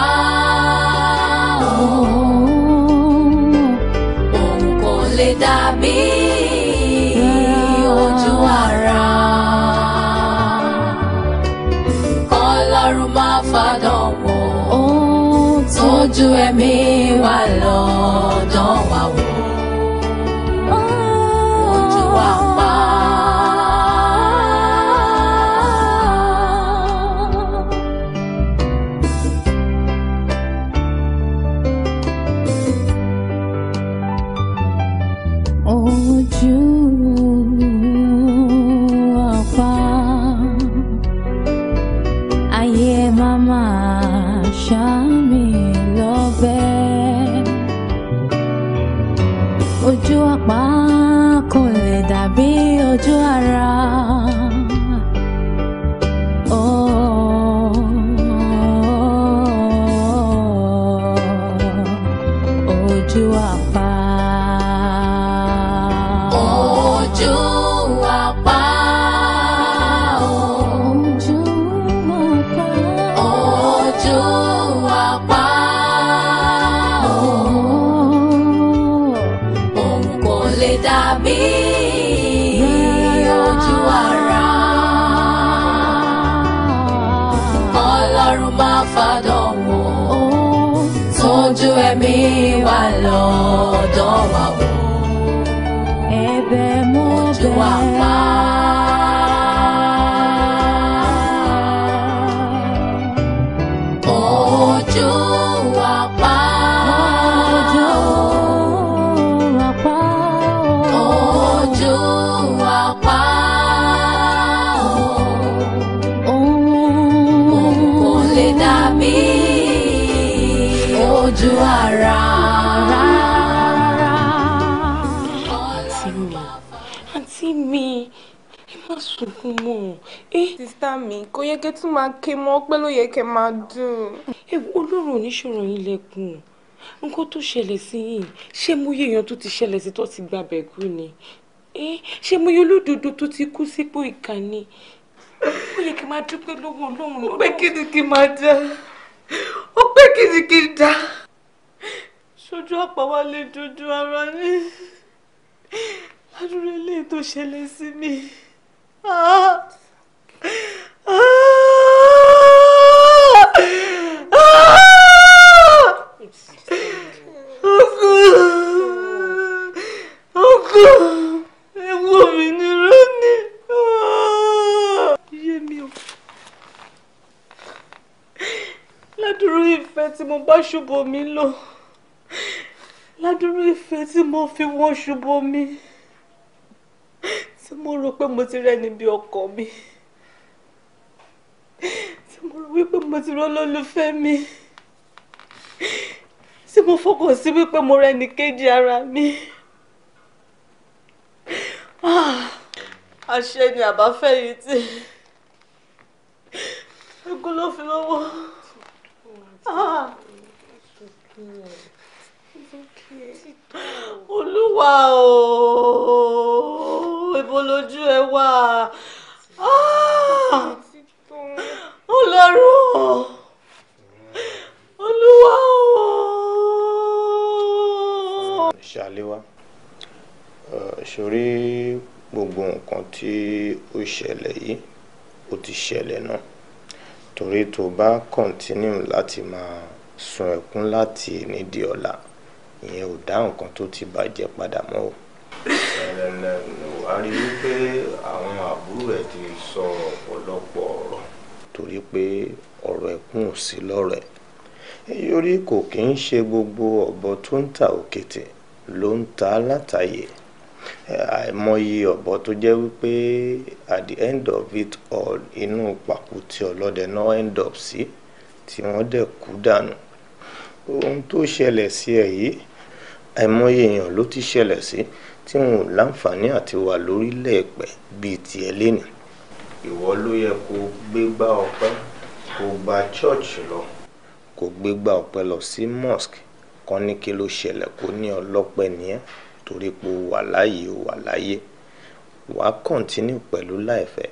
wa lọ. mi kò yẹ kẹ́ tún máa ké mọ́ pé ló yẹ kẹ́ máa dùn. ewu olóró oníṣòro yín lẹ́kùn nǹkan tó ṣẹlẹ̀ sí yìí ṣé mo yé èèyàn tó ti ṣẹlẹ̀ sí tó ti gbàbẹ̀ kú ni ṣé mo yé olódodo tó ti kú sípò ìkà ni ó yẹ kí n máa dúpẹ́ lọ́wọ́ ọlọ́run. ó pé kí ni kí n máa dá ó pé kí ni kí n dá ṣojú dojú ara ní ládùúrú eléyìí tó ṣẹlẹ̀ sí mi. Ah! ṣubú mi lò ládùúrú ìfẹ́ tí mo fi wọ́n ṣubú mi tí mo rò pé mo ti rẹ́ níbi ọkọ mi tí mo rò wípé mo ti rọ́ lólùfẹ́ mi tí mo fọkàn sí wípé mo rẹ́ni kejì ara mi. Ah, àṣẹ ni àbáfẹ́yìntì ẹkún ló fi lọ́wọ́. Ah, olúwa ooo ibo lójú ẹ wà. Ah! ọlọ́run olúwa o. ṣàlẹ́wà sórí gbogbo nǹkan tí ó ṣẹlẹ̀ yìí ó ti ṣẹlẹ̀ náà torí tó bá kọ́ntínú láti máa sun ẹkún láti nídìí ọ̀la ìyẹn ò dá nǹkan tó ti bàjẹ́ padà mọ́ o. wàá rí i pé àwọn àbúrò ẹ̀ ti sọ̀rọ̀ torí pé ọ̀rọ̀ ẹkún ò sí lọ́rọ̀ ẹ̀ yorí kò kí ń ṣe gbogbo ọ̀bọ tó ń ta òkété ló ń ta látàyè àìmọye ọ̀bọ tó jẹ́ wípé at the end of it all inú pàkúté ọlọ́dẹ náà end up sí tí wọ́n dẹ̀ kú dànù ohun tó ṣẹlẹ̀ sí ẹ̀ yìí àìmọye èèyàn ló ti ṣẹlẹ̀ sí tí wọn ò láǹfààní àti wà lórílẹ̀ èpẹ̀ bíi tiẹ̀ lénìí ìwọ ló yẹ kó gbégbá ọpẹ́ kó gba church lọ kó gbégbá ọpẹ́ lọ sí mosque kan ní kí ló ṣẹlẹ̀ kó ní ọlọ́pẹ́ nìyẹn torí pé wà láàyè wà láàyè wà á continue pẹ̀lú láìfẹ́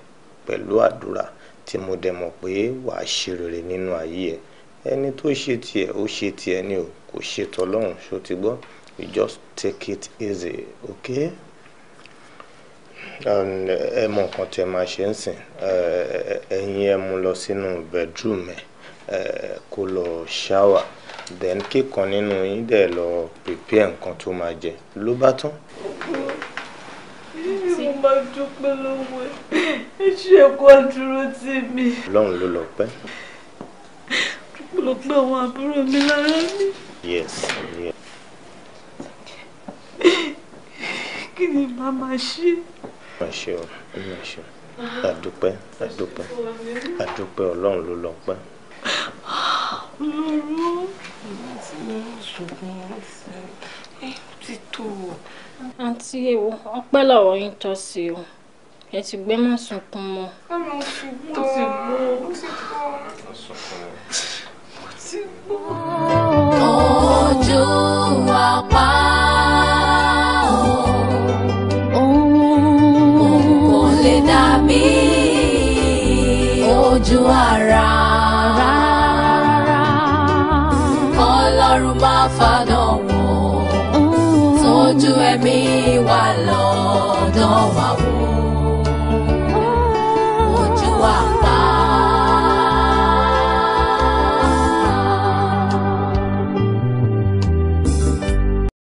pẹ̀lú àdúrà tí mo dẹ̀ mọ̀ pé wà á ṣe rere nínú ayé ẹ̀ ẹni tó ṣe tiẹ̀ ó ṣe tiẹ̀ ni o kò ṣe tọlọ́run ṣó ti gbọ́ you just take it easy okay. Eh, ẹ mọ nǹkan tí ẹ máa ṣe ń sìn eh, eh, ẹ̀yin ẹ mú lọ sínú bedroom ẹ kó lọ shower then kíkan nínú yín dẹ̀ lọ prepare nǹkan tó máa jẹ ló bá tán. tí mo ọlọ́run ló lọ pẹ́. dúpẹ́ àwọn àbúrò mi lára mi. yes kí ni màmá ṣe. màá ṣe ọ màá àdúpẹ́ àdúpẹ́ àdúpẹ́ ọlọ́run ló lọ pẹ́. àǹtí ewo ọpẹ́ lọ́wọ́ yín tọ́ sí o ẹ ti gbé má sunkún mọ́. ọmọ ti gbọ́ ti gbọ́ ti ti gbọ́. ojú wa pa.